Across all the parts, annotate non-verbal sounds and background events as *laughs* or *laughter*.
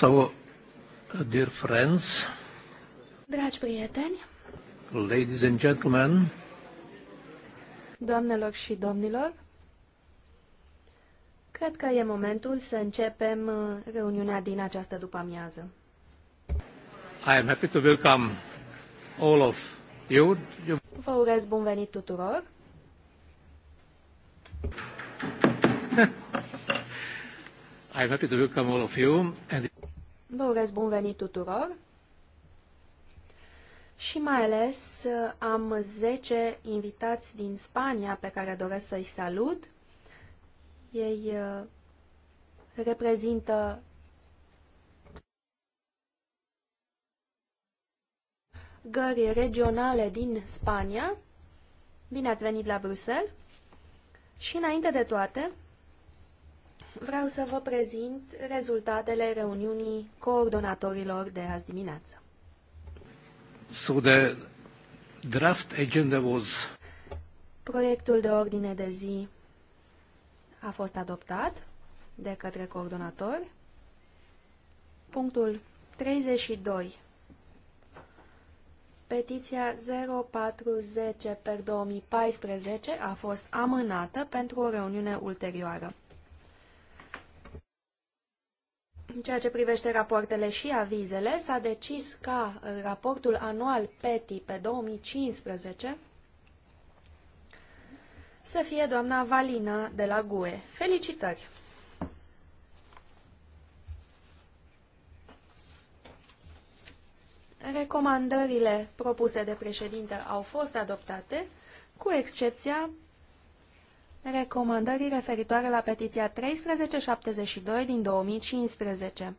So, uh, dear friends, Dragi prieteni, ladies and gentlemen, doamnelor și domnilor, cred că e momentul să începem uh, reuniunea din această după-amiază. I am happy to welcome all of you. Vă urez bun venit tuturor. *laughs* I am happy to welcome all of you and Vă urez bun venit tuturor și mai ales uh, am 10 invitați din Spania pe care doresc să-i salut. Ei uh, reprezintă gări regionale din Spania. Bine ați venit la Bruxelles! Și înainte de toate, vreau să vă prezint rezultatele reuniunii coordonatorilor de azi dimineață. So the draft agenda was... Proiectul de ordine de zi a fost adoptat de către coordonatori. Punctul 32. Petiția 0410 per 2014 a fost amânată pentru o reuniune ulterioară. În ceea ce privește rapoartele și avizele, s-a decis ca raportul anual PETI pe 2015 să fie doamna Valina de la GUE. Felicitări! Recomandările propuse de președinte au fost adoptate, cu excepția recomandării referitoare la petiția 1372 din 2015.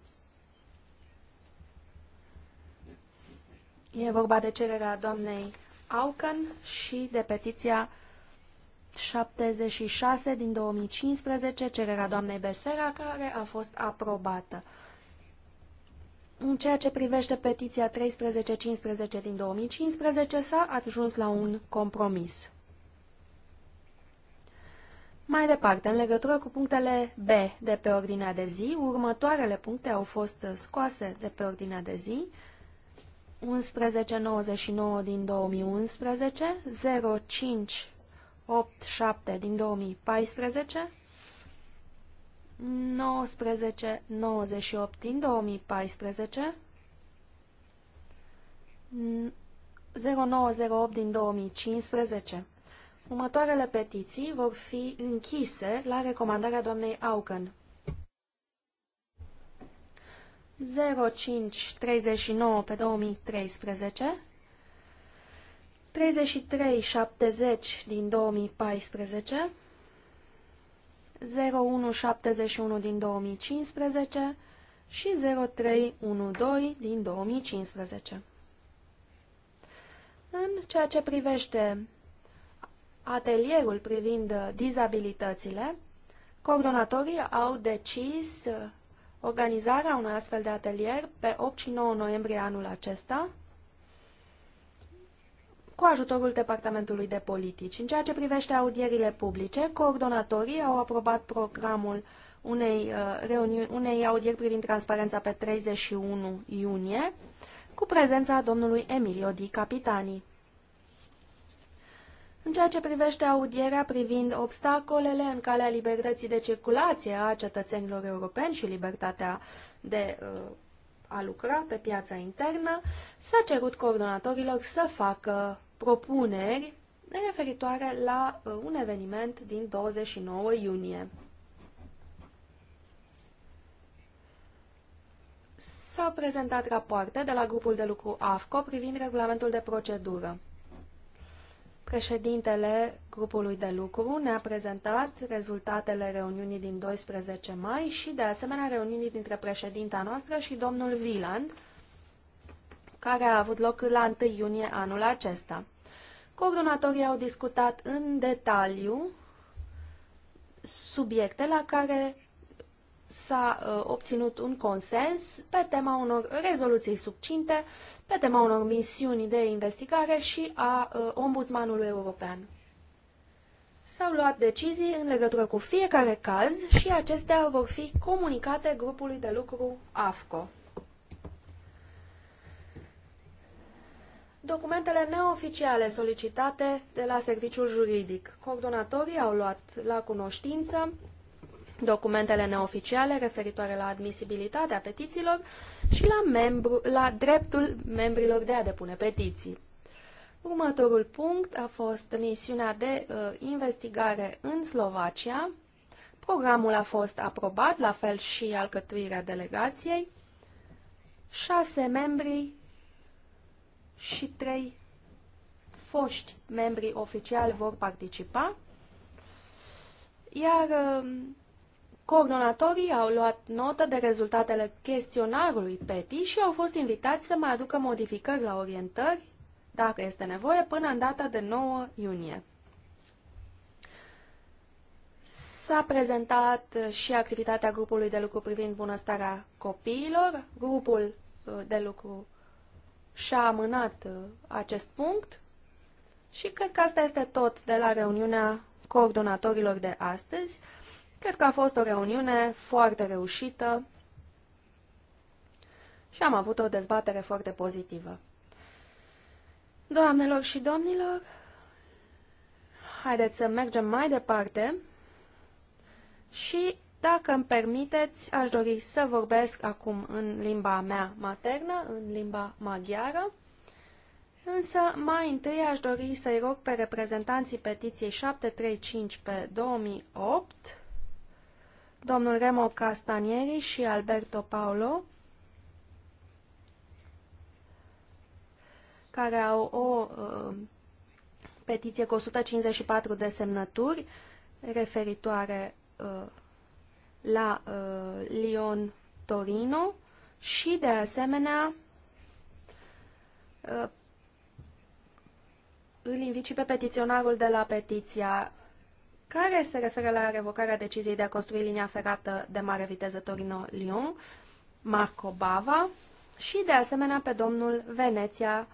E vorba de cererea doamnei Aucan și de petiția 76 din 2015, cererea doamnei Besera, care a fost aprobată. În ceea ce privește petiția 1315 din 2015, s-a ajuns la un compromis. Mai departe, în legătură cu punctele B de pe ordinea de zi, următoarele puncte au fost scoase de pe ordinea de zi, 1199 din 2011, 0587 din 2014, 1998 din 2014, 0908 din 2015, Următoarele petiții vor fi închise la recomandarea doamnei Auken. 0539 pe 2013, 3370 din 2014, 0171 din 2015 și 0312 din 2015. În ceea ce privește atelierul privind uh, dizabilitățile, coordonatorii au decis uh, organizarea unui astfel de atelier pe 8 și 9 noiembrie anul acesta cu ajutorul Departamentului de Politici. În ceea ce privește audierile publice, coordonatorii au aprobat programul unei, uh, reuniuni, unei audieri privind transparența pe 31 iunie, cu prezența domnului Emilio Di Capitani. În ceea ce privește audierea privind obstacolele în calea libertății de circulație a cetățenilor europeni și libertatea de uh, a lucra pe piața internă, s-a cerut coordonatorilor să facă propuneri referitoare la uh, un eveniment din 29 iunie. S-au prezentat rapoarte de la grupul de lucru AFCO privind regulamentul de procedură. Președintele grupului de lucru ne-a prezentat rezultatele reuniunii din 12 mai și, de asemenea, reuniunii dintre președinta noastră și domnul Viland, care a avut loc la 1 iunie anul acesta. Coordonatorii au discutat în detaliu subiecte la care s-a uh, obținut un consens pe tema unor rezoluții subcinte, pe tema unor misiuni de investigare și a uh, ombudsmanului european. S-au luat decizii în legătură cu fiecare caz și acestea vor fi comunicate grupului de lucru AFCO. Documentele neoficiale solicitate de la serviciul juridic. Coordonatorii au luat la cunoștință documentele neoficiale referitoare la admisibilitatea petițiilor și la, membru, la dreptul membrilor de a depune petiții. Următorul punct a fost misiunea de uh, investigare în Slovacia. Programul a fost aprobat, la fel și alcătuirea delegației. Șase membri și trei foști membri oficiali vor participa. Iar uh, Coordonatorii au luat notă de rezultatele chestionarului PETI și au fost invitați să mai aducă modificări la orientări, dacă este nevoie, până în data de 9 iunie. S-a prezentat și activitatea grupului de lucru privind bunăstarea copiilor. Grupul uh, de lucru și-a amânat uh, acest punct și cred că asta este tot de la reuniunea coordonatorilor de astăzi. Cred că a fost o reuniune foarte reușită și am avut o dezbatere foarte pozitivă. Doamnelor și domnilor, haideți să mergem mai departe și, dacă îmi permiteți, aș dori să vorbesc acum în limba mea maternă, în limba maghiară, însă mai întâi aș dori să-i rog pe reprezentanții petiției 735 pe 2008 domnul Remo Castanieri și Alberto Paolo, care au o uh, petiție cu 154 de semnături referitoare uh, la uh, Lyon-Torino și, de asemenea, uh, îl invit și pe petiționarul de la petiția care se referă la revocarea deciziei de a construi linia ferată de mare viteză Torino-Lyon, Marco Bava și, de asemenea, pe domnul Veneția,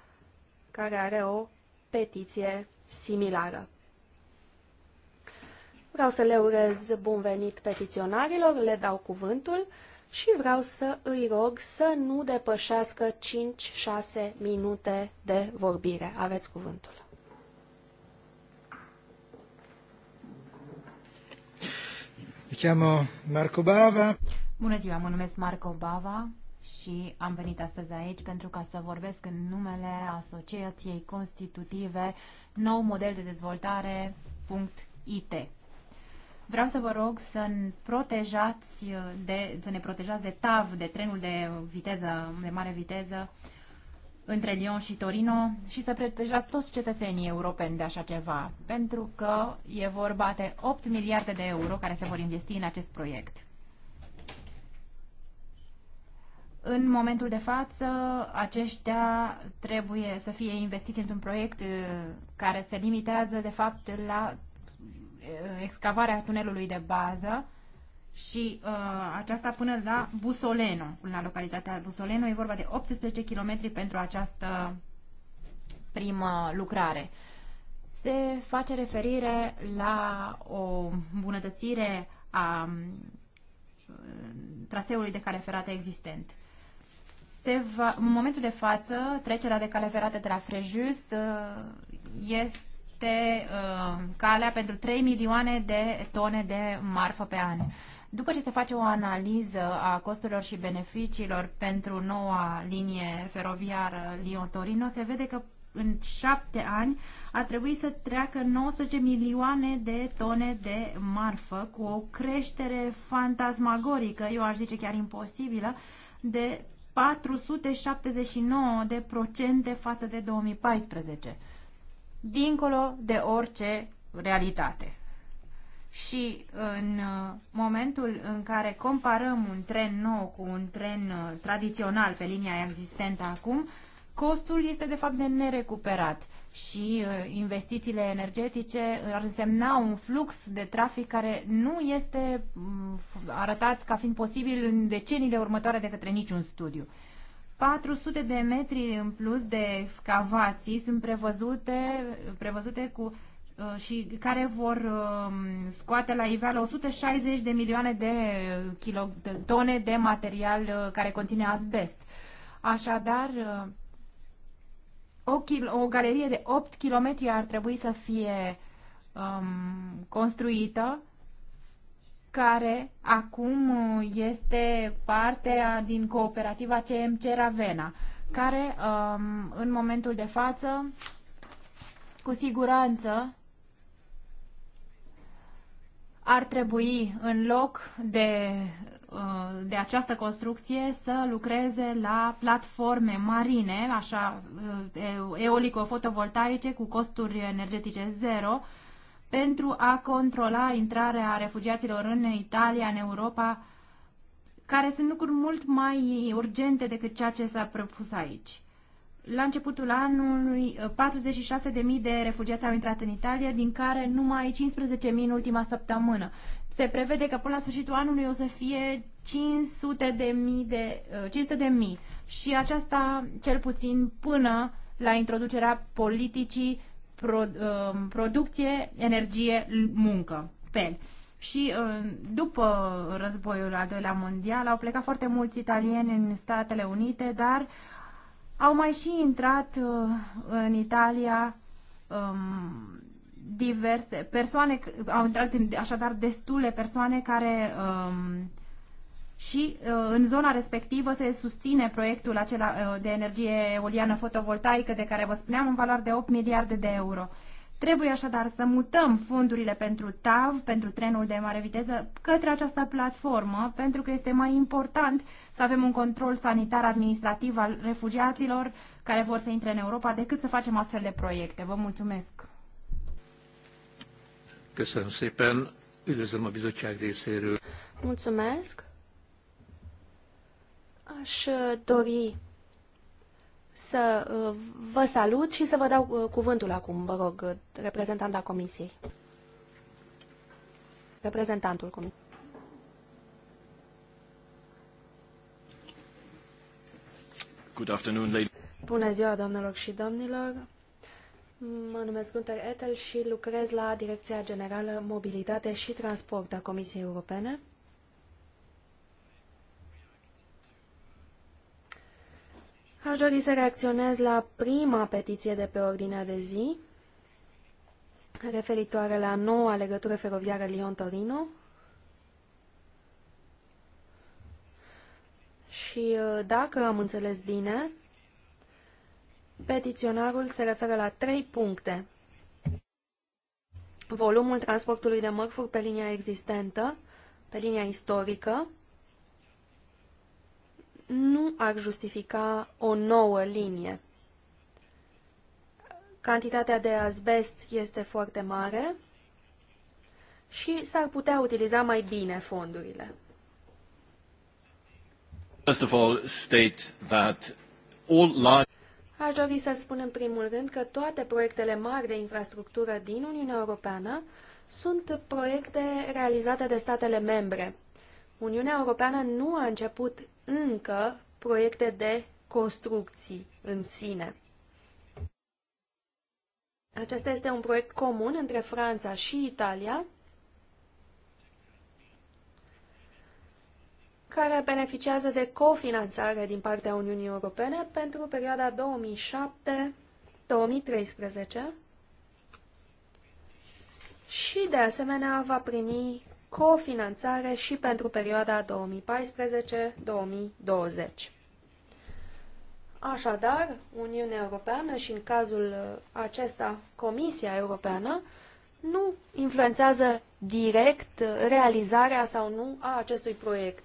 care are o petiție similară. Vreau să le urez bun venit petiționarilor, le dau cuvântul și vreau să îi rog să nu depășească 5-6 minute de vorbire. Aveți cuvântul. chiamo Marco Bava. Bună ziua, mă numesc Marco Bava și am venit astăzi aici pentru ca să vorbesc în numele Asociației Constitutive Nou Model de Dezvoltare .it. Vreau să vă rog să, protejați de, să ne protejați de TAV, de trenul de viteză, de mare viteză, între Lyon și Torino și să protejați toți cetățenii europeni de așa ceva, pentru că e vorba de 8 miliarde de euro care se vor investi în acest proiect. În momentul de față, aceștia trebuie să fie investiți într-un proiect uh, care se limitează, de fapt, la uh, excavarea tunelului de bază, și uh, aceasta până la Busoleno, până la localitatea Busoleno. E vorba de 18 km pentru această primă lucrare. Se face referire la o îmbunătățire a um, traseului de cale ferată existent. Se va, în momentul de față, trecerea de cale ferată de la Frejus uh, este uh, calea pentru 3 milioane de tone de marfă pe an. După ce se face o analiză a costurilor și beneficiilor pentru noua linie feroviară Lyon-Torino, se vede că în șapte ani ar trebui să treacă 19 milioane de tone de marfă, cu o creștere fantasmagorică, eu aș zice chiar imposibilă, de 479 de procente față de 2014, dincolo de orice realitate și în uh, momentul în care comparăm un tren nou cu un tren uh, tradițional pe linia existentă acum, costul este de fapt de nerecuperat și uh, investițiile energetice ar însemna un flux de trafic care nu este mm, arătat ca fiind posibil în deceniile următoare de către niciun studiu. 400 de metri în plus de excavații sunt prevăzute, prevăzute cu Uh, și care vor uh, scoate la iveală 160 de milioane de tone de material uh, care conține asbest. Așadar, o, o galerie de 8 km ar trebui să fie um, construită, care acum este parte din cooperativa CMC Ravena, care um, în momentul de față, cu siguranță, ar trebui, în loc de, uh, de această construcție, să lucreze la platforme marine, așa, uh, eolico-fotovoltaice, cu costuri energetice zero, pentru a controla intrarea refugiaților în Italia, în Europa, care sunt lucruri mult mai urgente decât ceea ce s-a propus aici la începutul anului, 46.000 uh, de refugiați au intrat în Italia, din care numai 15.000 în ultima săptămână. Se prevede că până la sfârșitul anului o să fie 500 de mii, de, 500 uh, de mii. și aceasta cel puțin până la introducerea politicii pro, um, producție, energie, muncă, PEL. Și uh, după războiul al doilea mondial au plecat foarte mulți italieni în Statele Unite, dar au mai și intrat uh, în Italia um, diverse persoane, au intrat în, așadar destule persoane care um, și uh, în zona respectivă se susține proiectul acela uh, de energie eoliană fotovoltaică de care vă spuneam în valoare de 8 miliarde de euro. Trebuie așadar să mutăm fondurile pentru TAV, pentru trenul de mare viteză, către această platformă, pentru că este mai important să avem un control sanitar administrativ al refugiaților care vor să intre în Europa, decât să facem astfel de proiecte. Vă mulțumesc! Köszönöm a bizottság részéről! Mulțumesc! Aș uh, dori să uh, vă salut și să vă dau uh, cuvântul acum, vă rog, reprezentanta Comisiei. Reprezentantul Comisiei. Good afternoon, Bună ziua, doamnelor și domnilor. Mă numesc Gunter Etel și lucrez la Direcția Generală Mobilitate și Transport a Comisiei Europene. Aș dori să reacționez la prima petiție de pe ordinea de zi, referitoare la noua legătură feroviară Lyon-Torino. Și uh, dacă am înțeles bine, petiționarul se referă la trei puncte. Volumul transportului de mărfuri pe linia existentă, pe linia istorică, nu ar justifica o nouă linie. Cantitatea de azbest este foarte mare și s-ar putea utiliza mai bine fondurile. First of all, state that all large... Aș dori să spun în primul rând că toate proiectele mari de infrastructură din Uniunea Europeană sunt proiecte realizate de statele membre. Uniunea Europeană nu a început încă proiecte de construcții în sine. Acesta este un proiect comun între Franța și Italia care beneficiază de cofinanțare din partea Uniunii Europene pentru perioada 2007-2013 și, de asemenea, va primi cofinanțare și pentru perioada 2014-2020. Așadar, Uniunea Europeană și, în cazul acesta, Comisia Europeană, nu influențează direct realizarea sau nu a acestui proiect.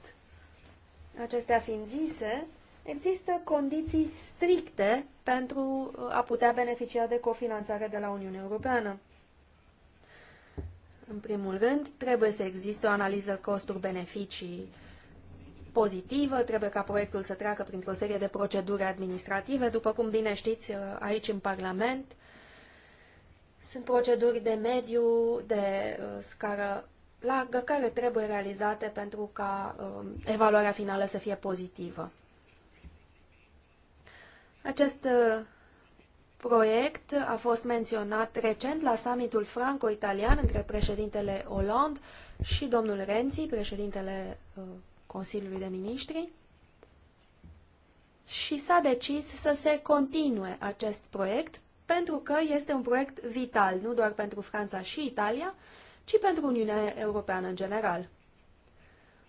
Acestea fiind zise, există condiții stricte pentru uh, a putea beneficia de cofinanțare de la Uniunea Europeană. În primul rând, trebuie să existe o analiză costuri-beneficii pozitivă, trebuie ca proiectul să treacă printr-o serie de proceduri administrative. După cum bine știți, uh, aici în Parlament sunt proceduri de mediu, de uh, scară largă care trebuie realizate pentru ca um, evaluarea finală să fie pozitivă. Acest uh, proiect a fost menționat recent la summitul franco-italian între președintele Hollande și domnul Renzi, președintele uh, Consiliului de Ministri, și s-a decis să se continue acest proiect pentru că este un proiect vital, nu doar pentru Franța și Italia, ci pentru Uniunea Europeană în general.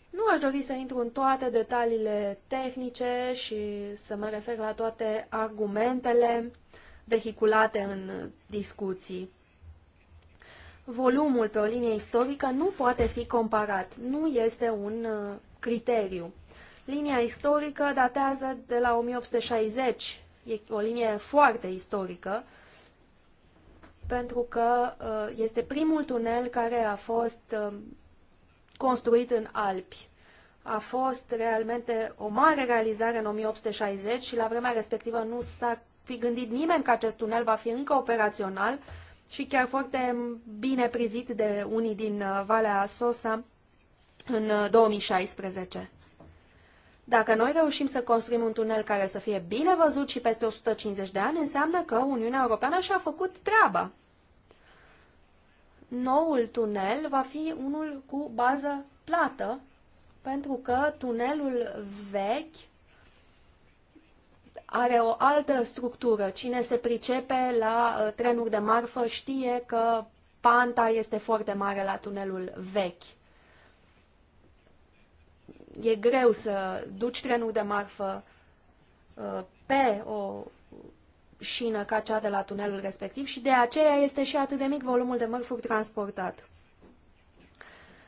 Nu aș dori să intru în toate detaliile tehnice și să mă refer la toate argumentele vehiculate în discuții. Volumul pe o linie istorică nu poate fi comparat, nu este un uh, criteriu. Linia istorică datează de la 1860, e o linie foarte istorică, pentru că uh, este primul tunel care a fost um, construit în Alpi. A fost realmente o mare realizare în 1860 și la vremea respectivă nu s-a fi gândit nimeni că acest tunel va fi încă operațional și chiar foarte bine privit de unii din uh, Valea Sosa în 2016. Uh, dacă noi reușim să construim un tunel care să fie bine văzut și peste 150 de ani, înseamnă că Uniunea Europeană și-a făcut treaba. Noul tunel va fi unul cu bază plată, pentru că tunelul vechi are o altă structură. Cine se pricepe la uh, trenuri de marfă știe că panta este foarte mare la tunelul vechi e greu să duci trenul de marfă uh, pe o șină ca cea de la tunelul respectiv și de aceea este și atât de mic volumul de mărfuri transportat.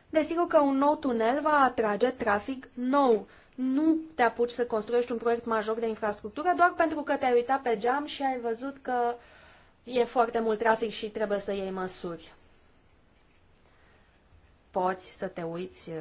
Desigur că un nou tunel va atrage trafic nou. Nu te apuci să construiești un proiect major de infrastructură doar pentru că te-ai uitat pe geam și ai văzut că e foarte mult trafic și trebuie să iei măsuri. Poți să te uiți uh,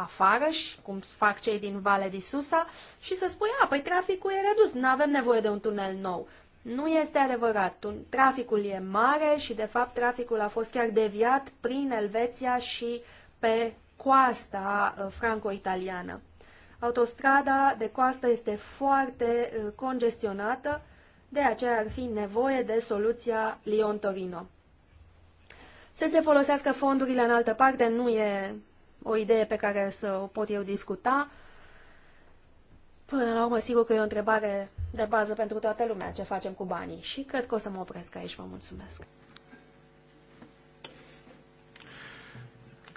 afară și cum fac cei din Vale de Susa și să spui, a, păi traficul e redus, nu avem nevoie de un tunel nou. Nu este adevărat. Traficul e mare și, de fapt, traficul a fost chiar deviat prin Elveția și pe coasta uh, franco-italiană. Autostrada de coastă este foarte uh, congestionată, de aceea ar fi nevoie de soluția Lyon-Torino. Să se folosească fondurile în altă parte nu e o idee pe care să o pot eu discuta. Până la urmă, sigur că e o întrebare de bază pentru toată lumea, ce facem cu banii. Și cred că o să mă opresc aici. Vă mulțumesc.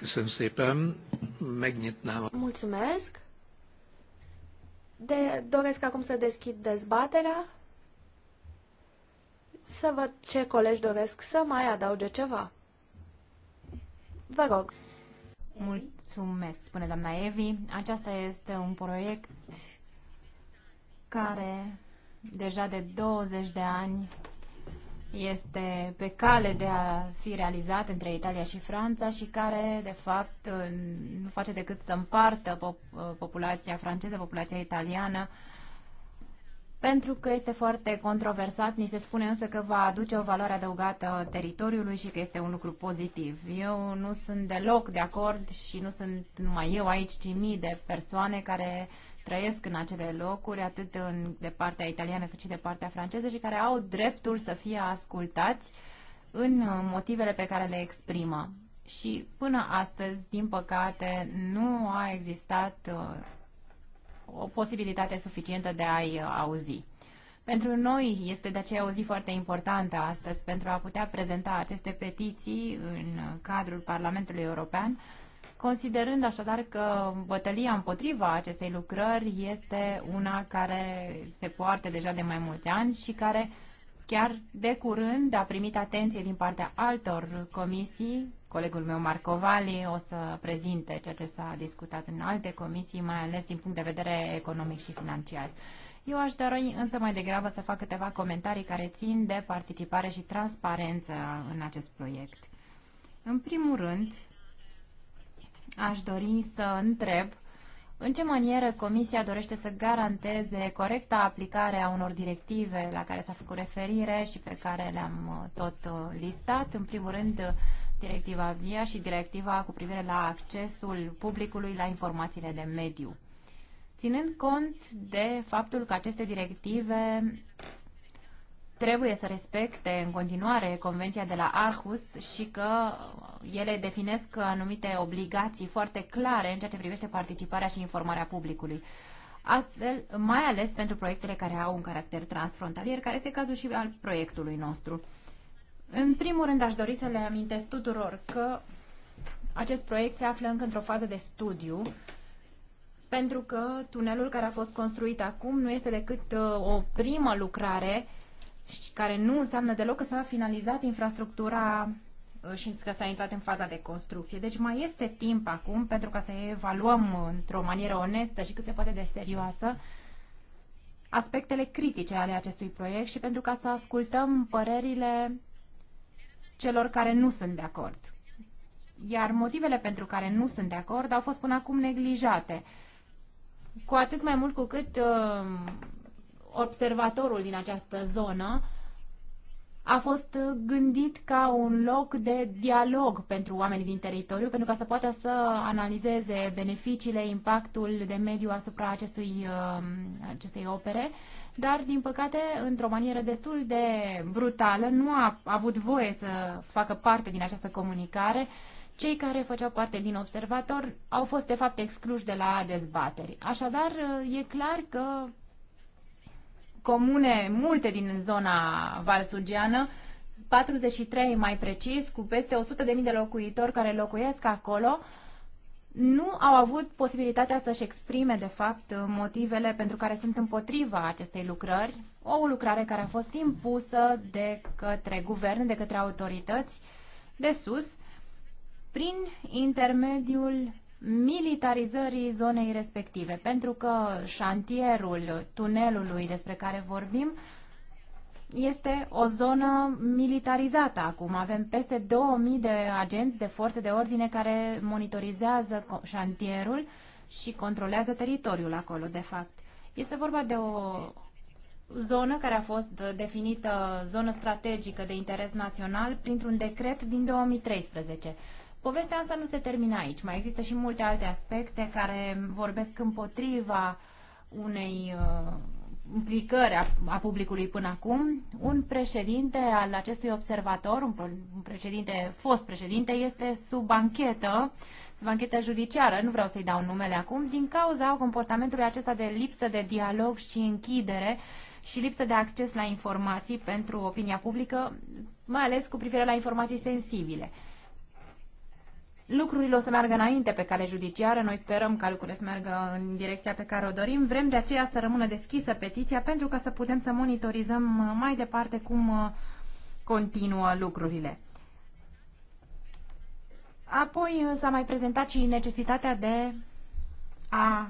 Köszönöm szépen, megnyitnám. Mulțumesc. De, doresc acum să deschid dezbaterea. Să văd ce colegi doresc să mai adauge ceva. Vă rog. Mulțumesc. Mulțumesc, spune doamna Evi. Aceasta este un proiect care deja de 20 de ani este pe cale de a fi realizat între Italia și Franța și care, de fapt, nu face decât să împartă populația franceză, populația italiană, pentru că este foarte controversat. Ni se spune însă că va aduce o valoare adăugată teritoriului și că este un lucru pozitiv. Eu nu sunt deloc de acord și nu sunt numai eu aici, ci mii de persoane care trăiesc în acele locuri, atât în, de partea italiană cât și de partea franceză și care au dreptul să fie ascultați în uh, motivele pe care le exprimă. Și până astăzi, din păcate, nu a existat uh, o posibilitate suficientă de a-i uh, auzi. Pentru noi este de aceea o zi foarte importantă astăzi pentru a putea prezenta aceste petiții în cadrul Parlamentului European, considerând așadar că bătălia împotriva acestei lucrări este una care se poartă deja de mai mulți ani și care chiar de curând a primit atenție din partea altor comisii colegul meu Marcovali o să prezinte ceea ce s-a discutat în alte comisii, mai ales din punct de vedere economic și financiar. Eu aș dori însă mai degrabă să fac câteva comentarii care țin de participare și transparență în acest proiect. În primul rând, aș dori să întreb în ce manieră Comisia dorește să garanteze corecta aplicare a unor directive la care s-a făcut referire și pe care le-am tot uh, listat? În primul rând, directiva VIA și directiva cu privire la accesul publicului la informațiile de mediu. Ținând cont de faptul că aceste directive trebuie să respecte în continuare Convenția de la Arhus și că ele definesc anumite obligații foarte clare în ceea ce privește participarea și informarea publicului. Astfel, mai ales pentru proiectele care au un caracter transfrontalier, care este cazul și al proiectului nostru. În primul rând, aș dori să le amintesc tuturor că acest proiect se află încă într-o fază de studiu, pentru că tunelul care a fost construit acum nu este decât uh, o primă lucrare care nu înseamnă deloc că s-a finalizat infrastructura uh, și că s-a intrat în faza de construcție. Deci mai este timp acum pentru ca să evaluăm într-o manieră onestă și cât se poate de serioasă aspectele critice ale acestui proiect și pentru ca să ascultăm părerile celor care nu sunt de acord. Iar motivele pentru care nu sunt de acord au fost până acum neglijate. Cu atât mai mult cu cât uh, observatorul din această zonă a fost gândit ca un loc de dialog pentru oamenii din teritoriu, pentru ca să poată să analizeze beneficiile, impactul de mediu asupra acestui, um, acestei opere, dar, din păcate, într-o manieră destul de brutală, nu a avut voie să facă parte din această comunicare. Cei care făceau parte din observator au fost, de fapt, excluși de la dezbateri. Așadar, e clar că comune, multe din zona valsugiană, 43 mai precis, cu peste 100.000 de locuitori care locuiesc acolo, nu au avut posibilitatea să-și exprime, de fapt, motivele pentru care sunt împotriva acestei lucrări, o lucrare care a fost impusă de către guvern, de către autorități de sus, prin intermediul militarizării zonei respective, pentru că șantierul tunelului despre care vorbim este o zonă militarizată acum. Avem peste 2000 de agenți de forțe de ordine care monitorizează șantierul și controlează teritoriul acolo, de fapt. Este vorba de o zonă care a fost definită zonă strategică de interes național printr-un decret din 2013. Povestea însă nu se termină aici. Mai există și multe alte aspecte care vorbesc împotriva unei uh, implicări a, a publicului până acum. Un președinte al acestui observator, un, un președinte, fost președinte, este sub anchetă, sub anchetă judiciară, nu vreau să-i dau numele acum, din cauza comportamentului acesta de lipsă de dialog și închidere și lipsă de acces la informații pentru opinia publică, mai ales cu privire la informații sensibile lucrurile o să meargă înainte pe cale judiciară, noi sperăm ca lucrurile să meargă în direcția pe care o dorim, vrem de aceea să rămână deschisă petiția pentru ca să putem să monitorizăm uh, mai departe cum uh, continuă lucrurile. Apoi uh, s-a mai prezentat și necesitatea de a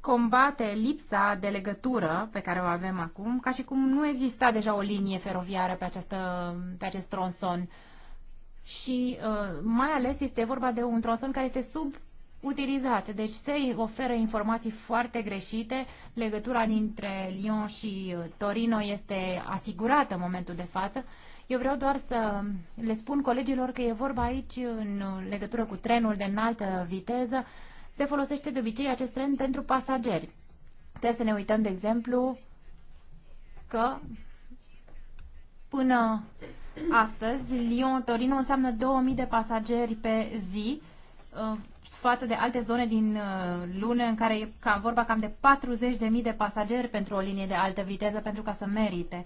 combate lipsa de legătură pe care o avem acum, ca și cum nu exista deja o linie feroviară pe, această, pe acest tronson. Uh, și uh, mai ales este vorba de un tronson care este sub utilizat. Deci se oferă informații foarte greșite. Legătura dintre Lyon și uh, Torino este asigurată în momentul de față. Eu vreau doar să le spun colegilor că e vorba aici în legătură cu trenul de înaltă viteză. Se folosește de obicei acest tren pentru pasageri. Trebuie să ne uităm, de exemplu, că până Astăzi, Lyon-Torino înseamnă 2000 de pasageri pe zi uh, față de alte zone din uh, lună în care e cam vorba cam de 40.000 de pasageri pentru o linie de altă viteză pentru ca să merite.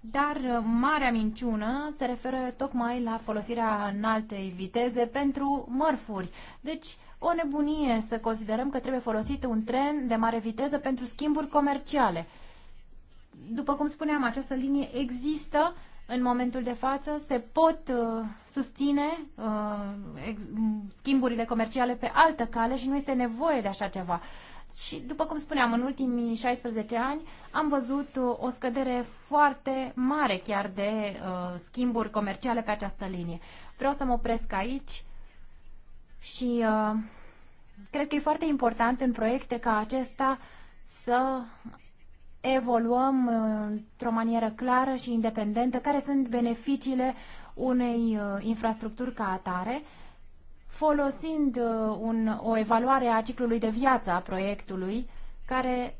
Dar uh, marea minciună se referă tocmai la folosirea înaltei viteze pentru mărfuri. Deci, o nebunie să considerăm că trebuie folosit un tren de mare viteză pentru schimburi comerciale. După cum spuneam, această linie există în momentul de față, se pot uh, susține uh, schimburile comerciale pe altă cale și nu este nevoie de așa ceva. Și, după cum spuneam, în ultimii 16 ani am văzut uh, o scădere foarte mare chiar de uh, schimburi comerciale pe această linie. Vreau să mă opresc aici și uh, cred că e foarte important în proiecte ca acesta să evoluăm într-o manieră clară și independentă care sunt beneficiile unei uh, infrastructuri ca atare, folosind uh, un, o evaluare a ciclului de viață a proiectului, care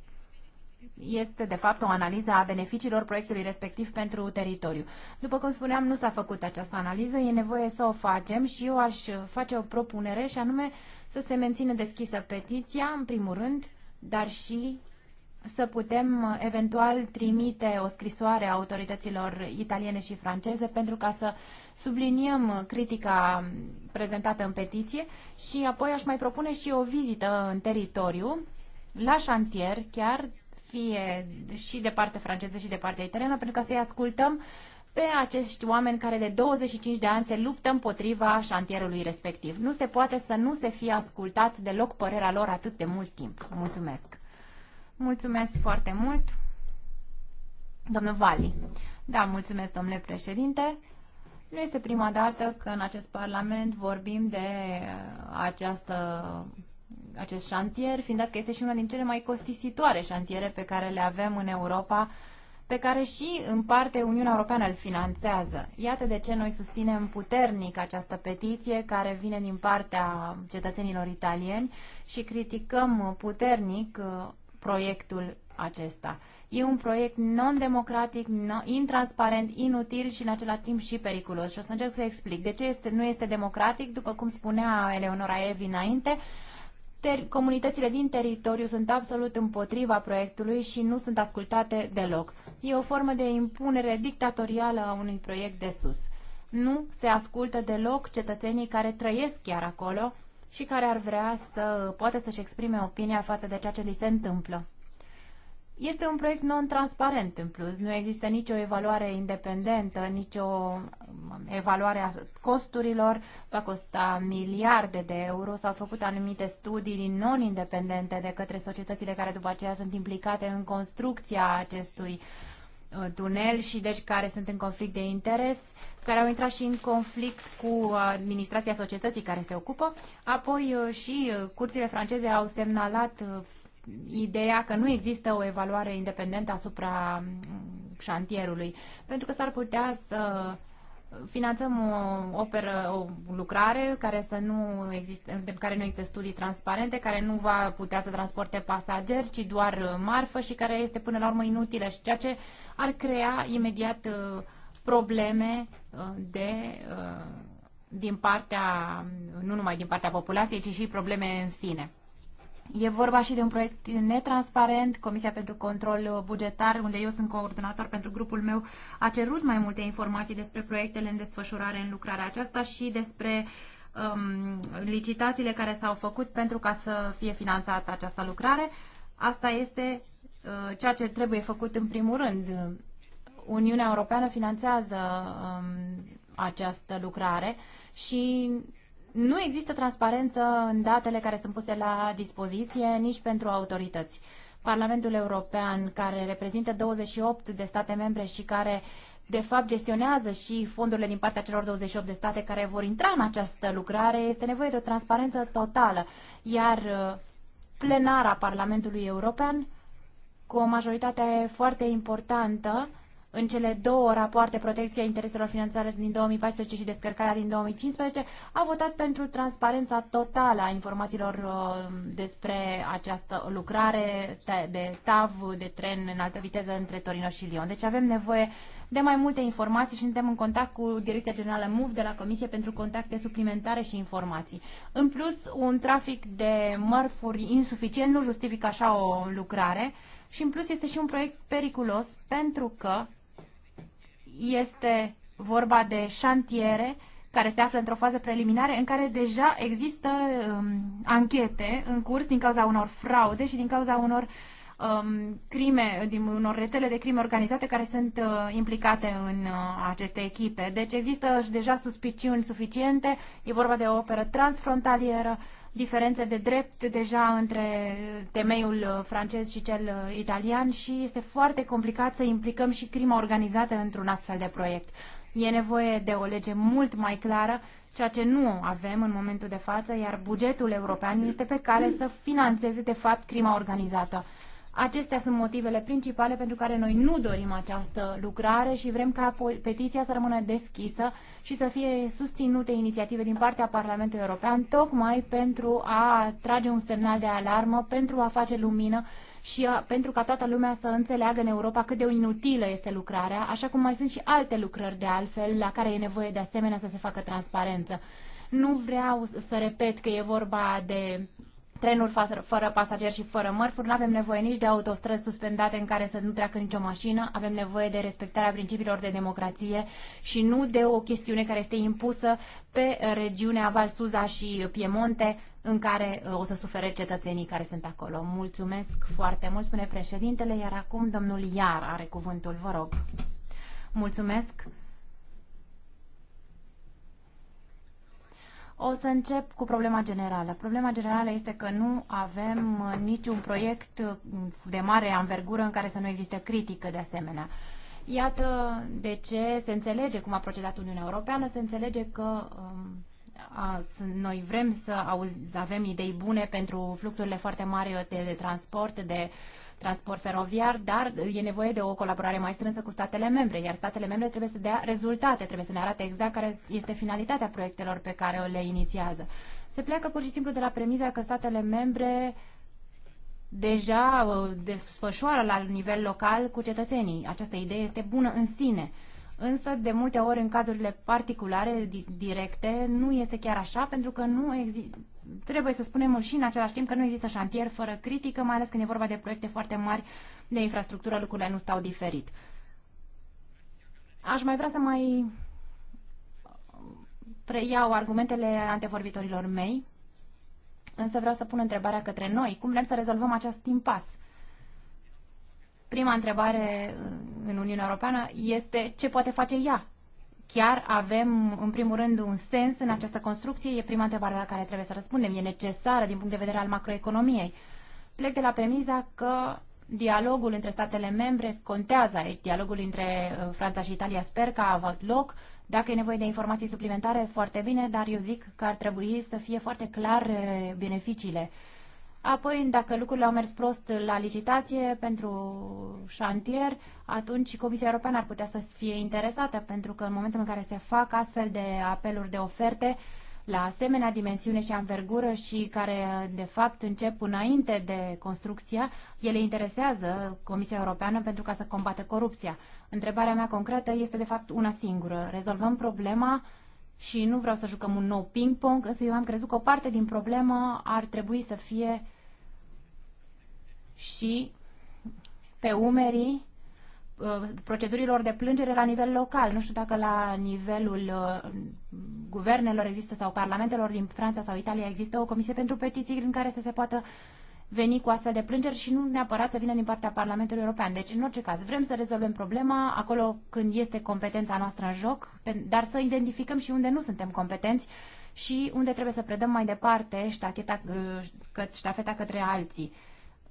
este de fapt o analiză a beneficiilor proiectului respectiv pentru teritoriu. După cum spuneam, nu s-a făcut această analiză, e nevoie să o facem și eu aș face o propunere și anume să se mențină deschisă petiția, în primul rând, dar și să putem uh, eventual trimite o scrisoare a autorităților italiene și franceze pentru ca să subliniem critica prezentată în petiție și apoi aș mai propune și o vizită în teritoriu, la șantier chiar, fie și de parte franceză și de partea italiană, pentru ca să-i ascultăm pe acești oameni care de 25 de ani se luptă împotriva șantierului respectiv. Nu se poate să nu se fie ascultat deloc părerea lor atât de mult timp. Mulțumesc! Mulțumesc foarte mult. Domnul Vali. Da, mulțumesc, domnule președinte. Nu este prima dată că în acest Parlament vorbim de uh, această, acest șantier, fiind dat că este și una din cele mai costisitoare șantiere pe care le avem în Europa, pe care și în parte Uniunea Europeană îl finanțează. Iată de ce noi susținem puternic această petiție care vine din partea cetățenilor italieni și criticăm puternic uh, proiectul acesta. E un proiect non-democratic, intransparent, inutil și în același timp și periculos. Și o să încerc să explic de ce este, nu este democratic, după cum spunea Eleonora Evi înainte. Ter- comunitățile din teritoriu sunt absolut împotriva proiectului și nu sunt ascultate deloc. E o formă de impunere dictatorială a unui proiect de sus. Nu se ascultă deloc cetățenii care trăiesc chiar acolo și care ar vrea să poată să-și exprime opinia față de ceea ce li se întâmplă. Este un proiect non-transparent în plus. Nu există nicio evaluare independentă, nicio um, evaluare a costurilor. Va costa miliarde de euro. S-au făcut anumite studii non-independente de către societățile care după aceea sunt implicate în construcția acestui uh, Uh, tunel și deci care sunt în conflict de interes, care au intrat și în conflict cu uh, administrația societății care se ocupă. Apoi uh, și curțile franceze au semnalat ideea că nu există o evaluare independentă asupra mm, șantierului, pentru că s-ar putea să finanțăm o operă, o lucrare care să nu existe, care nu există studii transparente, care nu va putea să transporte pasageri, ci doar marfă și care este până la urmă inutilă și ceea ce ar crea imediat uh, probleme uh, de uh, din partea, nu numai din partea populației, ci și probleme în sine. E vorba și de un proiect netransparent. Comisia pentru Control Bugetar, unde eu sunt coordonator pentru grupul meu, a cerut mai multe informații despre proiectele în desfășurare în lucrarea aceasta și despre um, licitațiile care s-au făcut pentru ca să fie finanțată această lucrare. Asta este uh, ceea ce trebuie făcut în primul rând. Uniunea Europeană finanțează um, această lucrare și nu există transparență în datele care sunt puse la dispoziție nici pentru autorități. Parlamentul European, care reprezintă 28 de state membre și care de fapt gestionează și fondurile din partea celor 28 de state care vor intra în această lucrare, este nevoie de o transparență totală. Iar uh, plenara Parlamentului European, cu o majoritate foarte importantă, în cele două rapoarte Protecția Intereselor Financiare din 2014 și Descărcarea din 2015, a votat pentru transparența totală a informațiilor uh, despre această lucrare de TAV, de tren în altă viteză între Torino și Lyon. Deci avem nevoie de mai multe informații și suntem în contact cu Direcția Generală MUV de la Comisie pentru contacte suplimentare și informații. În plus, un trafic de mărfuri insuficient nu justifică așa o lucrare și în plus este și un proiect periculos pentru că este vorba de șantiere care se află într-o fază preliminare în care deja există um, anchete în curs din cauza unor fraude și din cauza unor um, crime, din unor rețele de crime organizate care sunt uh, implicate în uh, aceste echipe. Deci există deja suspiciuni suficiente, e vorba de o operă transfrontalieră, uh, diferențe de drept deja între temeiul uh, francez și cel uh, italian și este foarte complicat să implicăm și crima organizată într-un astfel de proiect. E nevoie de o lege mult mai clară, ceea ce nu avem în momentul de față, iar bugetul european este pe cale să financeze de fapt crima organizată. Acestea sunt motivele principale pentru care noi nu dorim această lucrare și vrem ca petiția să rămână deschisă și să fie susținute inițiative din partea Parlamentului European, tocmai pentru a trage un semnal de alarmă, pentru a face lumină și a, pentru ca toată lumea să înțeleagă în Europa cât de inutilă este lucrarea, așa cum mai sunt și alte lucrări de altfel la care e nevoie de asemenea să se facă transparență. Nu vreau să repet că e vorba de trenuri fără pasageri și fără mărfuri, nu avem nevoie nici de autostrăzi suspendate în care să nu treacă nicio mașină, avem nevoie de respectarea principiilor de democrație și nu de o chestiune care este impusă pe uh, regiunea Val Suza și Piemonte, în care uh, o să sufere cetățenii care sunt acolo. Mulțumesc foarte mult, spune președintele, iar acum domnul Iar are cuvântul, vă rog. Mulțumesc. O să încep cu problema generală. Problema generală este că nu avem uh, niciun proiect uh, de mare anvergură în care să nu existe critică de asemenea. Iată de ce se înțelege cum a procedat Uniunea Europeană, se înțelege că um, a, noi vrem să auzi, avem idei bune pentru fluxurile foarte mari de, de transport, de uh, transport feroviar, dar e nevoie de o colaborare mai strânsă cu statele membre, iar statele membre trebuie să dea rezultate, trebuie să ne arate exact care este finalitatea proiectelor pe care le inițiază. Se pleacă pur și simplu de la premiza că statele membre deja uh, desfășoară la nivel local cu cetățenii. Această idee este bună în sine. Însă, de multe ori, în cazurile particulare, directe, nu este chiar așa, pentru că nu există trebuie să spunem și în același timp că nu există șantier fără critică, mai ales când e vorba de proiecte foarte mari de infrastructură, lucrurile nu stau diferit. Aș mai vrea să mai preiau argumentele antevorbitorilor mei, însă vreau să pun întrebarea către noi. Cum vrem să rezolvăm acest impas? Prima întrebare în Uniunea Europeană este ce poate face ea chiar avem, în primul rând, un sens în această construcție? E prima întrebare la care trebuie să răspundem. E necesară din punct de vedere al macroeconomiei. Plec de la premiza că dialogul între statele membre contează aici. Dialogul între uh, Franța și Italia sper că a avut loc. Dacă e nevoie de informații suplimentare, foarte bine, dar eu zic că ar trebui să fie foarte clar uh, beneficiile Apoi, dacă lucrurile au mers prost la licitație pentru șantier, atunci Comisia Europeană ar putea să fie interesată, pentru că în momentul în care se fac astfel de apeluri de oferte, la asemenea dimensiune și anvergură și care, de fapt, încep înainte de construcția, ele interesează Comisia Europeană pentru ca să combată corupția. Întrebarea mea concretă este, de fapt, una singură. Rezolvăm problema uh, și nu vreau să jucăm un nou ping-pong, însă eu am crezut că o parte din problemă ar trebui să fie și pe umerii uh, procedurilor de plângere la nivel local. Nu știu dacă la nivelul uh, guvernelor există sau parlamentelor din Franța sau Italia există o comisie pentru petiții în care să se poată veni cu astfel de plângeri și nu neapărat să vină din partea Parlamentului European. Deci, în orice caz, vrem să rezolvăm problema acolo când este competența noastră în joc, dar să identificăm și unde nu suntem competenți și unde trebuie să predăm mai departe ștacheta, uh, ștafeta către alții.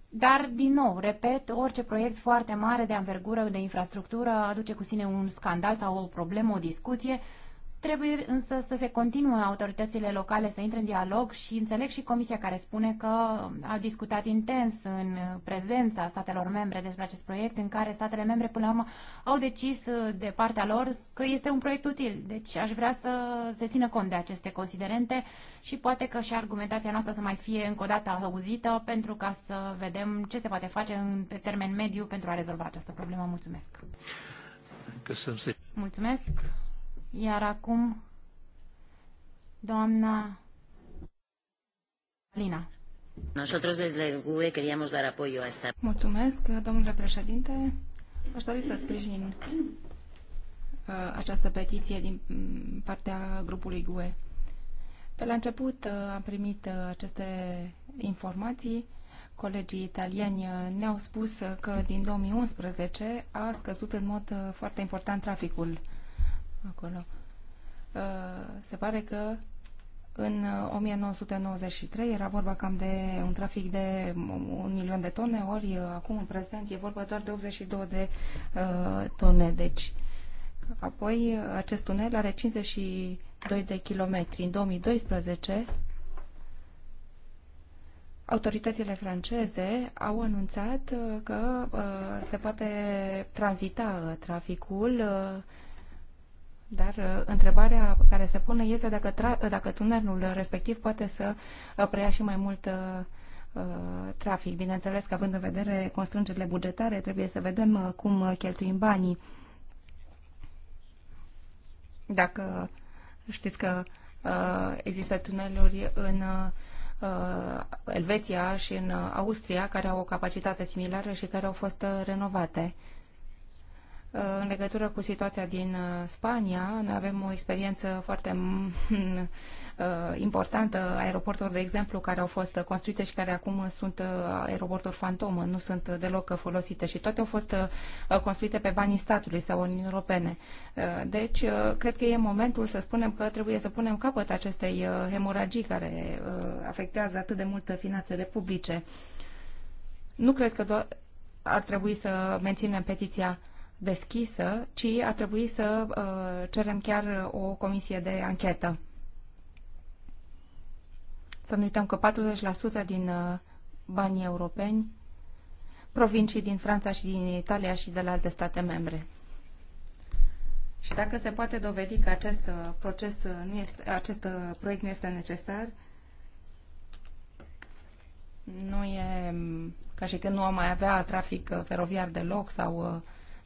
Dar, din nou, repet, orice proiect foarte mare de anvergură, de infrastructură, aduce cu sine un scandal sau o problemă, o discuție Trebuie însă să se continue autoritățile locale să intre în dialog și înțeleg și Comisia care spune că a discutat intens în prezența statelor membre despre acest proiect în care statele membre până la urmă au decis uh, de partea lor că este un proiect util. Deci aș vrea să se țină cont de aceste considerente și poate că și argumentația noastră să mai fie încă o dată auzită pentru ca să vedem ce se poate face în, pe termen mediu pentru a rezolva această problemă. Mulțumesc! Mulțumesc! Iar acum, doamna Alina. Nosotros desde GUE queríamos dar apoyo a esta. Mulțumesc, domnule președinte. Aș dori să sprijin uh, această petiție din mm, partea grupului GUE. De la început uh, am primit uh, aceste informații. Colegii italieni ne-au spus că din 2011 a scăzut în mod foarte important traficul acolo. Uh, se pare că în 1993 uh, era vorba cam de un trafic de un milion de tone, ori uh, acum în prezent e vorba doar de 82 de uh, tone. Deci, apoi acest tunel are 52 de kilometri. În 2012 autoritățile franceze au anunțat că uh, se poate tranzita traficul uh, dar uh, întrebarea care se pune este dacă, tra- dacă tunelul respectiv poate să uh, preia și mai mult uh, trafic. Bineînțeles că având în vedere constrângerile bugetare, trebuie să vedem cum cheltuim banii. Dacă știți că există tuneluri în Elveția și în Austria care au o capacitate similară și care au fost renovate. În legătură cu situația din uh, Spania, noi avem o experiență foarte mm, mm, uh, importantă, aeroporturi, de exemplu, care au fost construite și care acum sunt uh, aeroporturi fantomă, nu sunt deloc folosite și toate au fost construite pe banii statului sau Uniunii Europene. Deci, cred că e momentul să spunem că trebuie să punem capăt acestei hemoragii care afectează atât de mult finanțele publice. Nu cred că ar trebui să menținem petiția deschisă, ci ar trebui să uh, cerem chiar o comisie de anchetă. Să nu uităm că 40% din uh, banii europeni provin și din Franța și din Italia și de la alte state membre. Și dacă se poate dovedi că acest, uh, proces nu este, acest proiect nu este necesar, nu e mm, ca și când nu am mai avea trafic feroviar deloc sau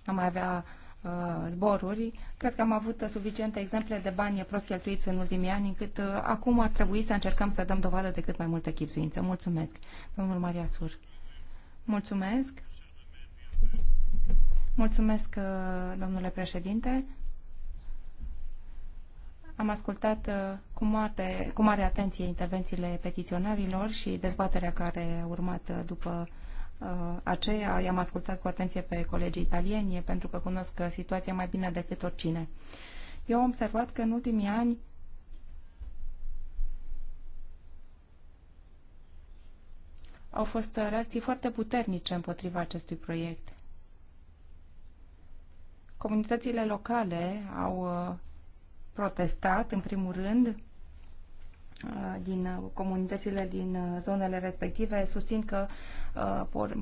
am mai avea uh, zboruri. Cred că am avut suficiente exemple de bani prost cheltuiți în ultimii ani, încât uh, acum ar trebui să încercăm să dăm dovadă de cât mai multă chipzuință. Mulțumesc, domnul Maria Sur. Mulțumesc. Mulțumesc, uh, domnule președinte. Am ascultat uh, cu mare, cu mare atenție intervențiile petiționarilor și dezbaterea care a urmat uh, după Uh, aceea i-am ascultat cu atenție pe colegii italieni pentru că cunosc situația mai bine decât oricine. Eu am observat că în ultimii ani au fost reacții foarte puternice împotriva acestui proiect. Comunitățile locale au uh, protestat, în primul rând, Uh, din uh, comunitățile din uh, zonele respective susțin că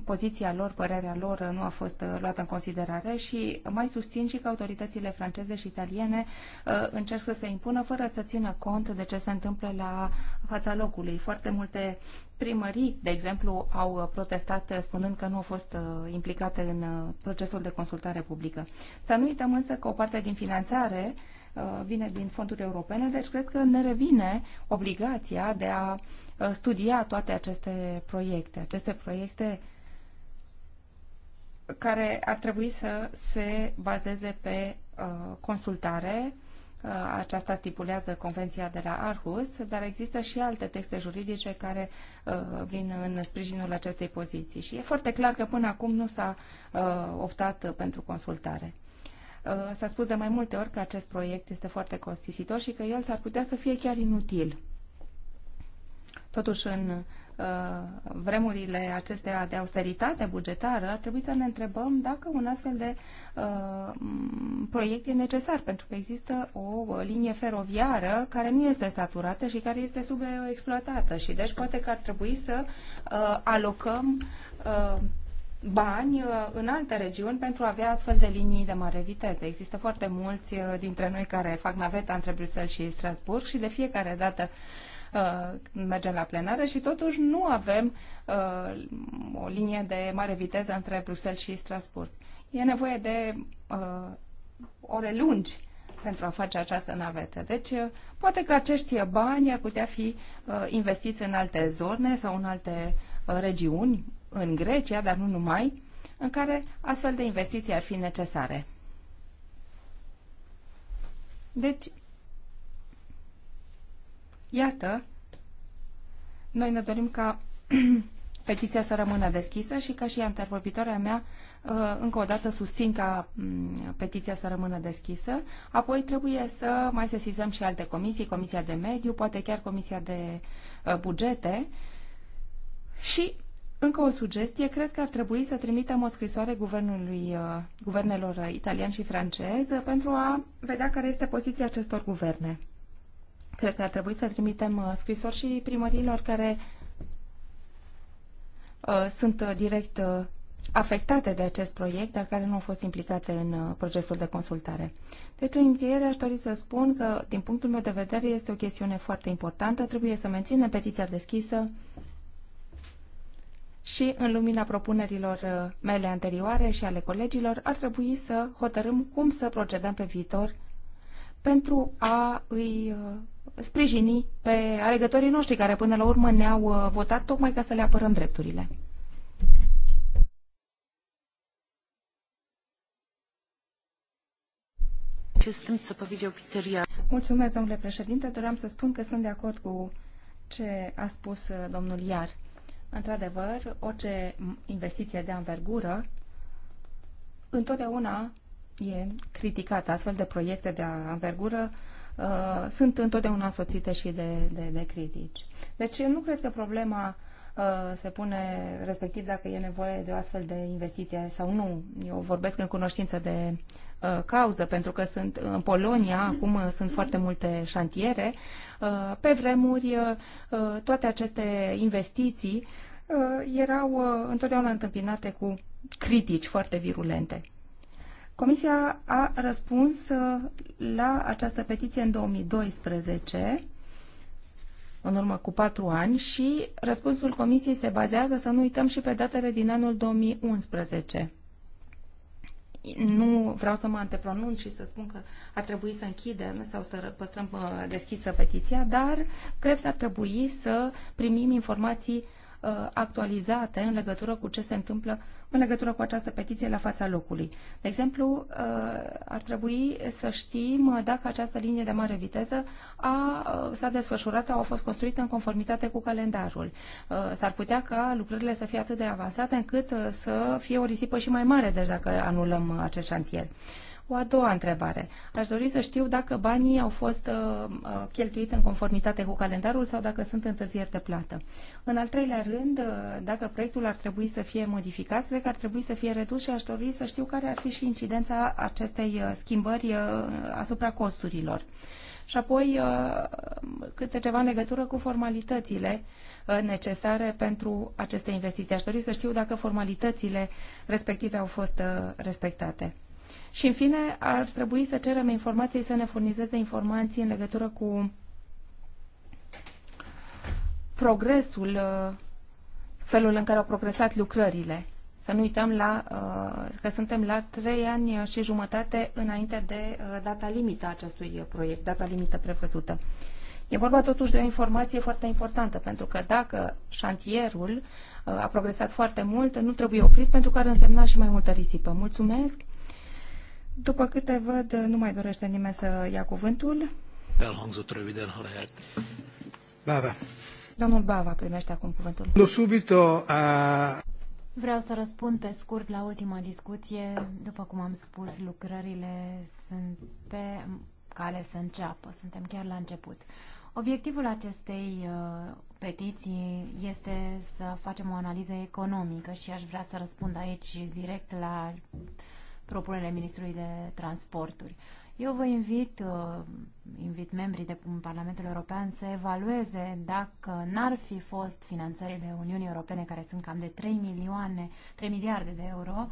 poziția lor, părerea lor nu a fost luată în considerare și mai susțin și că autoritățile franceze și italiene încerc să se impună fără să țină cont de ce se întâmplă la fața locului. Foarte multe primării, de exemplu, au protestat spunând că nu au fost implicate în procesul de consultare publică. Să nu uităm însă că o parte din finanțare Uh, vine din fonduri europene, deci cred că ne revine obligația de a uh, studia toate aceste proiecte. Aceste proiecte care ar trebui să se bazeze pe uh, consultare, aceasta stipulează Convenția de la Arhus, dar există și alte texte juridice care uh, vin în sprijinul acestei poziții. Și e foarte clar că până acum nu s-a uh, optat pentru consultare. Uh, s-a spus de mai multe ori că acest proiect este foarte costisitor și că el s-ar putea să fie chiar inutil. Totuși, în uh, vremurile acestea de austeritate bugetară, ar trebui să ne întrebăm dacă un astfel de uh, proiect e necesar, pentru că există o linie feroviară care nu este saturată și care este subexploatată și deci poate că ar trebui să uh, alocăm uh, bani uh, în alte regiuni pentru a avea astfel de linii de mare viteză. Există foarte mulți uh, dintre noi care fac naveta între Bruxelles și Strasburg și de fiecare dată uh, mergem la plenară și totuși nu avem uh, o linie de mare viteză între Bruxelles și Strasburg. E nevoie de uh, ore lungi pentru a face această navetă. Deci, uh, poate că acești bani ar putea fi uh, investiți în alte zone sau în alte regiuni, în Grecia, dar nu numai, în care astfel de investiții ar fi necesare. Deci, iată, noi ne dorim ca *clears throat* petiția să rămână deschisă și ca și antervorbitoarea mea, uh, încă o dată susțin ca mm, petiția să rămână deschisă. Apoi trebuie să mai sesizăm și alte comisii, Comisia de Mediu, poate chiar Comisia de uh, Bugete și încă o sugestie, cred că ar trebui să trimitem o scrisoare guvernului, uh, guvernelor italian și francez uh, pentru a vedea care este poziția acestor guverne. Cred că ar trebui să trimitem uh, scrisori și primărilor care sunt direct afectate de acest proiect, dar care nu au fost implicate în procesul de consultare. Deci, în încheiere, aș dori să spun că, din punctul meu de vedere, este o chestiune foarte importantă. Trebuie să menținem petiția deschisă și în lumina propunerilor uh, mele anterioare și ale colegilor, ar trebui să hotărâm cum să procedăm pe viitor pentru a îi uh, sprijini pe alegătorii noștri care până la urmă ne-au uh, votat tocmai ca să le apărăm drepturile. Mulțumesc, domnule președinte. Doream să spun că sunt de acord cu ce a spus domnul Iar. Într-adevăr, orice investiție de anvergură întotdeauna e criticată. Astfel de proiecte de anvergură uh, sunt întotdeauna însoțite și de, de, de critici. Deci nu cred că problema Uh, se pune respectiv dacă e nevoie de o astfel de investiție sau nu. Eu vorbesc în cunoștință de uh, cauză, pentru că sunt în Polonia, acum sunt foarte multe șantiere. Uh, pe vremuri, toate aceste investiții erau întotdeauna întâmpinate cu critici foarte virulente. Comisia a răspuns la această petiție în 2012 în urmă cu patru ani și răspunsul Comisiei se bazează, să nu uităm, și pe datele din anul 2011. Nu vreau să mă antepronunț și să spun că ar trebui să închidem sau să păstrăm uh, deschisă petiția, dar cred că ar trebui să primim informații uh, actualizate în legătură cu ce se întâmplă în legătură cu această petiție la fața locului. De exemplu, uh, ar trebui să știm dacă această linie de mare viteză a, uh, s-a desfășurat sau a fost construită în conformitate cu calendarul. Uh, s-ar putea ca lucrările să fie atât de avansate încât să fie o risipă și mai mare, deci dacă anulăm acest șantier. O a doua întrebare. Aș dori să știu dacă banii au fost uh, uh, cheltuiți în conformitate cu calendarul sau dacă sunt întârzieri de plată. În al treilea rând, uh, dacă proiectul ar trebui să fie modificat, cred că ar trebui să fie redus și aș dori să știu care ar fi și incidența acestei uh, schimbări asupra costurilor. Și apoi câte ceva în legătură cu formalitățile necesare pentru aceste investiții. Aș dori să știu dacă formalitățile respective au fost respectate. Și, în fine, ar trebui să cerem informații, să ne furnizeze informații în legătură cu progresul, uh, felul în care au progresat lucrările. Să nu uităm la, uh, că suntem la trei ani și jumătate înainte de uh, data limită a acestui proiect, data limită prevăzută. E vorba totuși de o informație foarte importantă, pentru că dacă șantierul a progresat foarte mult, nu trebuie oprit, pentru că ar însemna și mai multă risipă. Mulțumesc! După câte văd, nu mai dorește nimeni să ia cuvântul. Elhangzott röviden, ha lehet. Bava. Domnul Bava primește acum cuvântul. Lo subito a... Vreau să răspund pe scurt la ultima discuție. După cum am spus, lucrările sunt pe cale să înceapă. Suntem chiar la început. Obiectivul acestei uh, petiții este să facem o analiză economică și aș vrea să răspund aici direct la uh, propunerile Ministrului de Transporturi. Eu vă invit, uh, invit membrii de Parlamentul European să evalueze dacă n-ar fi fost finanțările Uniunii Europene, care sunt cam de 3 milioane, 3 miliarde de euro,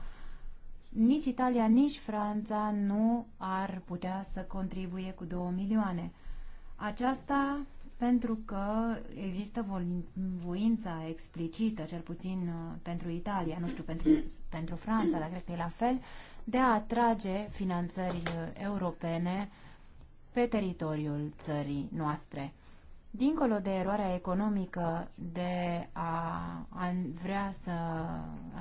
nici Italia, nici Franța nu ar putea să contribuie cu 2 milioane. Aceasta pentru că există voința explicită, cel puțin uh, pentru Italia, nu știu pentru, pentru Franța, dar cred că e la fel, de a atrage finanțări europene pe teritoriul țării noastre. Dincolo de eroarea economică de a vrea să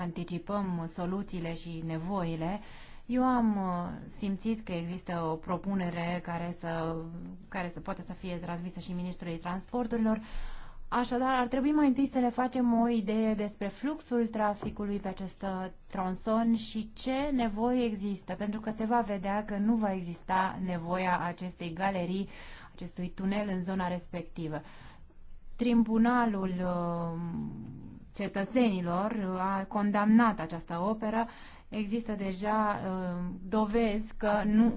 anticipăm soluțiile și nevoile, eu am uh, simțit că există o propunere care să, care să poate să fie transmisă și Ministrului Transporturilor Așadar, ar trebui mai întâi să ne facem o idee despre fluxul traficului pe acest uh, tronson și ce nevoi există, pentru că se va vedea că nu va exista nevoia acestei galerii, acestui tunel în zona respectivă. Tribunalul uh, cetățenilor a condamnat această operă există deja uh, dovezi că nu,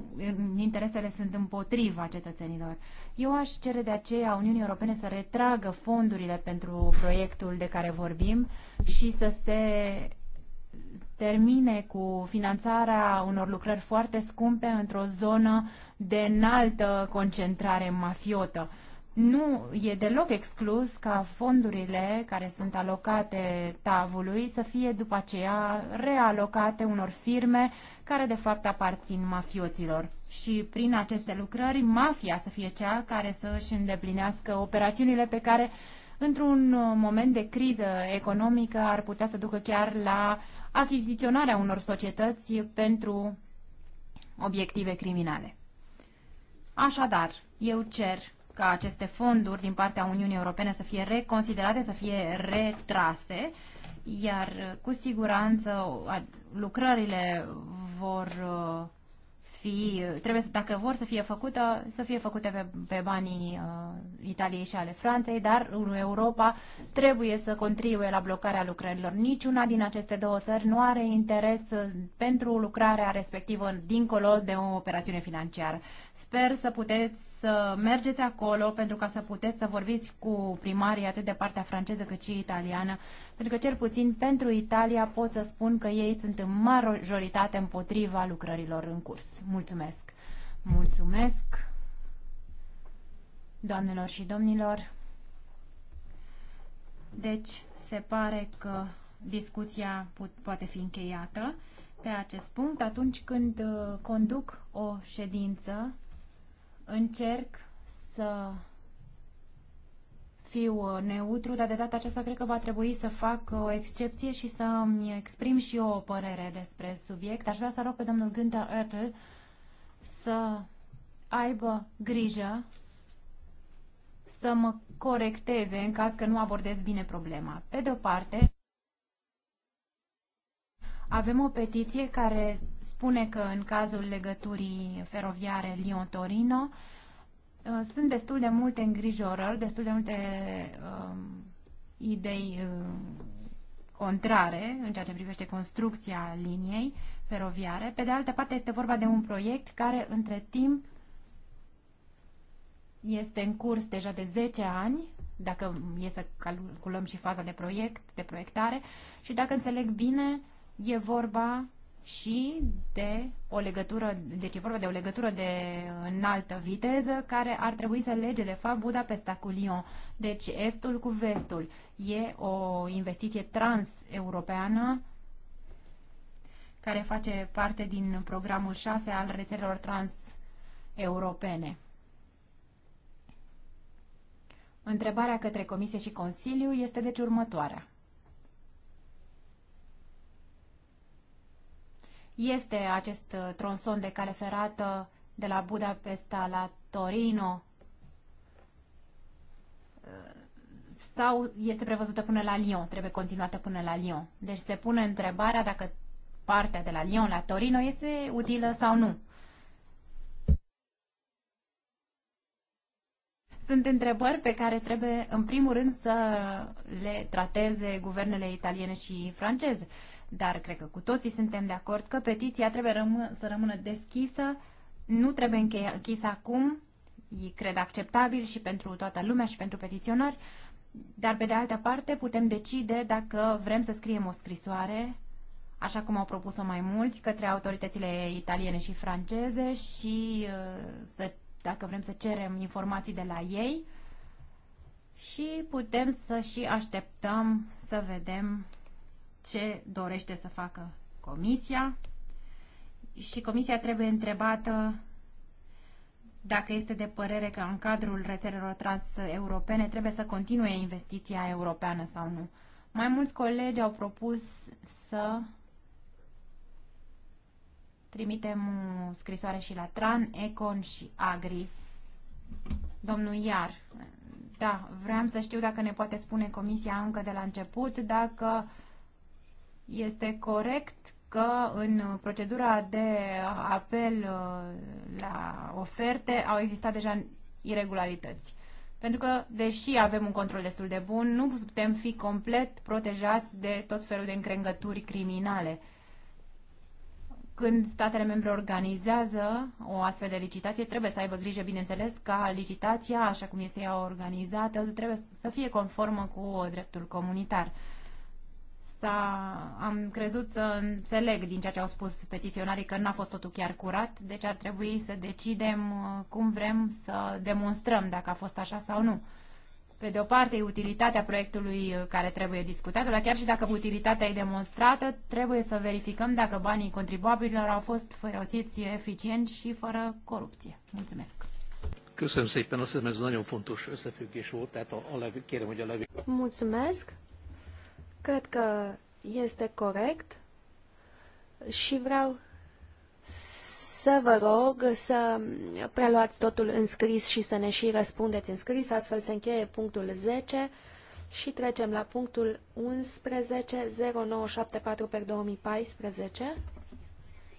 interesele sunt împotriva cetățenilor. Eu aș cere de aceea Uniunii Europene să retragă fondurile pentru proiectul de care vorbim și să se termine cu finanțarea unor lucrări foarte scumpe într-o zonă de înaltă concentrare mafiotă nu e deloc exclus ca fondurile care sunt alocate tavului să fie după aceea realocate unor firme care de fapt aparțin mafioților. Și prin aceste lucrări, mafia să fie cea care să își îndeplinească operațiunile pe care într-un moment de criză economică ar putea să ducă chiar la achiziționarea unor societăți pentru obiective criminale. Așadar, eu cer ca aceste fonduri din partea Uniunii Europene să fie reconsiderate, să fie retrase, iar cu siguranță lucrările vor uh, fi, trebuie să, dacă vor să fie făcute să fie făcute pe, pe banii uh, Italiei și ale Franței, dar Europa trebuie să contribuie la blocarea lucrărilor. Niciuna din aceste două țări nu are interes uh, pentru lucrarea respectivă dincolo de o operațiune financiară. Sper să puteți să mergeți acolo pentru ca să puteți să vorbiți cu primarii atât de partea franceză cât și italiană, pentru că cel puțin pentru Italia pot să spun că ei sunt în majoritate împotriva lucrărilor în curs. Mulțumesc! Mulțumesc! Doamnelor și domnilor, deci se pare că discuția poate fi încheiată pe acest punct atunci când uh, conduc o ședință Încerc să fiu uh, neutru, dar de data aceasta cred că va trebui să fac uh, o excepție și să-mi exprim și eu o părere despre subiect. Aș vrea să rog pe domnul Günther Oertel să aibă grijă să mă corecteze în caz că nu abordez bine problema. Pe de o parte, avem o petiție care spune că în cazul legăturii feroviare Lyon-Torino uh, sunt destul de multe îngrijorări, destul de multe um, idei um, contrare în ceea ce privește construcția liniei feroviare. Pe de altă parte, este vorba de un proiect care între timp este în curs deja de 10 ani, dacă e să calculăm și faza de proiect, de proiectare, și dacă înțeleg bine, E vorba și de o legătură, deci e vorba de o legătură de înaltă viteză care ar trebui să lege de fapt Budapesta cu Lyon, deci estul cu vestul. E o investiție transeuropeană care face parte din programul 6 al rețelelor transeuropene. Întrebarea către Comisie și Consiliu este deci următoarea. este acest uh, tronson de cale ferată de la Budapesta la Torino uh, sau este prevăzută până la Lyon, trebuie continuată până la Lyon. Deci se pune întrebarea dacă partea de la Lyon la Torino este utilă sau nu. Sunt întrebări pe care trebuie, în primul rând, să le trateze guvernele italiene și franceze. Dar cred că cu toții suntem de acord că petiția trebuie răm- să rămână deschisă, nu trebuie închisă acum, e, cred, acceptabil și pentru toată lumea și pentru petiționari, dar pe de altă parte putem decide dacă vrem să scriem o scrisoare, așa cum au propus-o mai mulți, către autoritățile italiene și franceze și uh, să, dacă vrem să cerem informații de la ei și putem să și așteptăm să vedem ce dorește să facă comisia și comisia trebuie întrebată dacă este de părere că în cadrul rețelelor transeuropene trebuie să continue investiția europeană sau nu. Mai mulți colegi au propus să trimitem scrisoare și la Tran, Econ și Agri. Domnul Iar, da, vreau să știu dacă ne poate spune comisia încă de la început, dacă uh, este corect că în procedura de apel uh, la oferte au existat deja irregularități. Pentru că, deși avem un control destul de bun, nu putem fi complet protejați de tot felul de încrengături criminale. Când statele membre organizează o astfel de licitație, trebuie să aibă grijă, bineînțeles, ca licitația, așa cum este ea organizată, trebuie să fie conformă cu dreptul comunitar am crezut să înțeleg din ceea ce au spus petiționarii că n-a fost totul chiar curat, deci ar trebui să decidem uh, cum vrem să demonstrăm dacă a fost așa sau nu. Pe de o parte, e utilitatea proiectului uh, care trebuie discutată, dar chiar și dacă utilitatea e demonstrată, trebuie să verificăm dacă banii contribuabililor au fost folosiți eficient și fără corupție. Mulțumesc! Köszönöm szépen, azt hiszem ez nagyon fontos összefüggés volt, tehát a, a levi, kérem, hogy a Mulțumesc! Cred că este corect și vreau să vă rog să preluați totul în scris și să ne și răspundeți în scris, astfel se încheie punctul 10 și trecem la punctul 11, 0974 per 2014.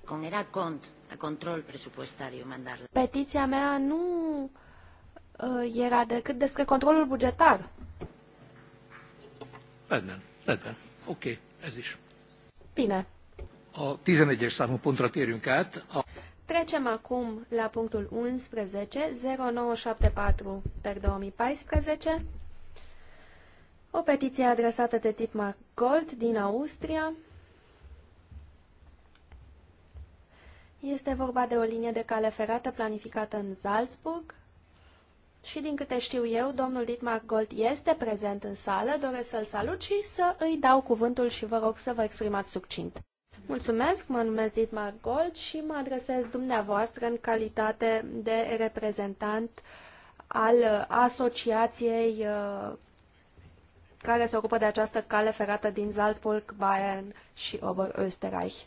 Con era cont, a control presupuestariu mandar. Petiția mea nu uh, era decât despre controlul bugetar. Bine. Rendben. Oké, okay, ez is. Bine. A 11-es számú pontra térjünk át. A... Trecem acum la punctul 11, 0974 per 2014, o petiție adresată de Titmar Gold din Austria. Este vorba de o linie de cale ferată planificată în Salzburg, și din câte știu eu, domnul Dietmar Gold este prezent în sală, doresc să-l salut și să îi dau cuvântul și vă rog să vă exprimați succint. Mulțumesc, mă numesc Dietmar Gold și mă adresez dumneavoastră în calitate de reprezentant al asociației uh, care se ocupă de această cale ferată din Salzburg, Bayern și Oberösterreich.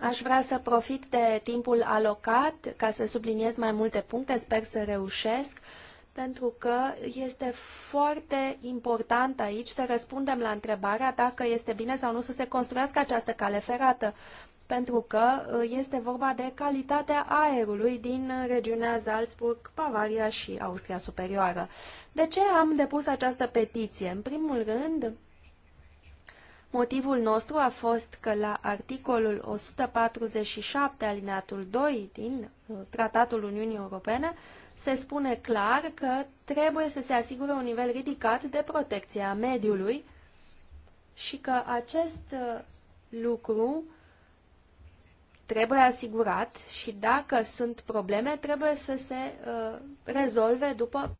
Aș vrea să profit de timpul alocat ca să subliniez mai multe puncte, sper să reușesc, pentru că este foarte important aici să răspundem la întrebarea dacă este bine sau nu să se construiască această cale ferată, pentru că uh, este vorba de calitatea aerului din regiunea Salzburg, Bavaria și Austria Superioară. De ce am depus această petiție? În primul rând, Motivul nostru a fost că la articolul 147 alineatul 2 din uh, Tratatul Uniunii Europene se spune clar că trebuie să se asigure un nivel ridicat de protecție a mediului și că acest uh, lucru trebuie asigurat și dacă sunt probleme trebuie să se uh, rezolve după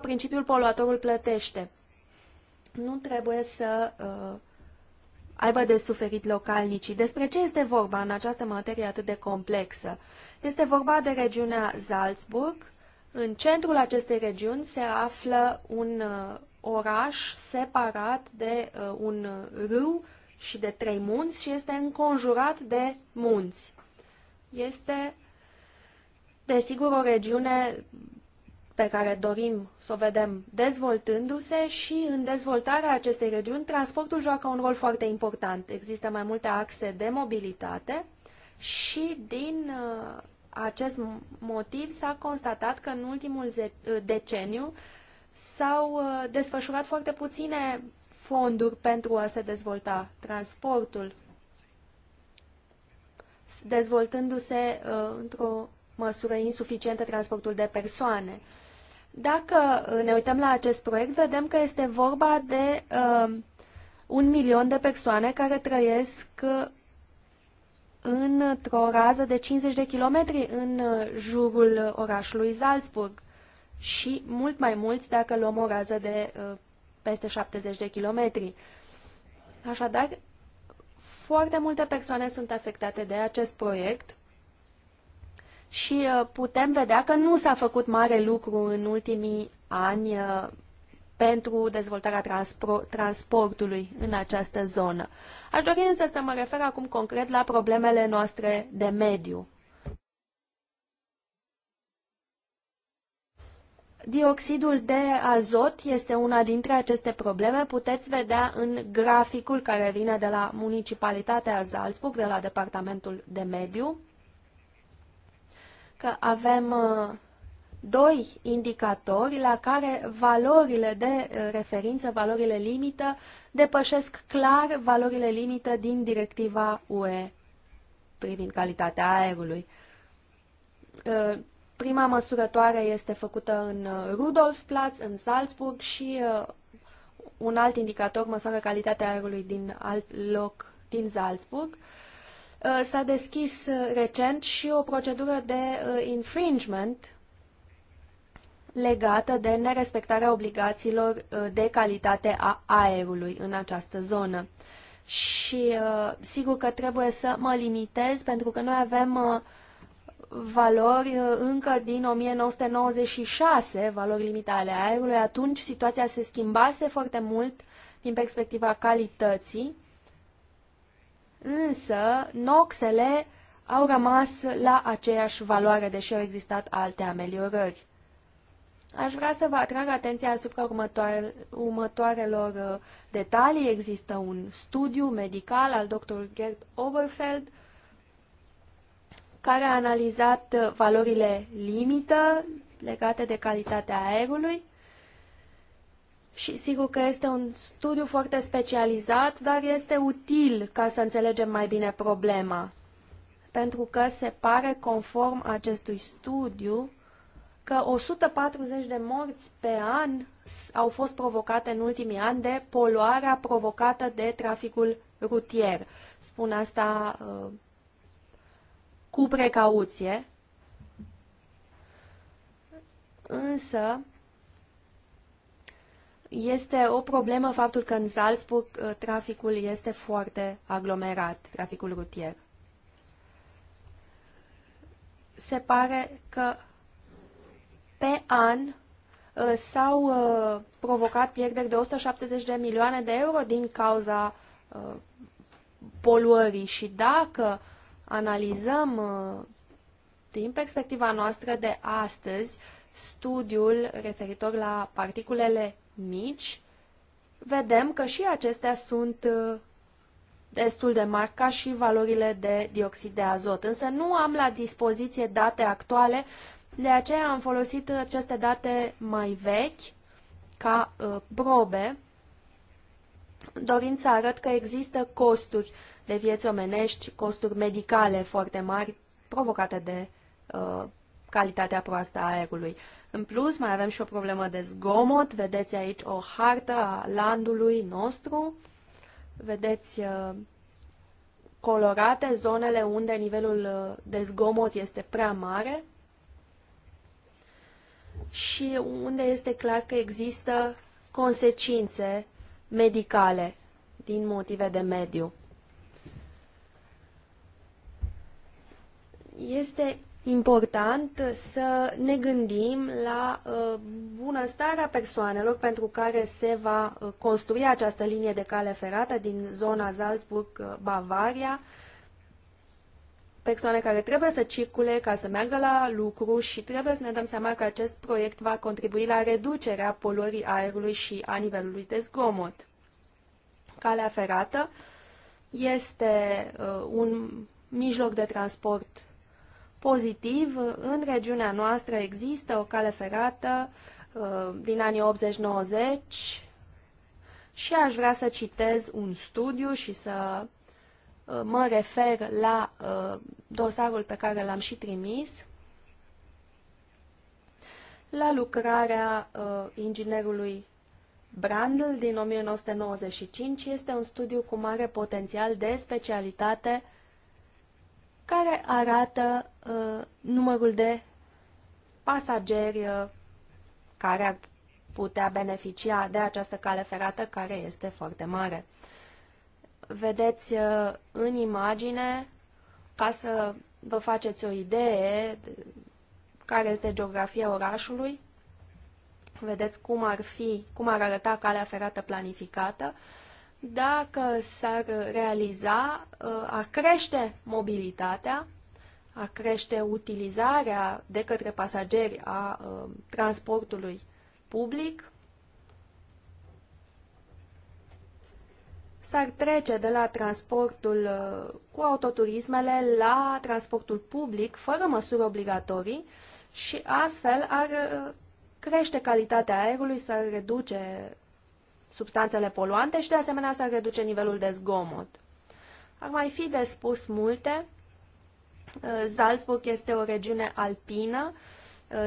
principiul poluatorul plătește nu trebuie să uh, aibă de suferit localnicii. Despre ce este vorba în această materie atât de complexă? Este vorba de regiunea Salzburg. În centrul acestei regiuni se află un uh, oraș separat de uh, un râu și de trei munți și este înconjurat de munți. Este, desigur, o regiune pe care dorim să o vedem dezvoltându-se și în dezvoltarea acestei regiuni, transportul joacă un rol foarte important. Există mai multe axe de mobilitate și din uh, acest motiv s-a constatat că în ultimul uh, deceniu s-au uh, desfășurat foarte puține fonduri pentru a se dezvolta transportul, dezvoltându-se într-o măsură insuficientă transportul de persoane. Dacă uh, ne uităm la acest proiect, vedem că este vorba de uh, un milion de persoane care trăiesc uh, într-o rază de 50 de kilometri în uh, jurul orașului Salzburg și mult mai mulți dacă luăm o rază de uh, peste 70 de kilometri. Așadar, foarte multe persoane sunt afectate de acest proiect și uh, putem vedea că nu s-a făcut mare lucru în ultimii ani uh, pentru dezvoltarea transportului în această zonă. Aș dori însă să mă refer acum concret la problemele noastre de mediu. Dioxidul de azot este una dintre aceste probleme. Puteți vedea în graficul care vine de la Municipalitatea Salzburg, de la Departamentul de Mediu că avem uh, doi indicatori la care valorile de uh, referință, valorile limită, depășesc clar valorile limită din directiva UE privind calitatea aerului. Uh, prima măsurătoare este făcută în Rudolfsplatz, în Salzburg și un alt indicator măsoară calitatea aerului din alt loc din Salzburg. Uh, Uh, s-a deschis uh, recent și o procedură de uh, infringement legată de nerespectarea obligațiilor de calitate a aerului în această zonă. Și sigur că trebuie să mă limitez pentru că noi avem valori încă din 1996, valori limite ale aerului. Atunci situația se schimbase foarte mult din perspectiva calității însă noxele au rămas la aceeași valoare, deși au existat alte ameliorări. Aș vrea să vă atrag atenția asupra următoare, următoarelor uh, detalii. Există un studiu medical al dr. Gerd Oberfeld care a analizat uh, valorile limită legate de calitatea aerului și sigur că este un studiu foarte specializat, dar este util ca să înțelegem mai bine problema. Pentru că se pare, conform acestui studiu, că 140 de morți pe an au fost provocate în ultimii ani de poluarea provocată de traficul rutier. Spun asta uh, cu precauție. Însă, este o problemă faptul că în Salzburg uh, traficul este foarte aglomerat, traficul rutier. Se pare că pe an uh, s-au uh, provocat pierderi de 170 de milioane de euro din cauza poluării și dacă analizăm din perspectiva noastră de astăzi studiul referitor la particulele mici, vedem că și acestea sunt uh, destul de mari ca și valorile de dioxid de azot. Însă nu am la dispoziție date actuale, de aceea am folosit aceste date mai vechi ca uh, probe, dorind să arăt că există costuri de vieți omenești, costuri medicale foarte mari provocate de uh, calitatea proastă a aerului. În plus, mai avem și o problemă de zgomot. Vedeți aici o hartă a landului nostru. Vedeți uh, colorate zonele unde nivelul uh, de zgomot este prea mare și unde este clar că există consecințe medicale din motive de mediu. Este important să ne gândim la uh, bunăstarea persoanelor pentru care se va uh, construi această linie de cale ferată din zona Salzburg-Bavaria, persoane care trebuie să circule ca să meargă la lucru și trebuie să ne dăm seama că acest proiect va contribui la reducerea poluării aerului și a nivelului de zgomot. Calea ferată este uh, un mijloc de transport pozitiv. În regiunea noastră există o cale ferată uh, din anii 80-90 și aș vrea să citez un studiu și să uh, mă refer la uh, dosarul pe care l-am și trimis la lucrarea uh, inginerului Brandl din 1995 este un studiu cu mare potențial de specialitate care arată uh, numărul de pasageri uh, care ar putea beneficia de această cale ferată care este foarte mare. Vedeți uh, în imagine, ca să vă faceți o idee care este geografia orașului, vedeți cum ar fi, cum ar arăta calea ferată planificată. Uh, dacă s-ar realiza, uh, ar crește mobilitatea, a crește utilizarea de către pasageri a uh, transportului public, s-ar trece de la transportul uh, cu autoturismele la transportul public, fără măsuri obligatorii, și astfel ar crește calitatea aerului, s-ar reduce substanțele poluante și de asemenea să reduce nivelul de zgomot. Ar mai fi de spus multe. Uh, Salzburg este o regiune alpină,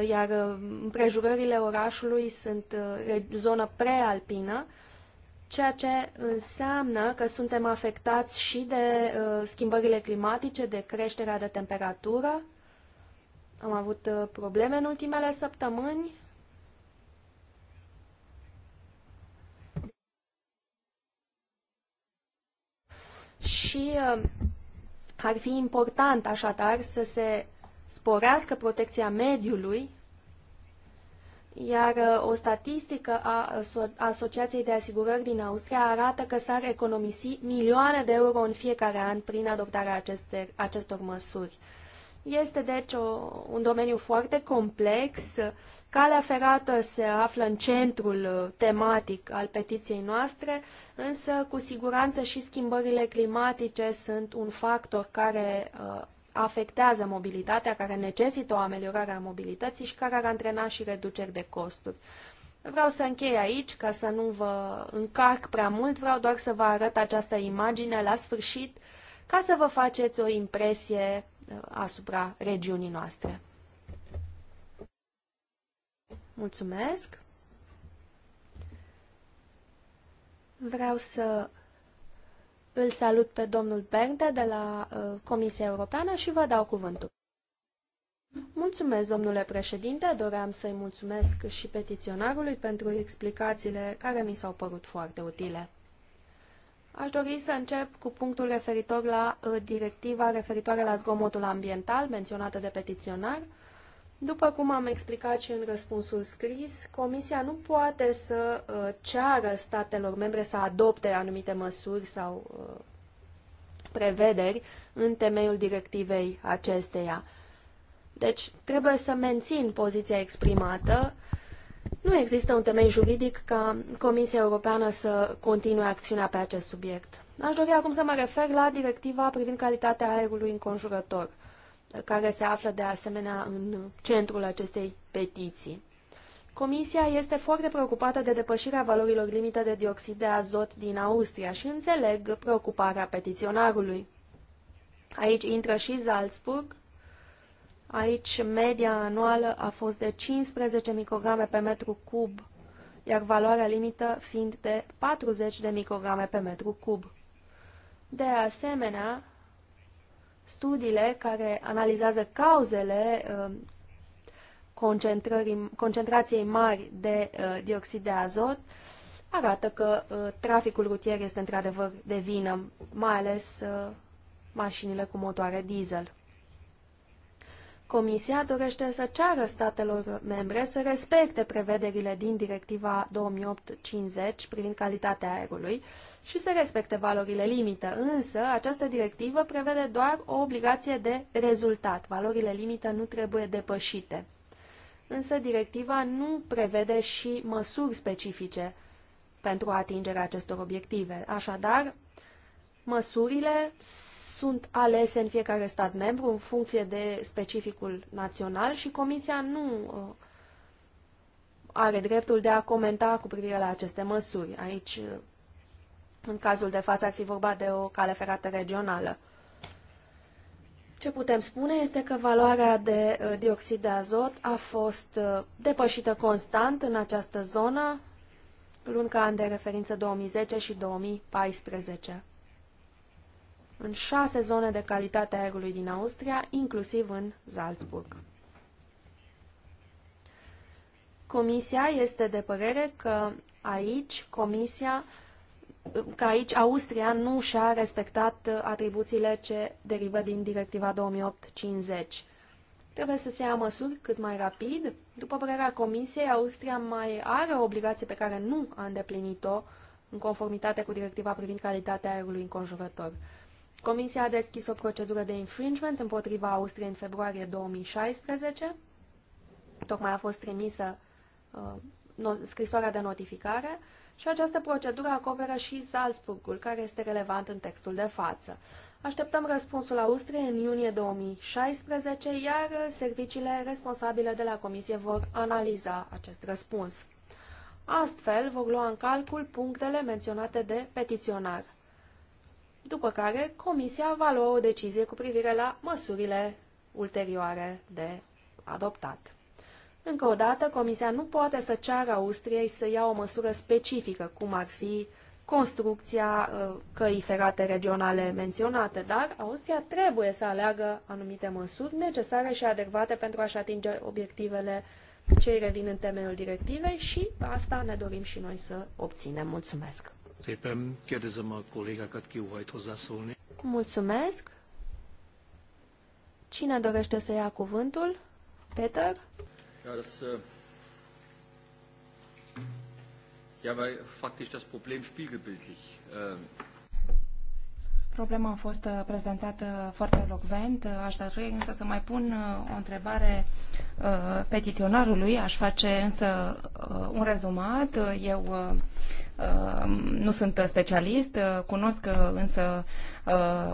uh, iar uh, împrejurările orașului sunt zonă prealpină, ceea ce înseamnă că suntem afectați și de schimbările climatice, de creșterea de temperatură. Am avut probleme în ultimele săptămâni și uh, ar fi important așadar să se sporească protecția mediului, iar uh, o statistică a Asociației de Asigurări din Austria arată că s-ar economisi milioane de euro în fiecare an prin adoptarea aceste, acestor măsuri. Este deci o, un domeniu foarte complex Calea ferată se află în centrul uh, tematic al petiției noastre, însă cu siguranță și schimbările climatice sunt un factor care uh, afectează mobilitatea, care necesită o ameliorare a mobilității și care ar antrena și reduceri de costuri. Vreau să închei aici, ca să nu vă încarc prea mult, vreau doar să vă arăt această imagine la sfârșit, ca să vă faceți o impresie uh, asupra regiunii noastre. Mulțumesc. Vreau să îl salut pe domnul Berde de la uh, Comisia Europeană și vă dau cuvântul. Mulțumesc, domnule președinte. Doream să-i mulțumesc și petiționarului pentru explicațiile care mi s-au părut foarte utile. Aș dori să încep cu punctul referitor la uh, directiva referitoare la zgomotul ambiental menționată de petiționar. După cum am explicat și în răspunsul scris, Comisia nu poate să uh, ceară statelor membre să adopte anumite măsuri sau uh, prevederi în temeiul directivei acesteia. Deci trebuie să mențin poziția exprimată. Nu există un temei juridic ca Comisia Europeană să continue acțiunea pe acest subiect. Aș dori acum să mă refer la directiva privind calitatea aerului înconjurător care se află de asemenea în centrul acestei petiții. Comisia este foarte preocupată de depășirea valorilor limite de dioxid de azot din Austria și înțeleg preocuparea petiționarului. Aici intră și Salzburg. Aici media anuală a fost de 15 micrograme pe metru cub, iar valoarea limită fiind de 40 de micrograme pe metru cub. De asemenea, Studiile care analizează cauzele um, concentrației mari de uh, dioxid de azot arată că uh, traficul rutier este într-adevăr de vină, mai ales uh, mașinile cu motoare diesel. Comisia dorește să ceară statelor membre să respecte prevederile din Directiva 2008/50 privind calitatea aerului și să respecte valorile limită, însă această directivă prevede doar o obligație de rezultat. Valorile limită nu trebuie depășite. Însă directiva nu prevede și măsuri specifice pentru atingerea acestor obiective. Așadar, măsurile sunt alese în fiecare stat membru în funcție de specificul național și Comisia nu uh, are dreptul de a comenta cu privire la aceste măsuri. Aici, uh, în cazul de față, ar fi vorba de o cale ferată regională. Ce putem spune este că valoarea de uh, dioxid de azot a fost depășită constant în această zonă, luni ca an de referință 2010 și 2014 în șase zone de calitate a aerului din Austria, inclusiv în Salzburg. Comisia este de părere că aici Comisia că aici Austria nu și-a respectat atribuțiile ce derivă din Directiva 2008-50. Trebuie să se ia măsuri cât mai rapid. După părerea Comisiei, Austria mai are o obligație pe care nu a îndeplinit-o în conformitate cu Directiva privind calitatea aerului înconjurător. Comisia a deschis o procedură de infringement împotriva Austriei în februarie 2016. Tocmai a fost trimisă uh, no scrisoarea de notificare și această procedură acoperă și Salzburgul, care este relevant în textul de față. Așteptăm răspunsul Austriei în iunie 2016, iar serviciile responsabile de la Comisie vor analiza acest răspuns. Astfel, vor lua în calcul punctele menționate de petiționar după care Comisia va lua o decizie cu privire la măsurile ulterioare de adoptat. Încă o dată, Comisia nu poate să ceară Austriei să ia o măsură specifică, cum ar fi construcția uh, căi ferate regionale menționate, dar Austria trebuie să aleagă anumite măsuri necesare și adecvate pentru a-și atinge obiectivele cei revin în temeiul directivei și asta ne dorim și noi să obținem. Mulțumesc! Szépen kérdezem a kollégákat, ki óhajt hozzászólni. Mulțumesc. Cine dorește să ia cuvântul? Peter? Ja, să... Äh, ja, mai faktisch das Problem spiegelbildlich. Äh. Problema a fost äh, prezentată foarte elocvent. Aș dori însă să mai pun o întrebare petiționarului. Aș face însă un rezumat. Eu Uh, nu sunt specialist, uh, cunosc uh, însă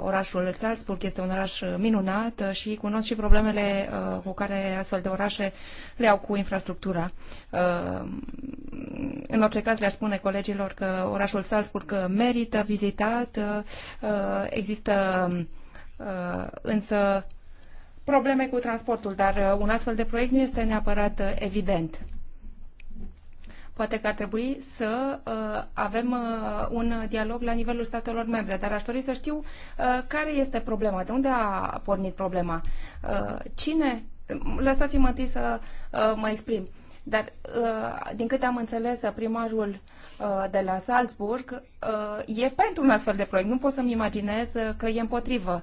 orașul Salzburg, este un oraș minunat și cunosc și problemele cu care astfel de orașe le au cu infrastructura. În orice caz le-aș spune colegilor că orașul Salzburg merită vizitat, există însă probleme cu transportul, dar un astfel de proiect nu este neapărat evident. Poate că ar trebui să uh, avem uh, un dialog la nivelul statelor membre, dar aș dori să știu uh, care este problema, de unde a pornit problema, cine. Lăsați-mă întâi să mă exprim. Dar, din câte am înțeles, primarul de la Salzburg e pentru un astfel de proiect. Nu pot să-mi imaginez că e împotrivă.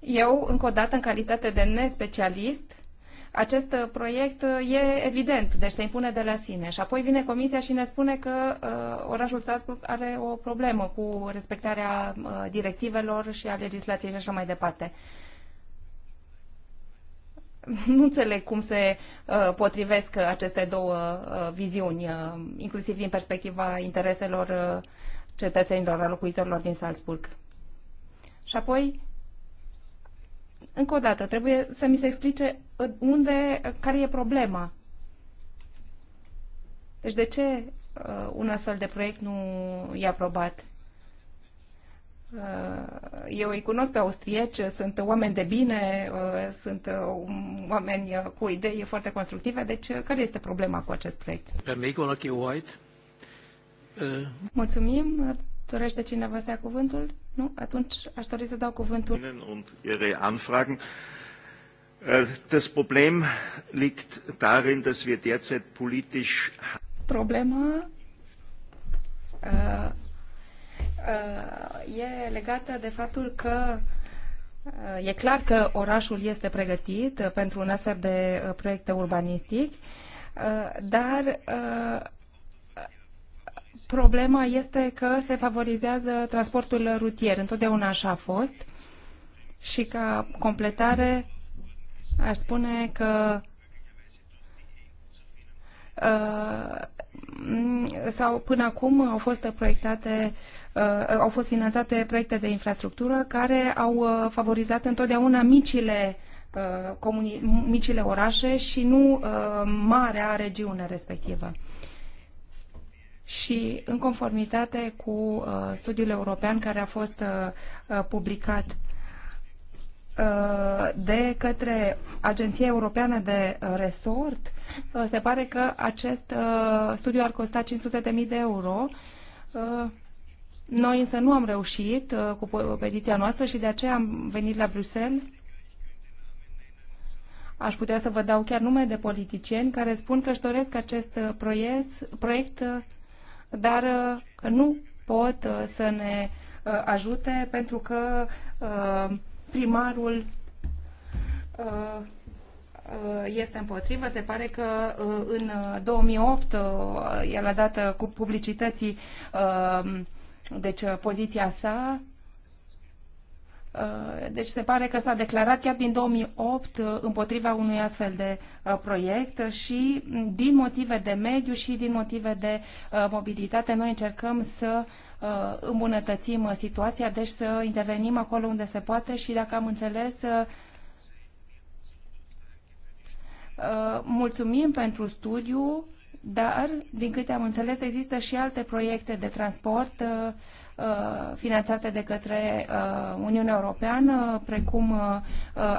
Eu, încă o dată, în calitate de nespecialist, acest uh, proiect uh, e evident, deci se impune de la sine. Și apoi vine comisia și ne spune că uh, orașul Salzburg are o problemă cu respectarea uh, directivelor și a legislației și așa mai departe. Nu înțeleg cum se uh, potrivesc aceste două uh, viziuni, uh, inclusiv din perspectiva intereselor uh, cetățenilor, a locuitorilor din Salzburg. Și apoi încă o dată, trebuie să mi se explice uh, unde, uh, care e problema. Deci de ce uh, un astfel de proiect nu e aprobat? Uh, eu îi cunosc pe austrieci, sunt oameni de bine, sunt um, oameni cu idei foarte constructive, deci care este problema cu acest proiect? Mulțumim. Dorește cineva să ia cuvântul? Nu? Atunci aș dori să dau cuvântul. Äh, das Problem liegt darin, dass wir derzeit politisch Problema uh, uh, e legată de faptul că uh, e clar că orașul este pregătit pentru un astfel de proiect urbanistic, dar Problema este că se favorizează transportul rutier. Întotdeauna așa a fost. Și ca completare, aș spune că uh, sau până acum au fost proiectate uh, au fost finanțate proiecte de infrastructură care au uh, favorizat întotdeauna micile uh, micile orașe și nu uh, marea regiune respectivă și în conformitate cu uh, studiul european care a fost uh, uh publicat uh, de către Agenția Europeană de uh, Resort, se pare că acest studiu ar costa 500.000 de euro. noi însă nu am reușit cu petiția noastră și de aceea am venit la Bruxelles aș putea să vă dau chiar nume de politicieni care spun că își doresc acest proiect, proiect dar uh, nu pot uh, să ne uh, ajute pentru că primarul este împotrivă. Se pare că în 2008 el a dat cu publicității deci poziția sa Uh, deci se pare că s-a declarat chiar din 2008 uh, împotriva unui astfel de uh, proiect și din motive de mediu și din motive de mobilitate noi încercăm să îmbunătățim situația, deci să intervenim acolo unde se poate și dacă am înțeles mulțumim pentru studiu, dar din câte am înțeles există și alte proiecte de transport Uh, finanțate de către uh, Uniunea Europeană, precum uh,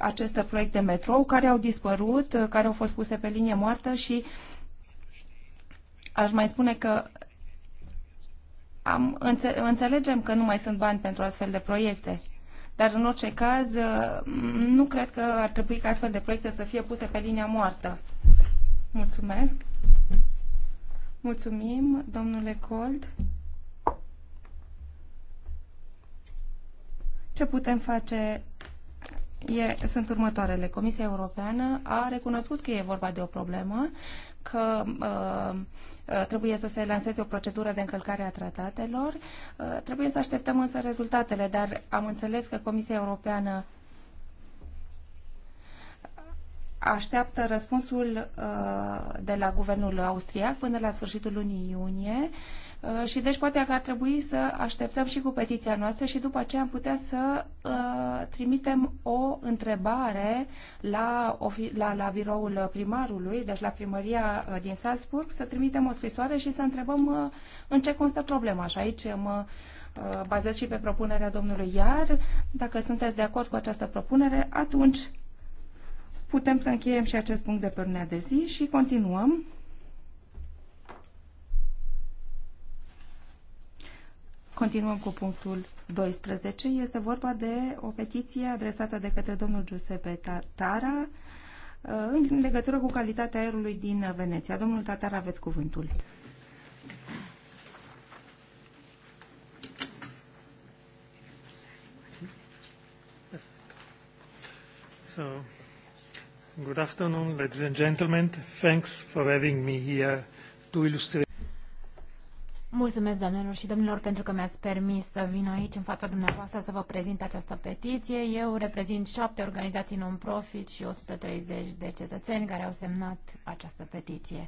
aceste proiecte de metrou, care au dispărut, care au fost puse pe linie moartă și aș mai spune că am, înțe- înțelegem că nu mai sunt bani pentru astfel de proiecte, dar în orice caz nu cred că ar trebui ca astfel de proiecte să fie puse pe linia moartă. Mulțumesc! Mulțumim, domnule Cold. Ce putem face e, sunt următoarele. Comisia Europeană a recunoscut că e vorba de o problemă, că uh, uh, trebuie să se lanseze o procedură de încălcare a tratatelor. Uh, trebuie să așteptăm însă rezultatele, dar am înțeles că Comisia Europeană așteaptă răspunsul uh, de la guvernul austriac până la sfârșitul lunii iunie. Uh, Uh, și deci poate că ar trebui să așteptăm și cu petiția noastră și după aceea am putea să uh, trimitem o întrebare la, la, la biroul primarului, deci la primăria uh, din Salzburg, să trimitem o scrisoare și să întrebăm uh, în ce constă problema. Și aici mă uh, bazez și pe propunerea domnului Iar. Dacă sunteți de acord cu această propunere, atunci putem să încheiem și acest punct de pe de zi și continuăm Continuăm cu punctul 12. Este vorba de o petiție adresată de către domnul Giuseppe Tara uh, în legătură cu calitatea aerului din Veneția. Domnul Tatar, aveți cuvântul. So, good afternoon, ladies and gentlemen. Thanks for having me here to illustrate Mulțumesc, doamnelor și domnilor, pentru că mi-ați permis să vin aici în fața dumneavoastră să vă prezint această petiție. Eu reprezint șapte organizații non-profit și 130 de cetățeni care au semnat această petiție.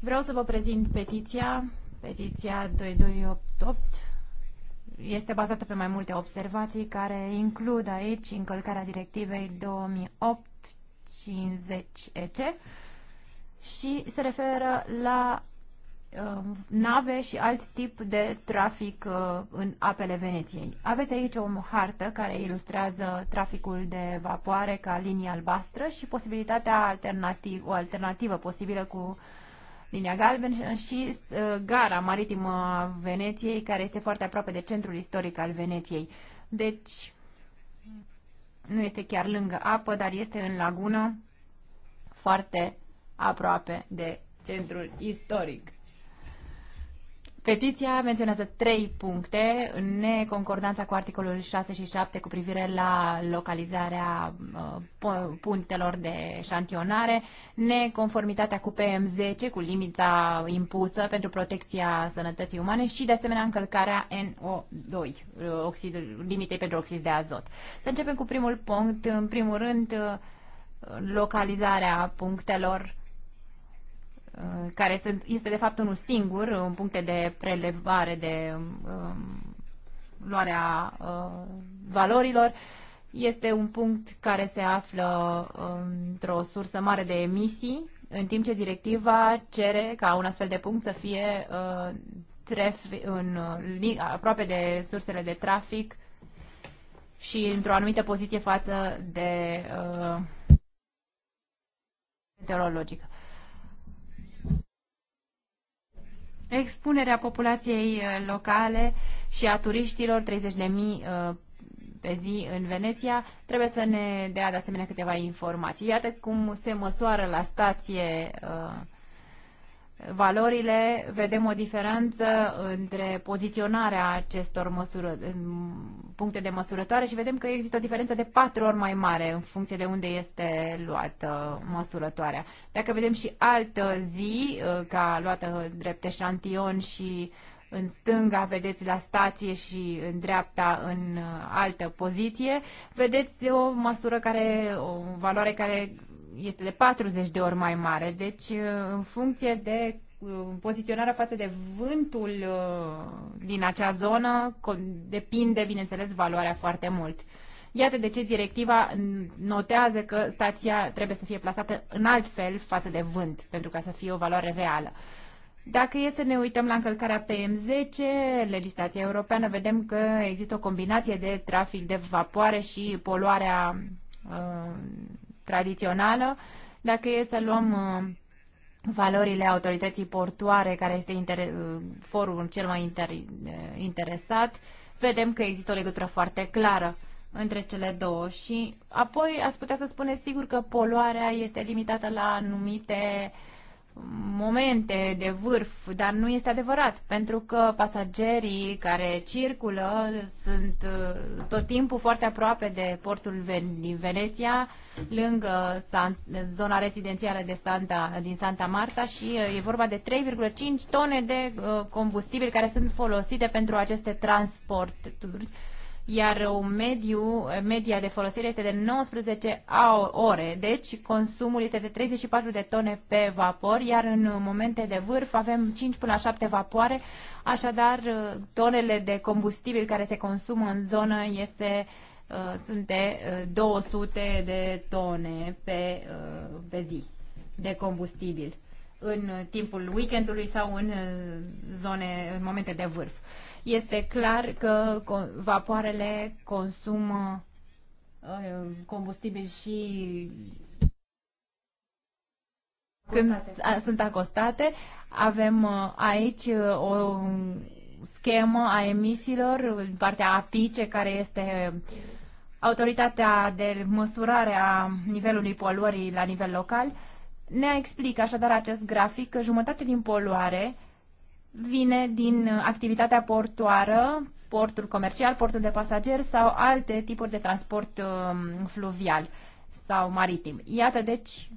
Vreau să vă prezint petiția. Petiția 2288 este bazată pe mai multe observații care includ aici încălcarea directivei 2008-50 EC și se referă la Um, nave și alt tip de trafic uh, în apele Veneției. Aveți aici o hartă care ilustrează traficul de vapoare ca linie albastră și posibilitatea alternativ, o alternativă posibilă cu linia galben și uh, gara maritimă a Veneției, care este foarte aproape de centrul istoric al Veneției. Deci, nu este chiar lângă apă, dar este în lagună, foarte aproape de centrul istoric. Petiția menționează trei puncte în neconcordanța cu articolul 6 și 7 cu privire la localizarea uh, punctelor de șantionare, neconformitatea cu PM10 cu limita impusă pentru protecția sănătății umane și de asemenea încălcarea NO2, uh, oxid, limitei pentru oxid de azot. Să începem cu primul punct. În primul rând, uh, localizarea punctelor Uh, care sunt, este de fapt unul singur în puncte de prelevare, de um, um, luarea uh, valorilor, este un punct care se află um, într-o sursă mare de emisii, în timp ce directiva cere ca un astfel de punct să fie uh, tref în, uh, aproape de sursele de trafic și într-o anumită poziție față de uh, meteorologică. Uh, Expunerea populației uh, locale și a turiștilor, 30 de mii uh, pe zi în Veneția, trebuie să ne dea de asemenea câteva informații. Iată cum se măsoară la stație uh, valorile, vedem o diferență între poziționarea acestor măsură, puncte de măsurătoare și vedem că există o diferență de patru ori mai mare în funcție de unde este luată măsurătoarea. Dacă vedem și altă zi, uh, ca luată drept eșantion și în stânga vedeți la stație și în dreapta în altă poziție, vedeți o măsură care, o valoare care este de 40 de ori mai mare. Deci, uh, în funcție de uh, poziționarea față de vântul uh, din acea zonă, depinde, bineînțeles, valoarea foarte mult. Iată de ce directiva notează că stația trebuie să fie plasată în alt fel față de vânt, pentru ca să fie o valoare reală. Dacă e să ne uităm la încălcarea PM10, legislația europeană, vedem că există o combinație de trafic de vapoare și poluarea uh, tradițională, dacă e să luăm uh, valorile autorității portoare, care este inter- uh, forul cel mai inter- uh, interesat, vedem că există o legătură foarte clară între cele două și apoi ați putea să spuneți sigur că poluarea este limitată la anumite uh, momente de vârf, dar nu este adevărat, pentru că pasagerii care circulă sunt uh, tot timpul foarte aproape de portul din Veneția, lângă zona rezidențială de Santa, din Santa Marta și uh, e vorba de 3,5 tone de uh, combustibil care sunt folosite pentru aceste transporturi iar o mediu, media de folosire este de 19 ore, deci consumul este de 34 de tone pe vapor, iar în momente de vârf avem 5 până la 7 vapoare, așadar tonele de combustibil care se consumă în zonă este uh, sunt de 200 uh, de tone pe, uh, pe zi de combustibil în timpul weekendului sau în zone, în momente de vârf. Este clar că vapoarele consumă uh, combustibil și când acostate. sunt acostate. Avem uh, aici uh, o schemă a emisiilor, în partea APICE, care este autoritatea de măsurare a nivelului poluării la nivel local. Ne explică așadar acest grafic că jumătate din poluare vine din uh, activitatea portoară, portul comercial, portul de pasager sau alte tipuri de transport um, fluvial sau maritim. Iată deci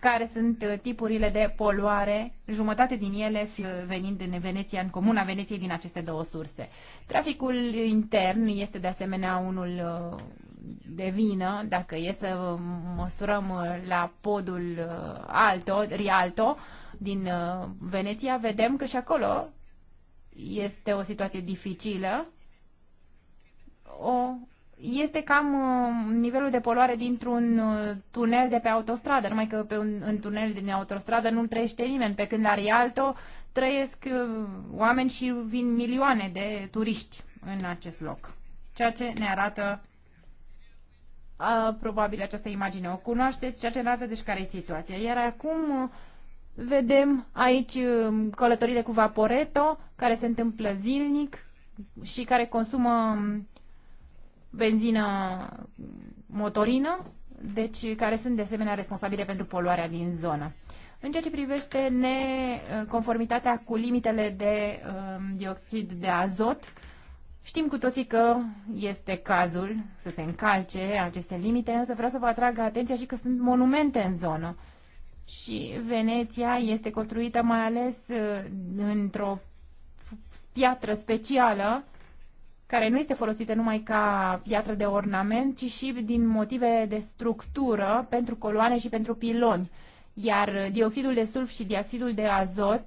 care sunt uh, tipurile de poluare, jumătate din ele uh, venind din Veneția, în comuna Veneției, din aceste două surse. Traficul intern este de asemenea unul de vină, dacă e să măsurăm la podul Alto, Rialto, din uh, Veneția, vedem că și acolo este o situație dificilă. O, este cam uh, nivelul de poluare dintr-un uh, tunel de pe autostradă, numai că pe un, în tunel din autostradă nu trăiește nimeni, pe când la Rialto trăiesc oameni și vin milioane de turiști în acest loc. Ceea ce ne arată a, probabil această imagine o cunoașteți, ceea ce arată deci care e situația. Iar acum Vedem aici um, călătorile cu vaporeto, care se întâmplă zilnic și care consumă um, benzină motorină, deci care sunt de asemenea responsabile pentru poluarea din zonă. În ceea ce privește neconformitatea uh, cu limitele de um, dioxid de azot, știm cu toții că este cazul să se încalce aceste limite, însă vreau să vă atrag atenția și că sunt monumente în zonă și Veneția este construită mai ales uh, într-o piatră specială care nu este folosită numai ca piatră de ornament, ci și din motive de structură pentru coloane și pentru piloni. Iar dioxidul de sulf și dioxidul de azot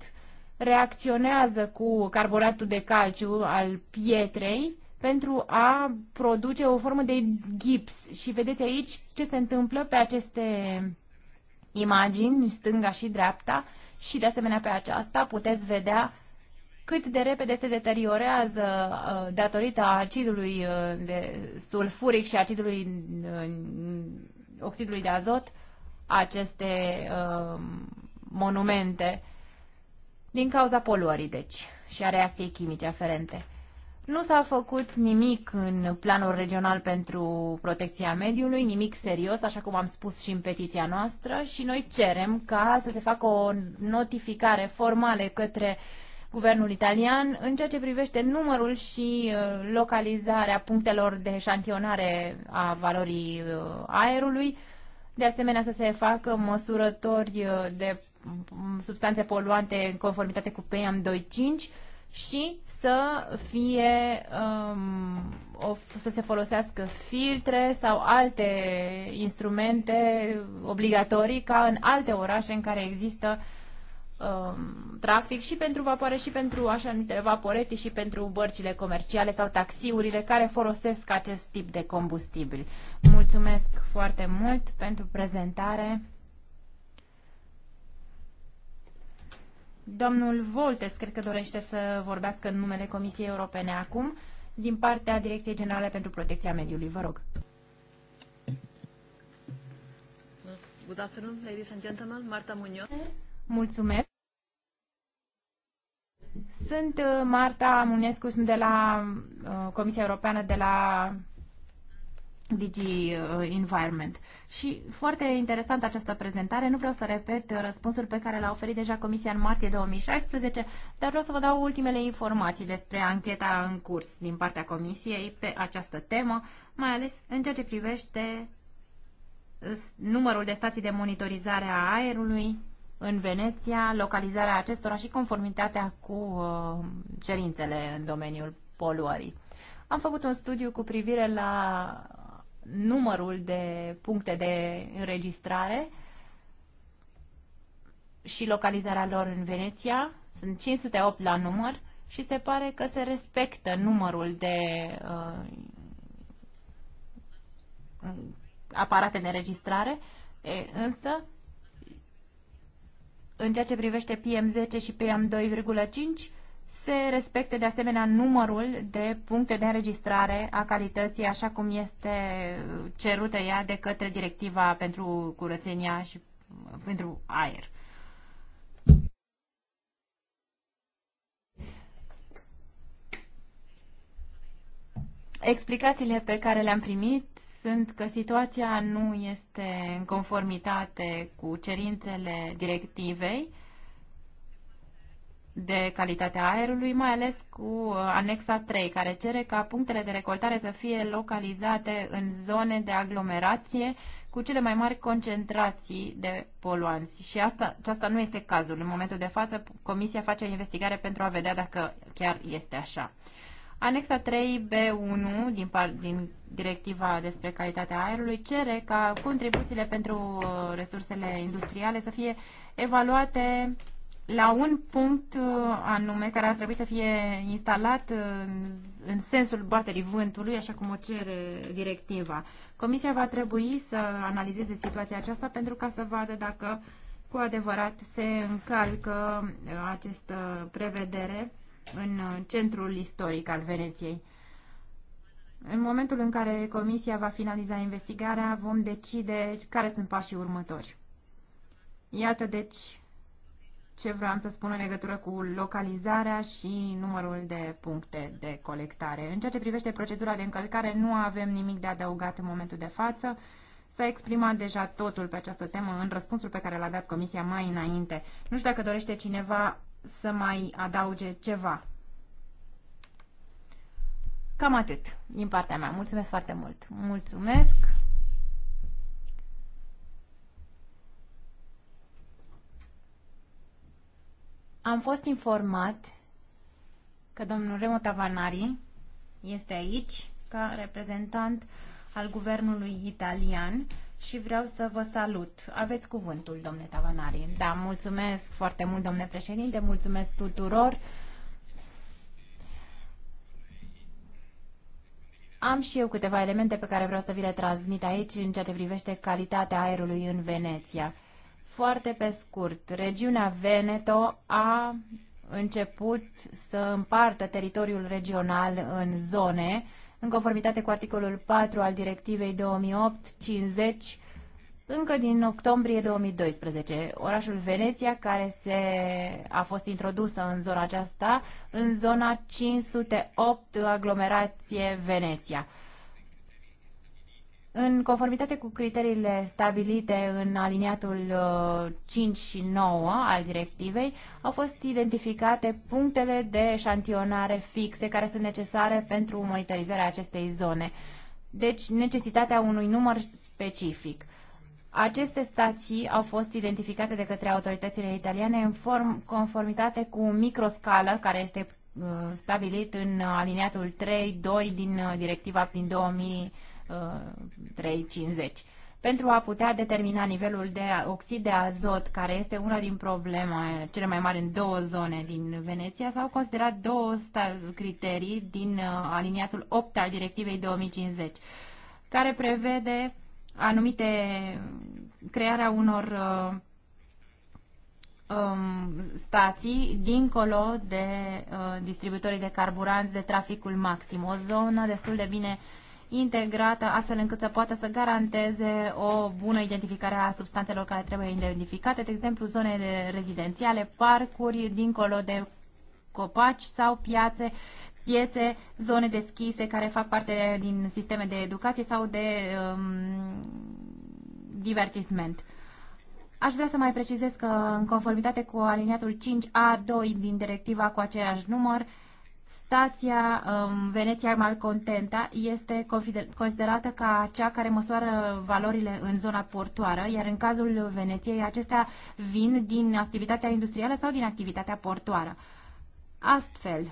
reacționează cu carburatul de calciu al pietrei pentru a produce o formă de gips. Și vedeți aici ce se întâmplă pe aceste imagini, stânga și dreapta, și de asemenea pe aceasta puteți vedea cât de repede se deteriorează uh, datorită acidului uh, de sulfuric și acidului uh, oxidului de azot aceste monumente din cauza poluării, deci, și a reacției chimice aferente. Nu s-a făcut nimic în planul regional pentru protecția mediului, nimic serios, așa cum am spus și în petiția noastră și noi cerem ca să se facă o notificare formală către guvernul italian în ceea ce privește numărul și uh, localizarea punctelor de șantionare a valorii uh, aerului, de asemenea să se facă măsurători uh, de substanțe poluante în conformitate cu PM25 și să fie um, o, să se folosească filtre sau alte instrumente obligatorii ca în alte orașe în care există um, trafic și pentru vapoare și pentru așa numitele vaporete și pentru bărcile comerciale sau taxiurile care folosesc acest tip de combustibil. Mulțumesc foarte mult pentru prezentare. Domnul Voltes, cred că dorește să vorbească în numele Comisiei Europene acum, din partea Direcției Generale pentru Protecția Mediului. Vă rog. Good afternoon, ladies and gentlemen. Marta Munoz. Mulțumesc. Sunt uh, Marta Munescu, sunt de la uh, Comisia Europeană, de la Digi uh, Environment. Și foarte interesantă această prezentare. Nu vreau să repet uh, răspunsul pe care l-a oferit deja Comisia în martie 2016, dar vreau să vă dau ultimele informații despre ancheta în curs din partea Comisiei pe această temă, mai ales în ceea ce privește uh, numărul de stații de monitorizare a aerului în Veneția, localizarea acestora și conformitatea cu cerințele în domeniul poluării. Am făcut un studiu cu privire la numărul de puncte de înregistrare și localizarea lor în Veneția. Sunt 508 la număr și se pare că se respectă numărul de uh, aparate de înregistrare, e, însă în ceea ce privește PM10 și PM2,5 se respecte de asemenea numărul de puncte de înregistrare a calității așa cum este cerută ea de către directiva pentru curățenia și pentru aer. Explicațiile pe care le-am primit sunt că situația nu este în conformitate cu cerințele directivei de calitatea aerului, mai ales cu uh, anexa 3, care cere ca punctele de recoltare să fie localizate în zone de aglomerație cu cele mai mari concentrații de poluanți. Și asta, asta nu este cazul. În momentul de față, Comisia face o investigare pentru a vedea dacă chiar este așa. Anexa 3B1 din, par, din directiva despre calitatea aerului cere ca contribuțiile pentru uh, resursele industriale să fie evaluate la un punct uh, anume care ar trebui să fie instalat uh, în sensul baterii vântului, așa cum o cere directiva. Comisia va trebui să analizeze situația aceasta pentru ca să vadă dacă cu adevărat se încalcă uh, această prevedere în centrul istoric al Veneției. În momentul în care Comisia va finaliza investigarea, vom decide care sunt pașii următori. Iată deci ce vreau să spun în legătură cu localizarea și numărul de puncte de colectare. În ceea ce privește procedura de încălcare, nu avem nimic de adăugat în momentul de față. S-a exprimat deja totul pe această temă în răspunsul pe care l-a dat Comisia mai înainte. Nu știu dacă dorește cineva să mai adauge ceva. Cam atât din partea mea. Mulțumesc foarte mult. Mulțumesc. Am fost informat că domnul Remo Tavanari este aici ca reprezentant al guvernului italian și vreau să vă salut. Aveți cuvântul, domnule Tavanari. Da, mulțumesc foarte mult, domnule președinte, mulțumesc tuturor. Am și eu câteva elemente pe care vreau să vi le transmit aici în ceea ce privește calitatea aerului în Veneția. Foarte pe scurt, regiunea Veneto a început să împartă teritoriul regional în zone, în conformitate cu articolul 4 al Directivei 2008-50, încă din octombrie 2012. Orașul Veneția, care se, a fost introdusă în zona aceasta, în zona 508 aglomerație Veneția. În conformitate cu criteriile stabilite în aliniatul 5 uh, și 9 al directivei, au fost identificate punctele de șantionare fixe care sunt necesare pentru monitorizarea acestei zone, deci necesitatea unui număr specific. Aceste stații au fost identificate de către autoritățile italiane în form, conformitate cu microscală care este uh, stabilit în aliniatul 3-2 din uh, directiva din 2000 3,50 pentru a putea determina nivelul de oxid de azot, care este una din problema cele mai mari în două zone din Veneția, s-au considerat două criterii din uh, aliniatul 8 al directivei 2050, care prevede anumite crearea unor uh, um, stații dincolo de uh, distribuitorii de carburanți de traficul maxim, o zonă destul de bine uh, integrată astfel încât să poată să garanteze o bună identificare a substanțelor care trebuie identificate, de exemplu zone rezidențiale, parcuri, dincolo de copaci sau piațe, piețe, zone deschise care fac parte din sisteme de educație sau de um, divertisment. Aș vrea să mai precizez că, în conformitate cu aliniatul 5A2 din directiva cu aceeași număr, Stația um, Veneția Malcontenta este considerată ca cea care măsoară valorile în zona portoară, iar în cazul Veneției acestea vin din activitatea industrială sau din activitatea portoară. Astfel,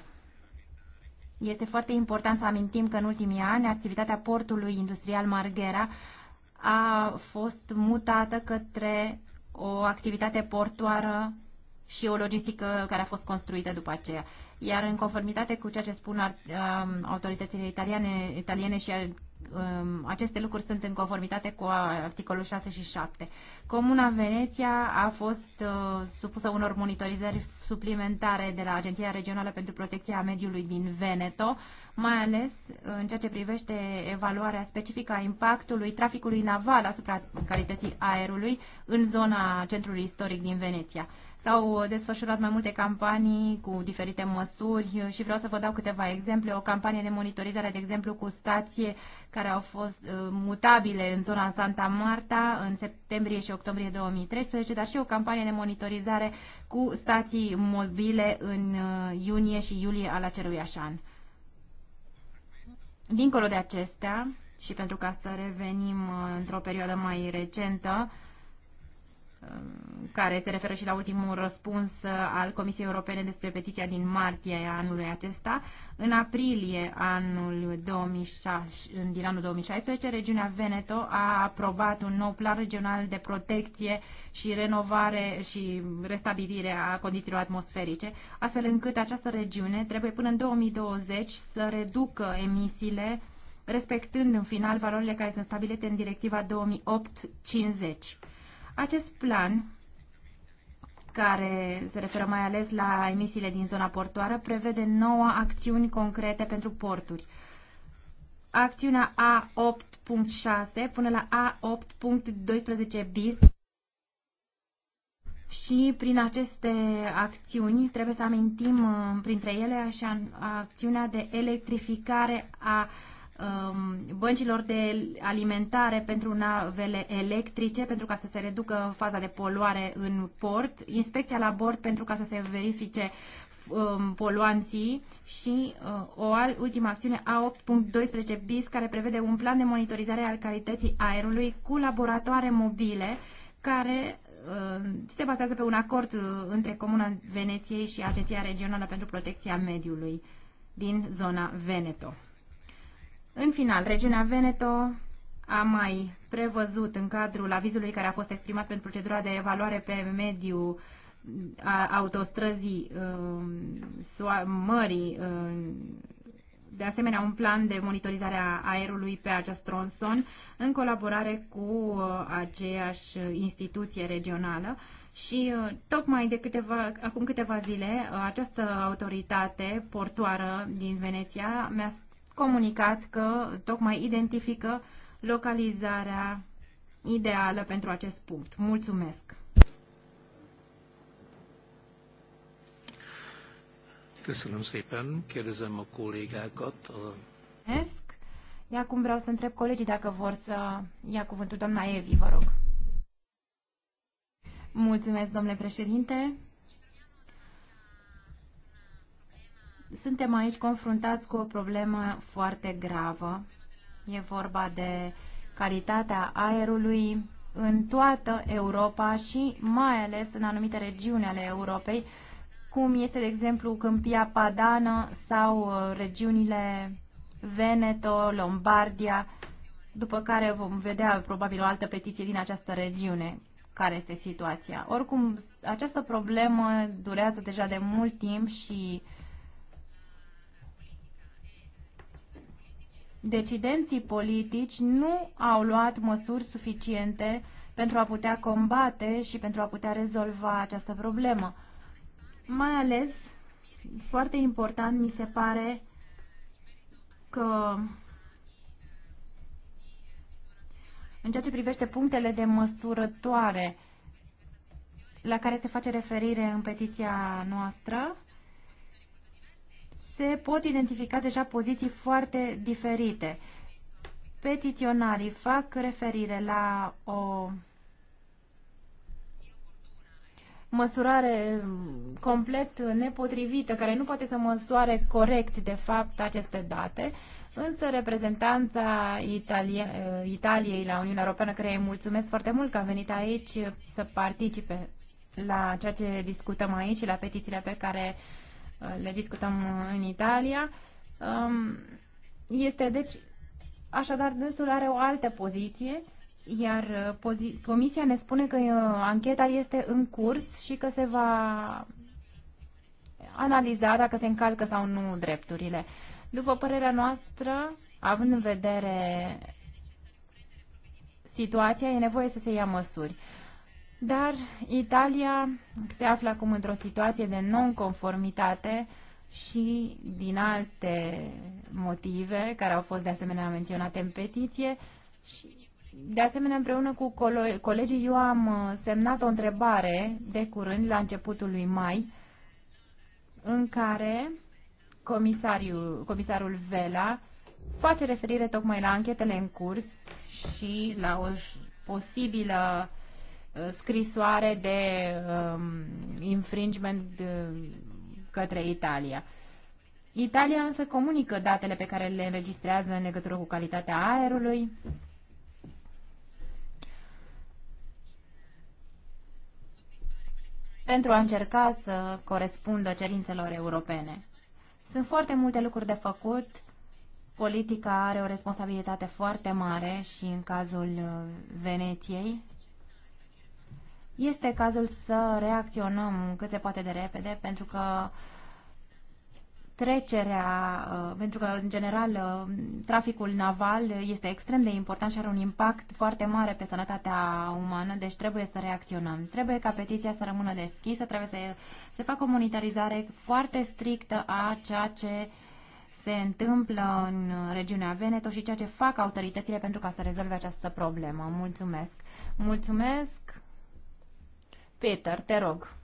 este foarte important să amintim că în ultimii ani activitatea portului industrial Marghera a fost mutată către o activitate portoară și o logistică care a fost construită după aceea. Iar în conformitate cu ceea ce spun uh, autoritățile italiane, italiene și uh, um, aceste lucruri sunt în conformitate cu articolul 6 și 7. Comuna Veneția a fost uh, supusă unor monitorizări suplimentare de la Agenția Regională pentru Protecția Mediului din Veneto, mai ales în ceea ce privește evaluarea specifică a impactului traficului naval asupra calității aerului în zona centrului istoric din Veneția. S-au desfășurat mai multe campanii cu diferite măsuri și vreau să vă dau câteva exemple. O campanie de monitorizare, de exemplu, cu stație care au fost uh, mutabile în zona Santa Marta în septembrie și octombrie 2013, dar și o campanie de monitorizare cu stații mobile în uh, iunie și iulie al acelui an. Dincolo de acestea, și pentru ca să revenim uh, într-o perioadă mai recentă, Um, care se referă și la ultimul răspuns uh, al Comisiei Europene despre petiția din martie anului acesta. În aprilie anul 2006, din anul 2016, regiunea Veneto a aprobat un nou plan regional de protecție și renovare și restabilire a condițiilor atmosferice, astfel încât această regiune trebuie până în 2020 să reducă emisiile respectând în final valorile care sunt stabilite în directiva 2008-50. Acest plan care se referă mai ales la emisiile din zona portoară, prevede nouă acțiuni concrete pentru porturi. Acțiunea A8.6 până la A8.12 bis și prin aceste acțiuni trebuie să amintim uh, printre ele așa, acțiunea de electrificare a uh, Um, băncilor de alimentare pentru navele electrice, pentru ca să se reducă faza de poluare în port, inspecția la bord pentru ca să se verifice um, poluanții și uh, o ultima acțiune A8.12 bis care prevede un plan de monitorizare al calității aerului cu laboratoare mobile care uh, se bazează pe un acord uh, între Comuna Veneției și Agenția Regională pentru Protecția Mediului din zona Veneto. În final, regiunea Veneto a mai prevăzut în cadrul avizului care a fost exprimat pentru procedura de evaluare pe mediu a autostrăzii uh, mării, uh, de asemenea un plan de monitorizare a aerului pe acest tronson în colaborare cu uh, aceeași instituție regională și uh, tocmai de câteva, acum câteva zile uh, această autoritate portoară din Veneția mi-a comunicat că tocmai identifică localizarea ideală pentru acest punct. Mulțumesc! Köszönöm szépen, kérdezem a kollégákat. Mulțumesc! Iar acum vreau să întreb colegii dacă vor să ia cuvântul. Doamna Evi, vă rog. Mulțumesc, domnule președinte. suntem aici confruntați cu o problemă foarte gravă. E vorba de calitatea aerului în toată Europa și mai ales în anumite regiuni ale Europei, cum este, de exemplu, Câmpia Padană sau uh, regiunile Veneto, Lombardia, după care vom vedea probabil o altă petiție din această regiune care este situația. Oricum, această problemă durează deja de mult timp și decidenții politici nu au luat măsuri suficiente pentru a putea combate și pentru a putea rezolva această problemă. Mai ales, foarte important mi se pare că în ceea ce privește punctele de măsurătoare la care se face referire în petiția noastră, se pot identifica deja poziții foarte diferite. Petiționarii fac referire la o măsurare complet nepotrivită, care nu poate să măsoare corect, de fapt, aceste date, însă reprezentanța Italia, Italiei la Uniunea Europeană, care îi mulțumesc foarte mult că a venit aici să participe la ceea ce discutăm aici și la petițiile pe care uh, Uh, le discutăm în Italia. Um, este, deci, așadar, dânsul are o altă poziție, iar uh, pozi- comisia ne spune că uh, ancheta este în curs și că se va analiza dacă se încalcă sau nu drepturile. După părerea noastră, având în vedere situația, e nevoie să se ia măsuri. Dar Italia se află acum într-o situație de nonconformitate și din alte motive care au fost de asemenea menționate în petiție și de asemenea, împreună cu colegii, eu am uh, semnat o întrebare de curând, la începutul lui mai, în care comisariul, comisarul Vela face referire tocmai la anchetele în curs și la o posibilă Uh, scrisoare de um, infringement uh, către Italia. Italia însă comunică datele pe care le înregistrează în legătură cu calitatea aerului. pentru a încerca să corespundă cerințelor europene. Sunt foarte multe lucruri de făcut. Politica are o responsabilitate foarte mare și în cazul uh, Veneției este cazul să reacționăm cât se poate de repede, pentru că trecerea, uh, pentru că, în general, uh, traficul naval este extrem de important și are un impact foarte mare pe sănătatea umană, deci trebuie să reacționăm. Trebuie ca petiția să rămână deschisă, trebuie să se facă o monitorizare foarte strictă a ceea ce se întâmplă în regiunea Veneto și ceea ce fac autoritățile pentru ca să rezolve această problemă. Mulțumesc! Mulțumesc! Peter, te rog.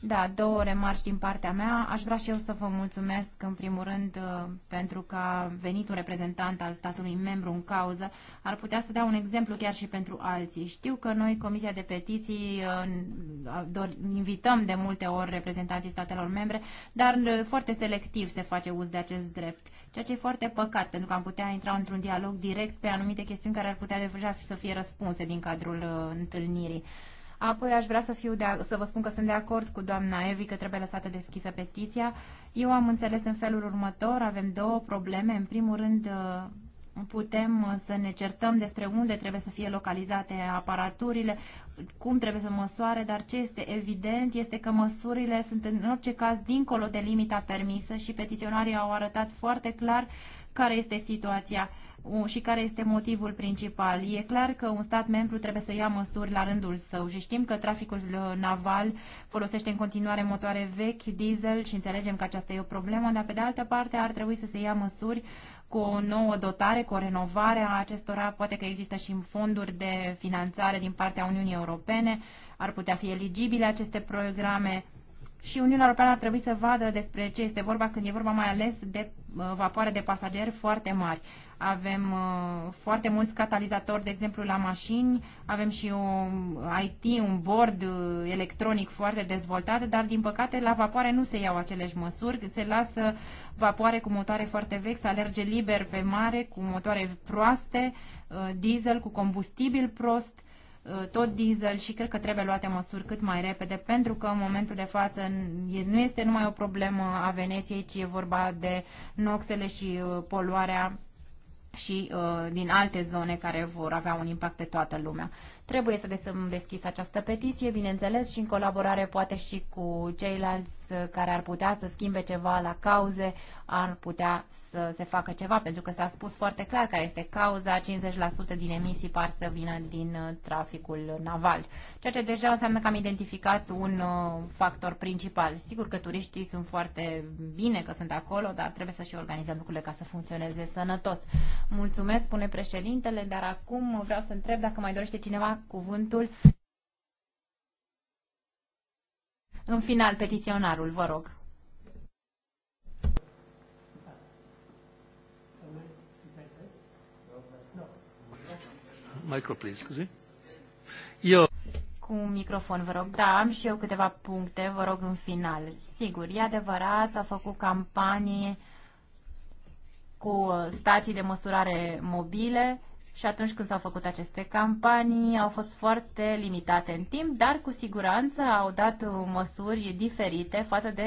Da, două remarci din partea mea. Aș vrea și eu să vă mulțumesc, în primul rând, uh, pentru că a venit un reprezentant al statului membru în cauză. Ar putea să dea un exemplu chiar și pentru alții. Știu că noi, Comisia de Petiții, uh, invităm de multe ori reprezentanții statelor membre, dar uh, foarte selectiv se face uz de acest drept. Ceea ce e foarte păcat, pentru că am putea intra într-un dialog direct pe anumite chestiuni care ar putea deja să fie răspunse din cadrul întâlnirii. Apoi aș vrea să, fiu de, să vă spun că sunt de acord cu doamna Evi că trebuie lăsată deschisă petiția. Eu am înțeles în felul următor, avem două probleme. În primul rând, uh, putem uh, să ne certăm despre unde trebuie să fie localizate aparaturile, cum trebuie să măsoare, dar ce este evident este că măsurile sunt în orice caz dincolo de limita permisă și petiționarii au arătat foarte clar care este situația și care este motivul principal. E clar că un stat membru trebuie să ia măsuri la rândul său și știm că traficul uh, naval folosește în continuare motoare vechi, diesel și înțelegem că aceasta e o problemă, dar pe de altă parte ar trebui să se ia măsuri cu o nouă dotare, cu o renovare a acestora, poate că există și fonduri de finanțare din partea Uniunii Europene, ar putea fi eligibile aceste programe și Uniunea Europeană ar trebui să vadă despre ce este vorba când e vorba mai ales de uh, vapoare de pasageri foarte mari avem uh, foarte mulți catalizatori, de exemplu, la mașini, avem și uh, un IT, un board uh, electronic foarte dezvoltat, dar, din păcate, la vapoare nu se iau aceleși măsuri, se lasă vapoare cu motoare foarte vechi, să alerge liber pe mare, cu motoare proaste, uh, diesel, cu combustibil prost, uh, tot diesel și cred că trebuie luate măsuri cât mai repede pentru că în momentul de față nu este numai o problemă a Veneției, ci e vorba de noxele și uh, poluarea și uh, din alte zone care vor avea un impact pe toată lumea. Trebuie să lăsăm deschis această petiție, bineînțeles, și în colaborare poate și cu ceilalți uh, care ar putea să schimbe ceva la cauze, ar putea să se facă ceva, pentru că s-a spus foarte clar care este cauza, 50% din emisii par să vină din uh, traficul naval, ceea ce deja înseamnă că am identificat un uh, factor principal. Sigur că turiștii sunt foarte bine că sunt acolo, dar trebuie să și organizăm lucrurile ca să funcționeze sănătos. Mulțumesc, spune președintele, dar acum vreau să întreb dacă mai dorește cineva cuvântul în final petiționarul, vă rog. Micro, please, scuze. Eu... Cu un microfon, vă rog. Da, am și eu câteva puncte, vă rog, în final. Sigur, e adevărat, s-a făcut campanie cu stații de măsurare mobile, și atunci când s-au făcut aceste campanii au fost foarte limitate în timp, dar cu siguranță au dat măsuri diferite față de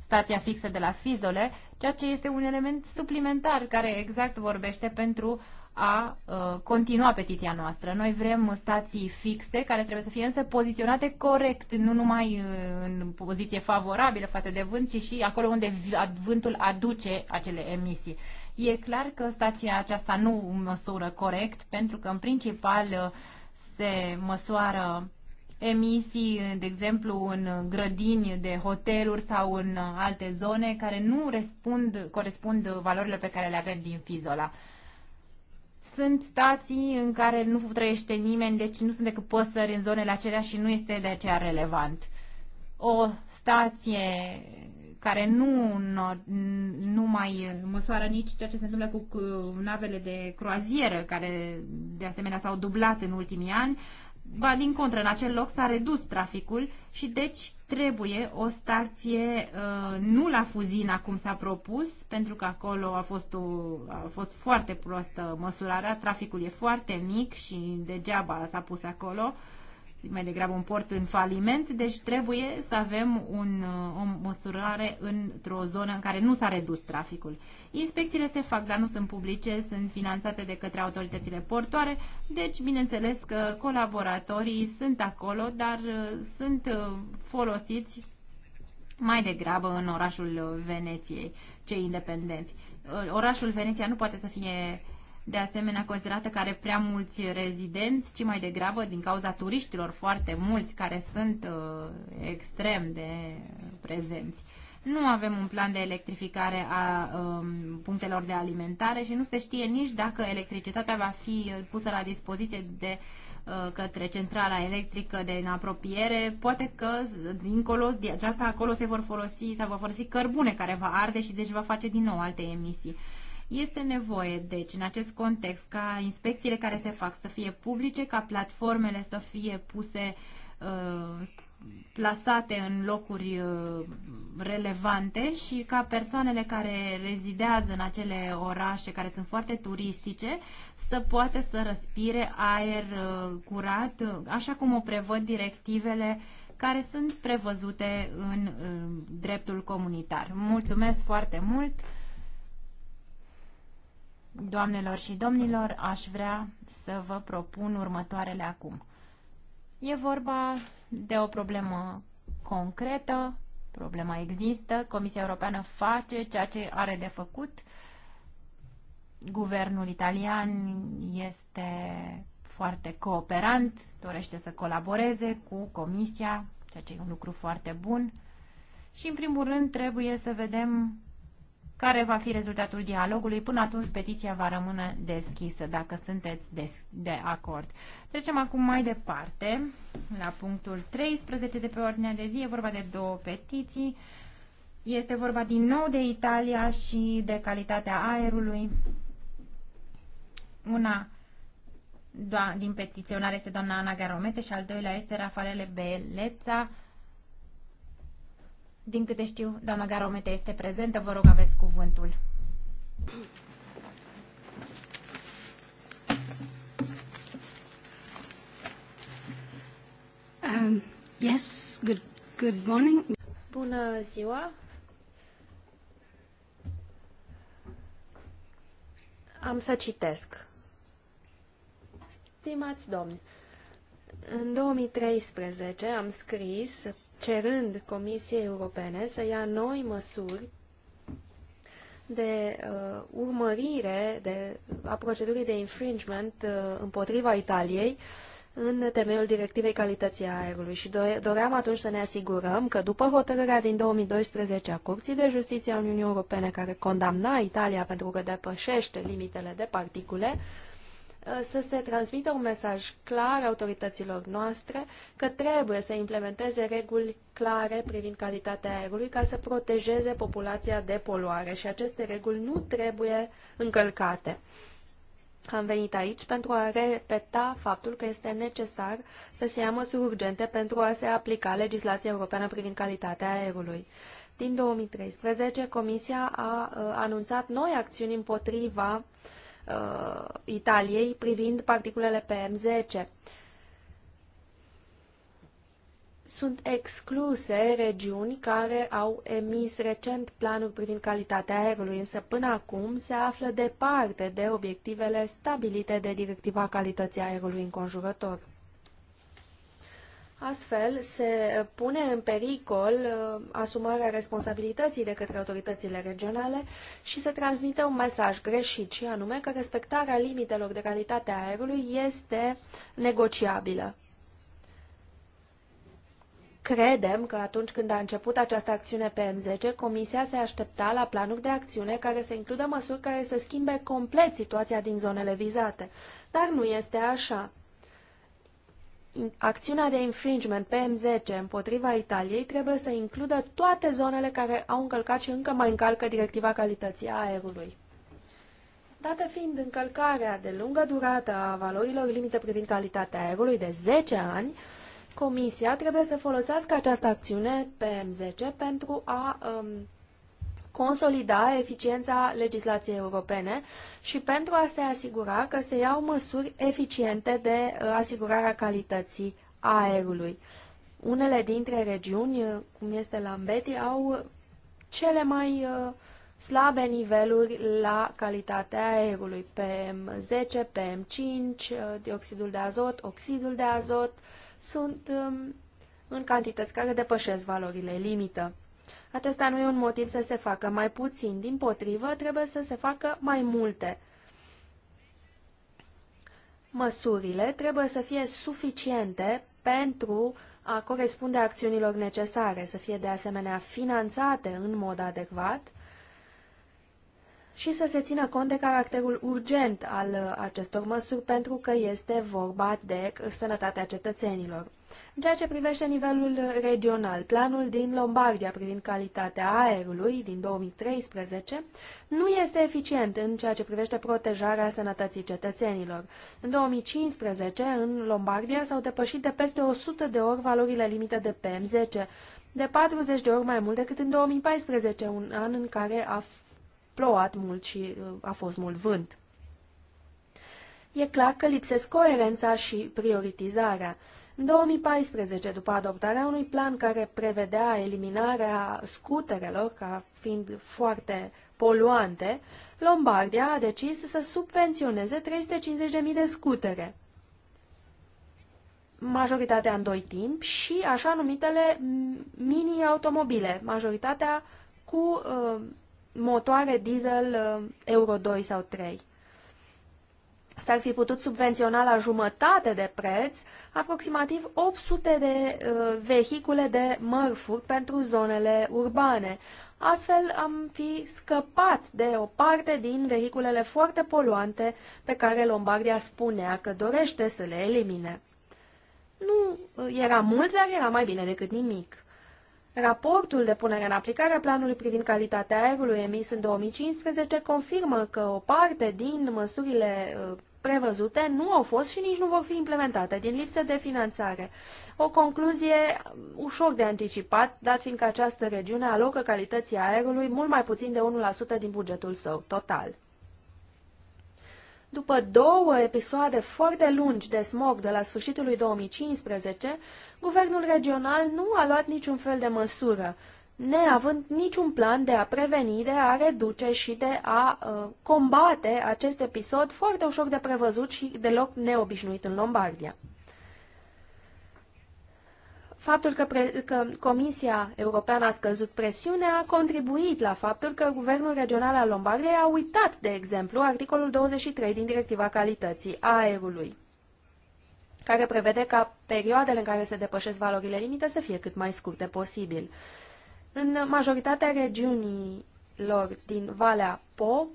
stația fixă de la Fizole, ceea ce este un element suplimentar care exact vorbește pentru a uh, continua petiția noastră. Noi vrem stații fixe care trebuie să fie însă poziționate corect, nu numai uh, în poziție favorabilă față de vânt, ci și acolo unde vântul aduce acele emisii. E clar că stația aceasta nu măsură corect, pentru că în principal se măsoară emisii, de exemplu, în grădini de hoteluri sau în alte zone care nu răspund, corespund valorilor pe care le avem din Fizola. Sunt stații în care nu trăiește nimeni, deci nu sunt decât păsări în zonele acelea și nu este de aceea relevant. O stație care nu, nu mai măsoară nici ceea ce se întâmplă cu navele de croazieră, care de asemenea s-au dublat în ultimii ani, ba din contră, în acel loc s-a redus traficul și deci trebuie o stație uh, nu la Fuzina, cum s-a propus, pentru că acolo a fost, o, a fost foarte proastă măsurarea, traficul e foarte mic și degeaba s-a pus acolo mai degrabă un port în faliment, deci trebuie să avem un, o măsurare într-o zonă în care nu s-a redus traficul. Inspecțiile se fac, dar nu sunt publice, sunt finanțate de către autoritățile portoare, deci bineînțeles că colaboratorii sunt acolo, dar uh, sunt uh, folosiți mai degrabă în orașul Veneției, cei independenți. Uh, orașul Veneția nu poate să fie de asemenea considerată care prea mulți rezidenți, ci mai degrabă din cauza turiștilor foarte mulți care sunt uh, extrem de prezenți. Nu avem un plan de electrificare a um, punctelor de alimentare și nu se știe nici dacă electricitatea va fi pusă la dispoziție de uh, către centrala electrică de în apropiere, poate că dincolo de aceasta acolo se vor folosi, sau vor folosi cărbune care va arde și deci va face din nou alte emisii. Uh, este nevoie, deci, în acest context, ca inspecțiile care se fac să fie publice, ca platformele să fie puse uh, plasate în locuri uh, relevante și ca persoanele care rezidează în acele orașe care sunt foarte turistice să poată să respire aer uh, curat, uh, așa cum o prevăd directivele care sunt prevăzute în dreptul comunitar. Mulțumesc foarte mult! Doamnelor și domnilor, aș vrea să vă propun următoarele acum. E vorba de o problemă concretă, problema există, Comisia Europeană face ceea ce are de făcut, guvernul italian este foarte cooperant, dorește să colaboreze cu Comisia, ceea ce e un lucru foarte bun. Și, în primul rând, trebuie să vedem care va fi rezultatul dialogului. Până atunci petiția va rămâne deschisă, dacă sunteți de, de acord. Trecem acum mai departe la punctul 13 de pe ordinea de zi. E vorba de două petiții. Este vorba din nou de Italia și de calitatea aerului. Una din petiționare este doamna Ana Garomete și al doilea este Rafaele Beleța, din câte știu, doamna Garomete este prezentă. Vă rog, aveți cuvântul. Um, yes, good, good morning. Bună ziua. Am să citesc. Stimați domni, în 2013 am scris cerând Comisiei Europene să ia noi măsuri de uh, urmărire de, a procedurii de infringement uh, împotriva Italiei în temeiul directivei calității aerului și do- doream atunci să ne asigurăm că după hotărârea din 2012 a Curții de Justiție a Uniunii Europene care condamna Italia pentru că depășește limitele de particule, uh, Uh, să se transmită un mesaj clar autorităților noastre că trebuie să implementeze reguli clare privind calitatea aerului ca să protejeze populația de poluare și aceste reguli nu trebuie încălcate. Am venit aici pentru a repeta faptul că este necesar să se ia măsuri urgente pentru a se aplica legislația europeană privind calitatea aerului. Din 2013, Comisia a uh, anunțat noi acțiuni împotriva uh, uh, Italiei privind particulele PM10. Sunt excluse regiuni care au emis recent planuri privind calitatea aerului, însă până acum se află departe de obiectivele stabilite de Directiva Calității Aerului Înconjurător. Astfel, se pune în pericol uh, asumarea responsabilității de către autoritățile regionale și se transmite un mesaj greșit, și anume că respectarea limitelor de calitate a aerului este negociabilă. Credem că atunci când a început această acțiune PM10, Comisia se aștepta la planuri de acțiune care să includă măsuri care să schimbe complet situația din zonele vizate. Dar nu este așa acțiunea de infringement PM10 împotriva Italiei trebuie să includă toate zonele care au încălcat și încă mai încalcă directiva calității aerului. Dată fiind încălcarea de lungă durată a valorilor limite privind calitatea aerului de 10 ani, Comisia trebuie să folosească această acțiune PM10 pentru a um, consolida eficiența legislației europene și pentru a se asigura că se iau măsuri eficiente de uh, asigurarea calității aerului. Unele dintre regiuni, uh, cum este Lambeti, au cele mai uh, slabe niveluri la calitatea aerului, PM10, PM5, dioxidul de azot, oxidul de azot, sunt um, în cantități care depășesc valorile limită. Acesta nu e un motiv să se facă mai puțin, din potrivă, trebuie să se facă mai multe. Măsurile trebuie să fie suficiente pentru a corespunde acțiunilor necesare, să fie de asemenea finanțate în mod adecvat și să se țină cont de caracterul urgent al uh, acestor măsuri pentru că este vorba de sănătatea cetățenilor. În ceea ce privește nivelul uh, regional, planul din Lombardia privind calitatea aerului din 2013 nu este eficient în ceea ce privește protejarea sănătății cetățenilor. În 2015, în Lombardia s-au depășit de peste 100 de ori valorile limite de PM10, de 40 de ori mai mult decât în 2014, un an în care a plouat mult și uh, a fost mult vânt. E clar că lipsesc coerența și prioritizarea. În 2014, după adoptarea unui plan care prevedea eliminarea scuterelor ca fiind foarte poluante, Lombardia a decis să subvenționeze 350.000 de scutere, majoritatea în doi timp și așa numitele mini-automobile, majoritatea cu uh, motoare diesel uh, Euro 2 sau 3. S-ar fi putut subvenționa la jumătate de preț aproximativ 800 de uh, vehicule de mărfuri pentru zonele urbane. Astfel am fi scăpat de o parte din vehiculele foarte poluante pe care Lombardia spunea că dorește să le elimine. Nu uh, era mult, dar era mai bine decât nimic. Raportul de punere în aplicare a planului privind calitatea aerului emis în 2015 confirmă că o parte din măsurile uh, prevăzute nu au fost și nici nu vor fi implementate din lipsă de finanțare. O concluzie um, ușor de anticipat, dat fiindcă această regiune alocă calității aerului mult mai puțin de 1% din bugetul său total. După două episoade foarte lungi de smog de la sfârșitul lui 2015, guvernul regional nu a luat niciun fel de măsură, neavând niciun plan de a preveni, de a reduce și de a uh, combate acest episod foarte ușor de prevăzut și deloc neobișnuit în Lombardia. Faptul că, pre, că Comisia Europeană a scăzut presiunea a contribuit la faptul că Guvernul Regional al Lombardiei a uitat, de exemplu, articolul 23 din Directiva Calității Aerului, care prevede ca perioadele în care se depășesc valorile limite să fie cât mai scurte posibil. În majoritatea regiunilor din Valea Po,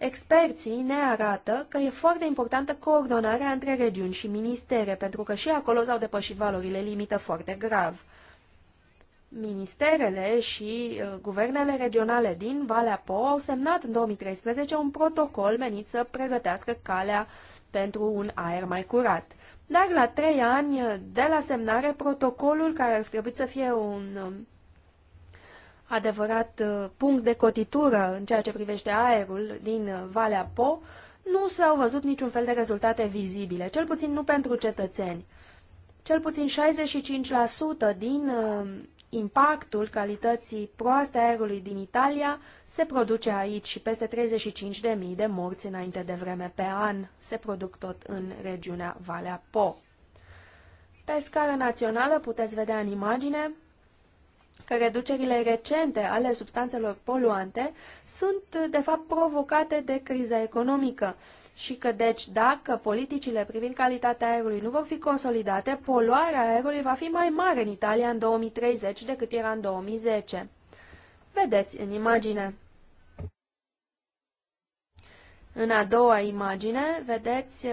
Experții ne arată că e foarte importantă coordonarea între regiuni și ministere, pentru că și acolo s-au depășit valorile limită foarte grav. Ministerele și uh, guvernele regionale din Valea Po au semnat în 2013 un protocol menit să pregătească calea pentru un aer mai curat. Dar la trei ani de la semnare, protocolul care ar trebui să fie un um, adevărat uh, punct de cotitură în ceea ce privește aerul din uh, Valea Po, nu s-au văzut niciun fel de rezultate vizibile, cel puțin nu pentru cetățeni. Cel puțin 65% din uh, impactul calității proaste aerului din Italia se produce aici și peste 35.000 de morți înainte de vreme pe an se produc tot în regiunea Valea Po. Pe scară națională puteți vedea în imagine că reducerile recente ale substanțelor poluante sunt, de fapt, provocate de criza economică și că, deci, dacă politicile privind calitatea aerului nu vor fi consolidate, poluarea aerului va fi mai mare în Italia în 2030 decât era în 2010. Vedeți în imagine. În a doua imagine, vedeți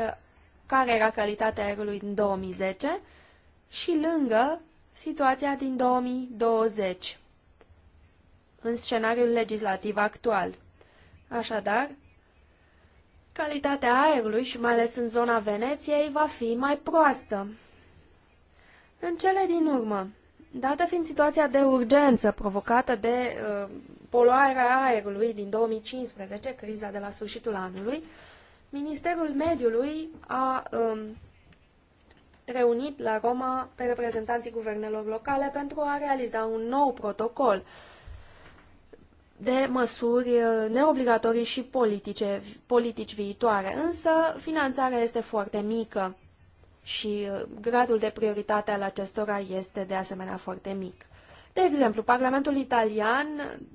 care era calitatea aerului în 2010 și lângă situația din 2020 în scenariul legislativ actual. Așadar, calitatea aerului și mai ales în zona Veneției va fi mai proastă. În cele din urmă, dată fiind situația de urgență provocată de uh, poluarea aerului din 2015, criza de la sfârșitul anului, Ministerul Mediului a Uh, reunit la Roma pe reprezentanții guvernelor locale pentru a realiza un nou protocol de măsuri uh, neobligatorii și politice, politici viitoare, însă finanțarea este foarte mică și uh, gradul de prioritate al acestora este de asemenea foarte mic. De exemplu, Parlamentul italian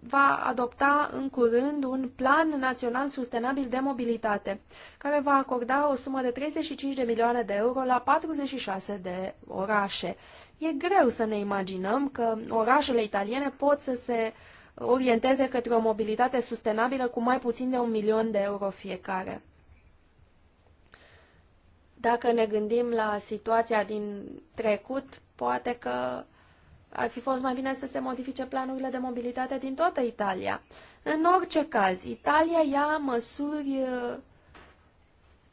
va adopta în curând un plan național sustenabil de mobilitate, care va acorda o sumă de 35 de milioane de euro la 46 de orașe. E greu să ne imaginăm că orașele italiene pot să se orienteze către o mobilitate sustenabilă cu mai puțin de un milion de euro fiecare. Dacă ne gândim la situația din trecut, poate că ar fi fost mai bine să se modifice planurile de mobilitate din toată Italia. În orice caz, Italia ia măsuri uh,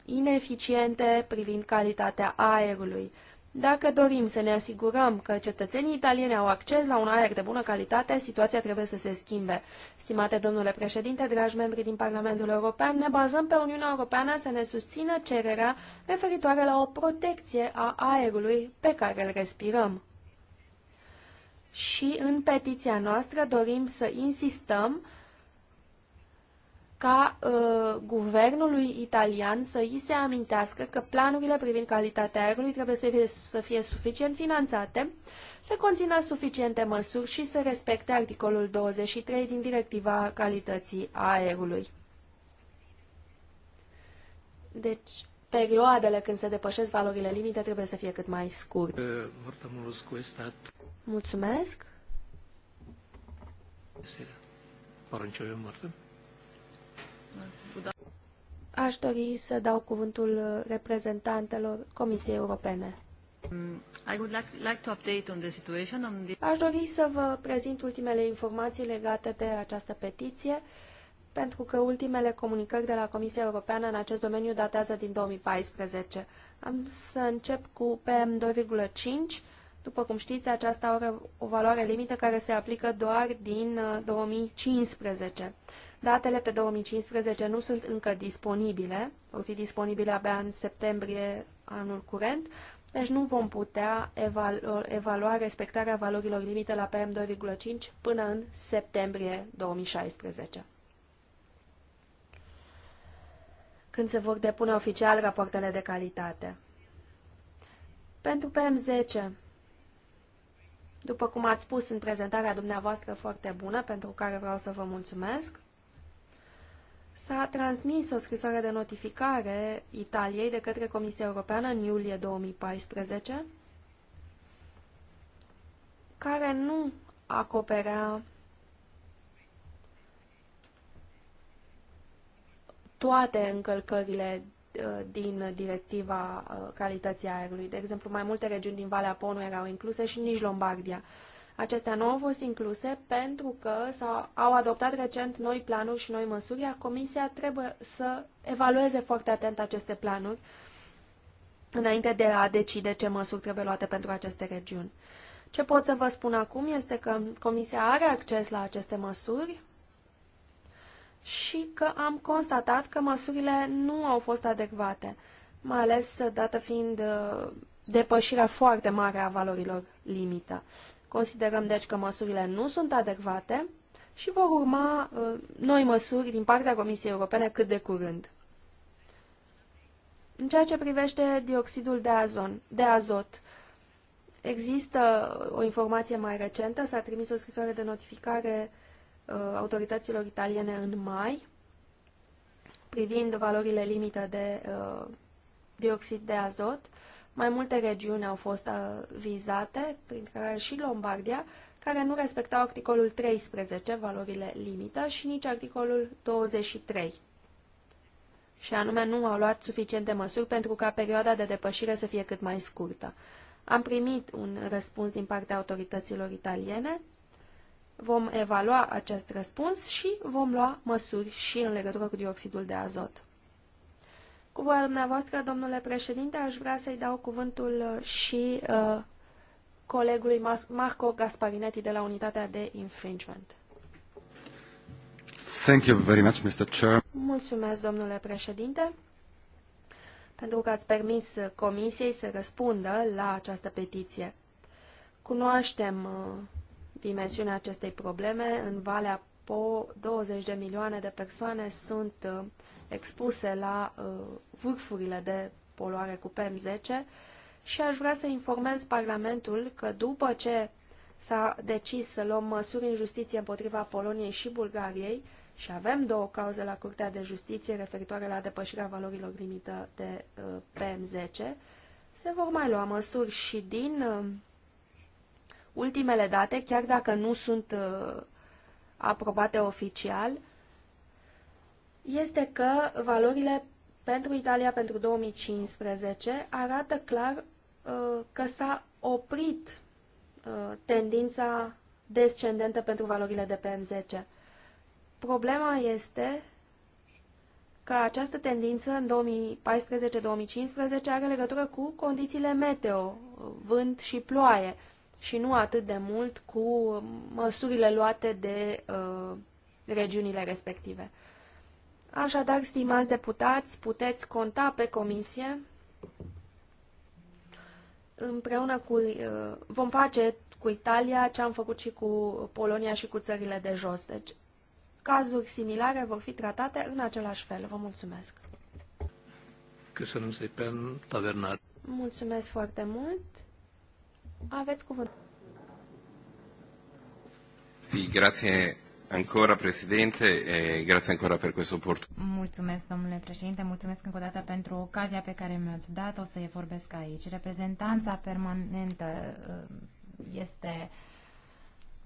ineficiente privind calitatea aerului. Dacă dorim să ne asigurăm că cetățenii italieni au acces la un aer de bună calitate, situația trebuie să se schimbe. Stimate domnule președinte, dragi membri din Parlamentul European, ne bazăm pe Uniunea Europeană să ne susțină cererea referitoare la o protecție a aerului pe care îl respirăm și în petiția noastră dorim să insistăm ca uh, guvernului italian să îi se amintească că planurile privind calitatea aerului trebuie să fie, să fie suficient finanțate, să conțină suficiente măsuri și să respecte articolul 23 din Directiva Calității Aerului. Deci, perioadele când se depășesc valorile limite trebuie să fie cât mai scurte. Mulțumesc. Aș dori să dau cuvântul reprezentantelor Comisiei Europene. I would like, like to update on the situation on the... Aș dori să vă prezint ultimele informații legate de această petiție, pentru că ultimele comunicări de la Comisia Europeană în acest domeniu datează din 2014. Am să încep cu PM2,5 după cum știți, aceasta are o valoare limită care se aplică doar din 2015. Uh, Datele pe 2015 nu sunt încă disponibile, vor fi disponibile abia în septembrie anul curent, deci nu vom putea evalua respectarea valorilor limite la PM2,5 până în septembrie 2016. Când se vor depune oficial rapoartele de calitate. Pentru PM10, după cum ați spus în prezentarea dumneavoastră foarte bună, pentru care vreau să vă mulțumesc. S-a transmis o scrisoare de notificare Italiei de către Comisia Europeană în iulie 2014, care nu acoperea toate încălcările Uh, din directiva uh, calității aerului. De exemplu, mai multe regiuni din Valea Po nu erau incluse și nici Lombardia. Acestea nu au fost incluse pentru că au adoptat recent noi planuri și noi măsuri, iar Comisia trebuie să evalueze foarte atent aceste planuri înainte de a decide ce măsuri trebuie luate pentru aceste regiuni. Ce pot să vă spun acum este că Comisia are acces la aceste măsuri, și că am constatat că măsurile nu au fost adecvate, mai ales dată fiind uh, depășirea foarte mare a valorilor limită. Considerăm deci că măsurile nu sunt adecvate și vor urma uh, noi măsuri din partea Comisiei Europene cât de curând. În ceea ce privește dioxidul de, azon, de azot, există o informație mai recentă, s-a trimis o scrisoare de notificare uh, Uh, autorităților italiene în mai privind valorile limită de uh, dioxid de azot. Mai multe regiuni au fost uh, vizate, printre care și Lombardia, care nu respectau articolul 13, valorile limită, și nici articolul 23 și anume nu au luat suficiente măsuri pentru ca perioada de depășire să fie cât mai scurtă. Am primit un răspuns din partea autorităților italiene Vom evalua acest răspuns și vom lua măsuri și în legătură cu dioxidul de azot. Cu voia dumneavoastră, domnule președinte, aș vrea să-i dau cuvântul și uh, colegului Marco Gasparinetti de la Unitatea de Infringement. Thank you very much, Mr. Chair. Mulțumesc, domnule președinte, pentru că ați permis Comisiei să răspundă la această petiție. Cunoaștem uh, dimensiunea acestei probleme. În Valea Po, 20 de milioane de persoane sunt uh, expuse la uh, vârfurile de poluare cu PM10 și aș vrea să informez Parlamentul că după ce s-a decis să luăm măsuri în justiție împotriva Poloniei și Bulgariei și avem două cauze la Curtea de Justiție referitoare la depășirea valorilor limită de uh, PM10, se vor mai lua măsuri și din Ultimele date, chiar dacă nu sunt uh, aprobate oficial, este că valorile pentru Italia pentru 2015 arată clar uh, că s-a oprit uh, tendința descendentă pentru valorile de pm 10 Problema este că această tendință în 2014-2015 are legătură cu condițiile meteo, vânt și ploaie și nu atât de mult cu măsurile luate de uh, regiunile respective. Așadar, stimați deputați, puteți conta pe comisie împreună cu... Uh, vom face cu Italia ce am făcut și cu Polonia și cu țările de jos. Deci, cazuri similare vor fi tratate în același fel. Vă mulțumesc! Că să nu se Mulțumesc foarte mult! Aveți cuvânt. Sì, grazie ancora Presidente e grazie ancora per questo opportunità. Mulțumesc, domnule președinte, mulțumesc încă o dată pentru ocazia pe care mi-ați dat-o să i vorbesc aici. Reprezentanța permanentă uh, este uh,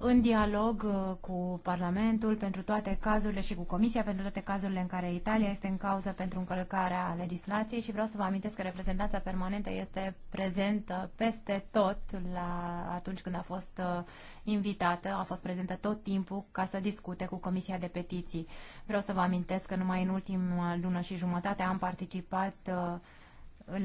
în dialog uh, cu Parlamentul pentru toate cazurile și cu Comisia pentru toate cazurile în care Italia este în cauză pentru încălcarea legislației și vreau să vă amintesc că reprezentanța permanentă este prezentă peste tot la atunci când a fost uh, invitată, a fost prezentă tot timpul ca să discute cu Comisia de Petiții. Vreau să vă amintesc că numai în ultima lună și jumătate am participat uh,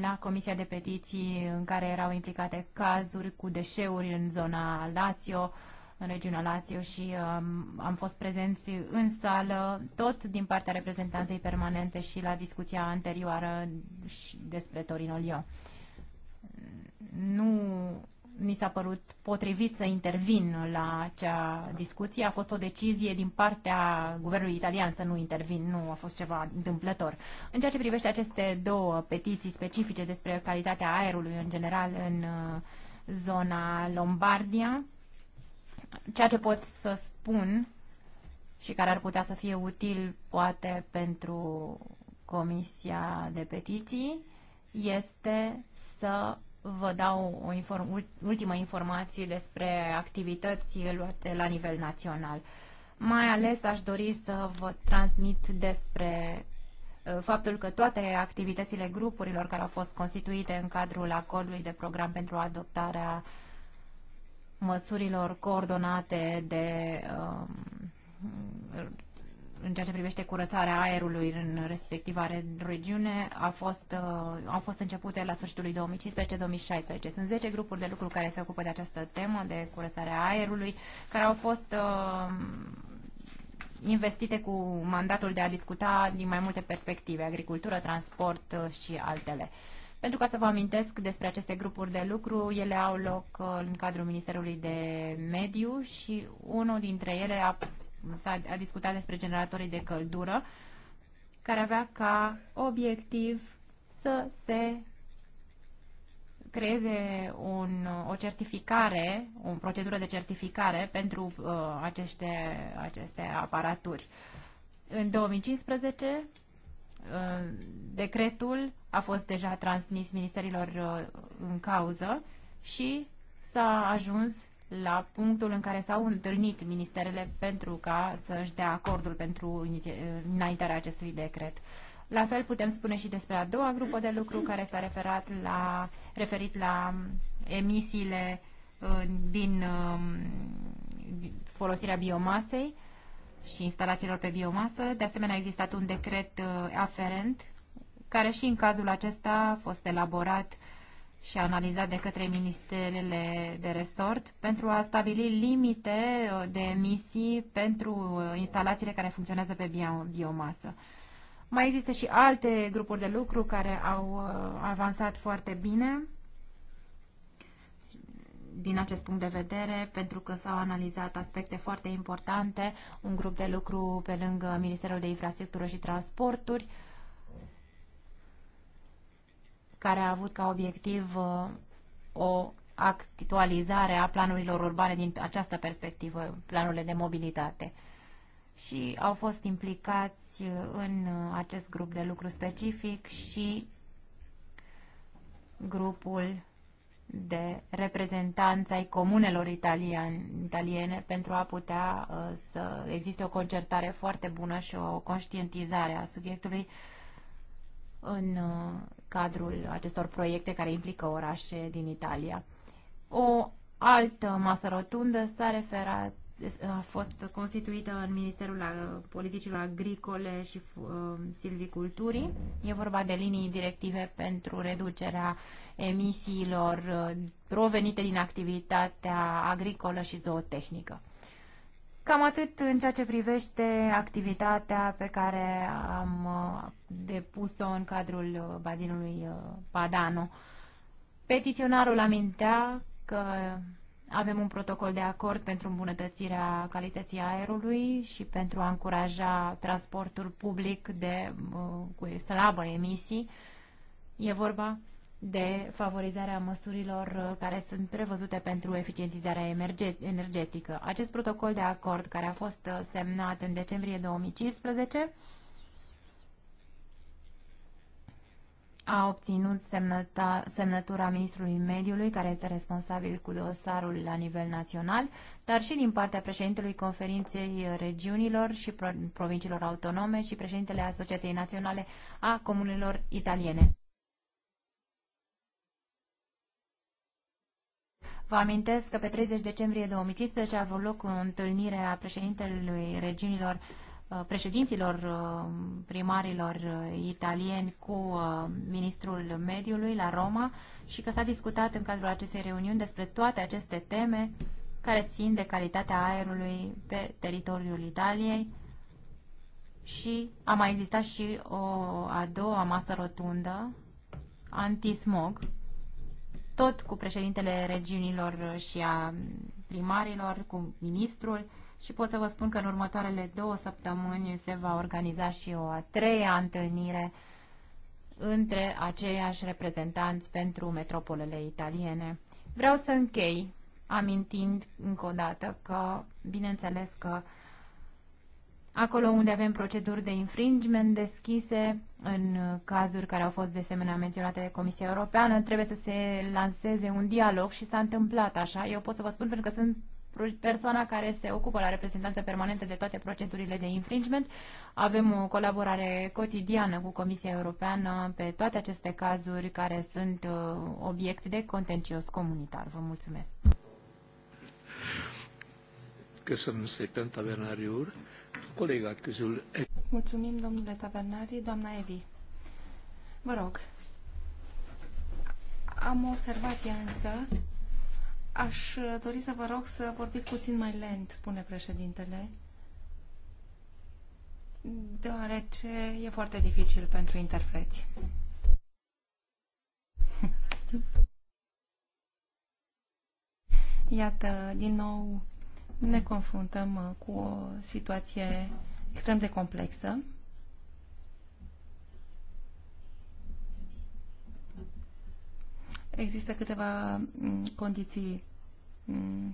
la Comisia de Petiții în care erau implicate cazuri cu deșeuri în zona Lazio, în regiunea Lazio și um, am fost prezenți în sală, tot din partea reprezentanței permanente și la discuția anterioară despre Torino Lio. Nu mi s-a părut potrivit să intervin la acea discuție. A fost o decizie din partea guvernului italian să nu intervin, nu a fost ceva întâmplător. În ceea ce privește aceste două petiții specifice despre calitatea aerului în general în uh, zona Lombardia, Ceea ce pot să spun și care ar putea să fie util, poate, pentru Comisia de Petiții, este să vă dau o inform- ultimă informație despre activități luate la nivel național. Mai ales aș dori să vă transmit despre ă, faptul că toate activitățile grupurilor care au fost constituite în cadrul acordului de program pentru adoptarea uh, măsurilor coordonate de um, în ceea ce privește curățarea aerului în respectiva regiune a fost, uh, au fost începute la sfârșitul lui 2015-2016. Sunt 10 grupuri de lucru care se ocupă de această temă de curățarea aerului, care au fost uh, investite cu mandatul de a discuta din mai multe perspective, agricultură, transport uh, și altele. Uh, pentru ca să vă amintesc despre aceste grupuri de lucru, ele au loc uh, în cadrul Ministerului de Mediu și unul dintre ele a, a, a discutat despre generatorii de căldură, care avea ca obiectiv să se creeze un, o certificare, o procedură de certificare pentru uh, aceste, aceste aparaturi. În 2015 decretul a fost deja transmis ministerilor uh, în cauză și s-a ajuns la punctul în care s-au întâlnit ministerele pentru ca să-și dea acordul pentru uh, înaintarea acestui decret. La fel putem spune și despre a doua grupă de lucru care s-a referat la, referit la um, emisiile uh, din um, folosirea biomasei și instalațiilor pe biomasă. De asemenea, a existat un decret uh, aferent care și în cazul acesta a fost elaborat și analizat de către ministerele de resort pentru a stabili limite uh, de emisii pentru uh, instalațiile care funcționează pe biomasă. Mai există și alte grupuri de lucru care au avansat foarte bine din acest punct de vedere, pentru că s-au analizat aspecte foarte importante, un grup de lucru pe lângă Ministerul de Infrastructură și Transporturi, care a avut ca obiectiv uh, o actualizare a planurilor urbane din această perspectivă, planurile de mobilitate. Și au fost implicați uh, în uh, acest grup de lucru specific și grupul de reprezentanța ai comunelor italian, italiene pentru a putea uh, să existe o concertare foarte bună și o conștientizare a subiectului în uh, cadrul acestor proiecte care implică orașe din Italia. O altă masă rotundă s-a referat a fost constituită în Ministerul Politicilor Agricole și uh, Silviculturii. E vorba de linii directive pentru reducerea emisiilor uh, provenite din activitatea agricolă și zootehnică. Cam atât în ceea ce privește activitatea pe care am uh, depus-o în cadrul bazinului Padano. Petiționarul amintea că avem un protocol de acord pentru îmbunătățirea calității aerului și pentru a încuraja transportul public de, uh, cu slabă emisii. E vorba de favorizarea măsurilor uh, care sunt prevăzute pentru eficientizarea energetică. Acest protocol de acord, care a fost uh, semnat în decembrie 2015, a obținut semnăta, semnătura ministrului mediului, care este responsabil cu dosarul la nivel național, dar și din partea președintelui conferinței regiunilor și provinciilor autonome și președintele Asociației Naționale a Comunelor Italiene. Vă amintesc că pe 30 decembrie 2015 a avut loc o întâlnire a președintelui regiunilor Uh, președinților uh, primarilor uh, italieni cu ministrul mediului la Roma și că s-a discutat în cadrul acestei reuniuni despre toate aceste teme care țin de calitatea aerului pe teritoriul Italiei și a mai existat și o a doua masă rotundă antismog, tot cu președintele regiunilor și a primarilor, cu ministrul și pot să vă spun că în următoarele două săptămâni se va organiza și o a treia întâlnire între aceiași reprezentanți pentru metropolele italiene. Vreau să închei amintind încă o dată că, bineînțeles că acolo unde avem proceduri de infringement deschise, în cazuri care au fost de asemenea menționate de Comisia Europeană, trebuie să se lanseze un dialog și s-a întâmplat așa. Eu pot să vă spun pentru că sunt persoana care se ocupă la reprezentanță permanentă de toate procedurile de infringement. Avem o colaborare cotidiană cu Comisia Europeană pe toate aceste cazuri care sunt uh, obiect de contencios comunitar. Vă mulțumesc! Mulțumim, domnule Tavernari, doamna Evi. Vă rog. Am o observație însă Aș dori să vă rog să vorbiți puțin mai lent, spune președintele, deoarece e foarte dificil pentru interpreți. *laughs* Iată, din nou ne confruntăm cu o situație extrem de complexă Există câteva mm, condiții mm,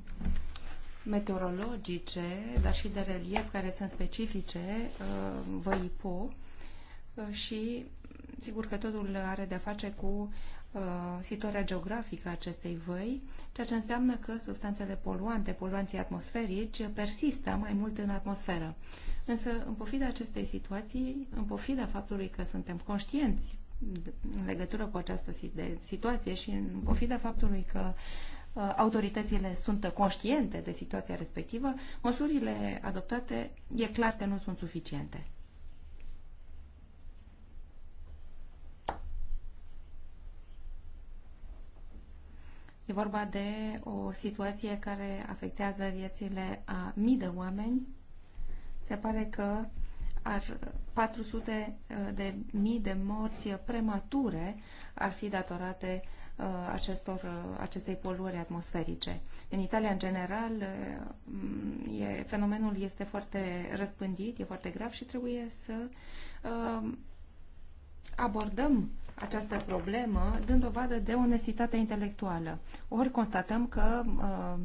meteorologice, dar și de relief care sunt specifice uh, văipo uh, și sigur că totul are de-a face cu uh, situația geografică a acestei văi, ceea ce înseamnă că substanțele poluante, poluanții atmosferici, persistă mai mult în atmosferă. Însă, în pofida acestei situații, în pofida faptului că suntem conștienți în legătură cu această situație și în pofida faptului că uh, autoritățile sunt conștiente de situația respectivă, măsurile adoptate e clar că nu sunt suficiente. E vorba de o situație care afectează viețile a mii de oameni. Se pare că ar 400 uh, de mii de morți premature ar fi datorate uh, acestor, uh, acestei poluări atmosferice. În Italia, în general, mm, e, fenomenul este foarte răspândit, e foarte grav și trebuie să abordăm această problemă dând dovadă de onestitate intelectuală. Ori constatăm că uh,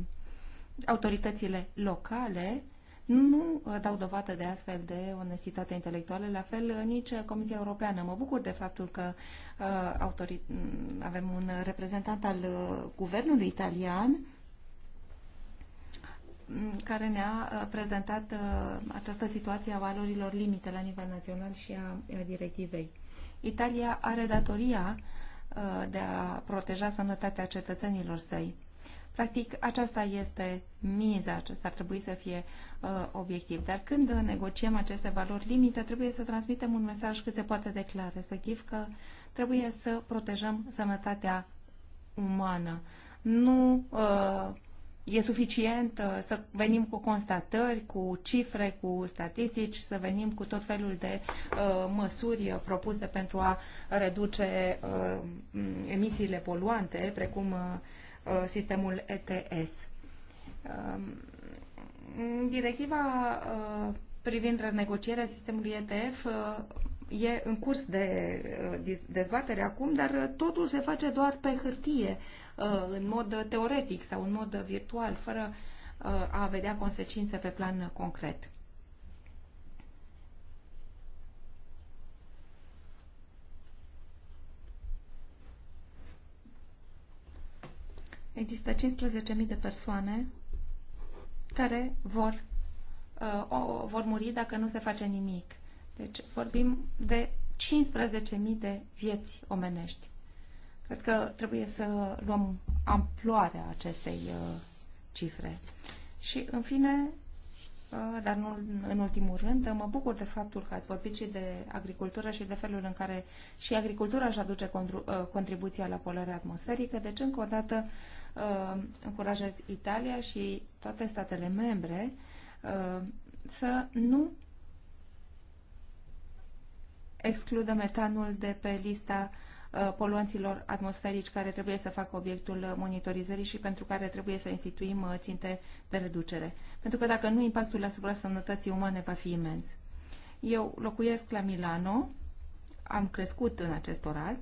autoritățile locale uh, nu uh, dau dovadă de astfel de onestitate intelectuală, la fel uh, nici uh, Comisia Europeană. Mă bucur de faptul că autori... Mm, avem un reprezentant al guvernului italian mm, care ne-a prezentat această situație a valorilor limite la nivel național și a directivei. Italia are datoria de a proteja sănătatea cetățenilor săi Practic, aceasta este miza, acesta ar trebui să fie uh, obiectiv. Dar când negociem aceste valori limite, trebuie să transmitem un mesaj cât se poate de clar, respectiv că trebuie să protejăm sănătatea umană. Nu uh, e suficient uh, să venim cu constatări, cu cifre, cu statistici, să venim cu tot felul de uh, măsuri propuse pentru a reduce uh, emisiile poluante, precum uh, Uh, sistemul ETS. Um, directiva uh, privind renegocierea sistemului ETF uh, e în curs de dezbatere acum, dar totul se face doar pe hârtie, în mod teoretic sau în mod virtual, fără a vedea consecințe pe plan concret. Există 15.000 de persoane care vor, uh, vor muri dacă nu se face nimic. Deci vorbim de 15.000 de vieți omenești. Cred că trebuie să luăm amploarea acestei uh, cifre. Și, în fine, uh, dar nu în ultimul rând, mă bucur de faptul că ați vorbit și de agricultură și de felul în care și agricultura își aduce uh, contribuția la polarea atmosferică. Deci, încă o dată, Uh, încurajez Italia și toate statele membre uh, să nu excludă metanul de pe lista uh, poluanților atmosferici care trebuie să facă obiectul monitorizării și pentru care trebuie să instituim ținte de reducere. Pentru că dacă nu, impactul asupra sănătății umane va fi imens. Eu locuiesc la Milano, am crescut în acest oraș,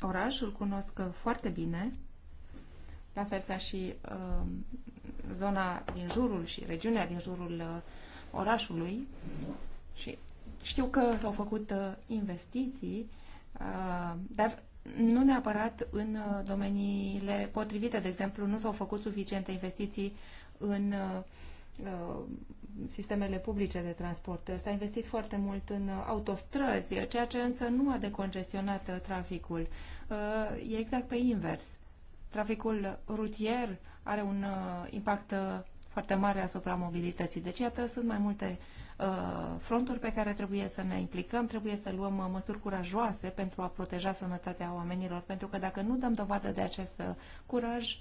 oraș îl cunosc foarte bine, la fel ca și um, zona din jurul și regiunea din jurul uh, orașului. Și știu că s-au făcut uh, investiții, uh, dar nu neapărat în domeniile potrivite. De exemplu, nu s-au făcut suficiente investiții în sistemele publice de transport. S-a investit foarte mult în autostrăzi, ceea ce însă nu a decongestionat traficul. E exact pe invers traficul rutier are un uh, impact uh, foarte mare asupra mobilității. Deci, iată, sunt mai multe uh, fronturi pe care trebuie să ne implicăm, trebuie să luăm măsuri curajoase pentru a proteja sănătatea oamenilor, pentru că dacă nu dăm dovadă de acest curaj,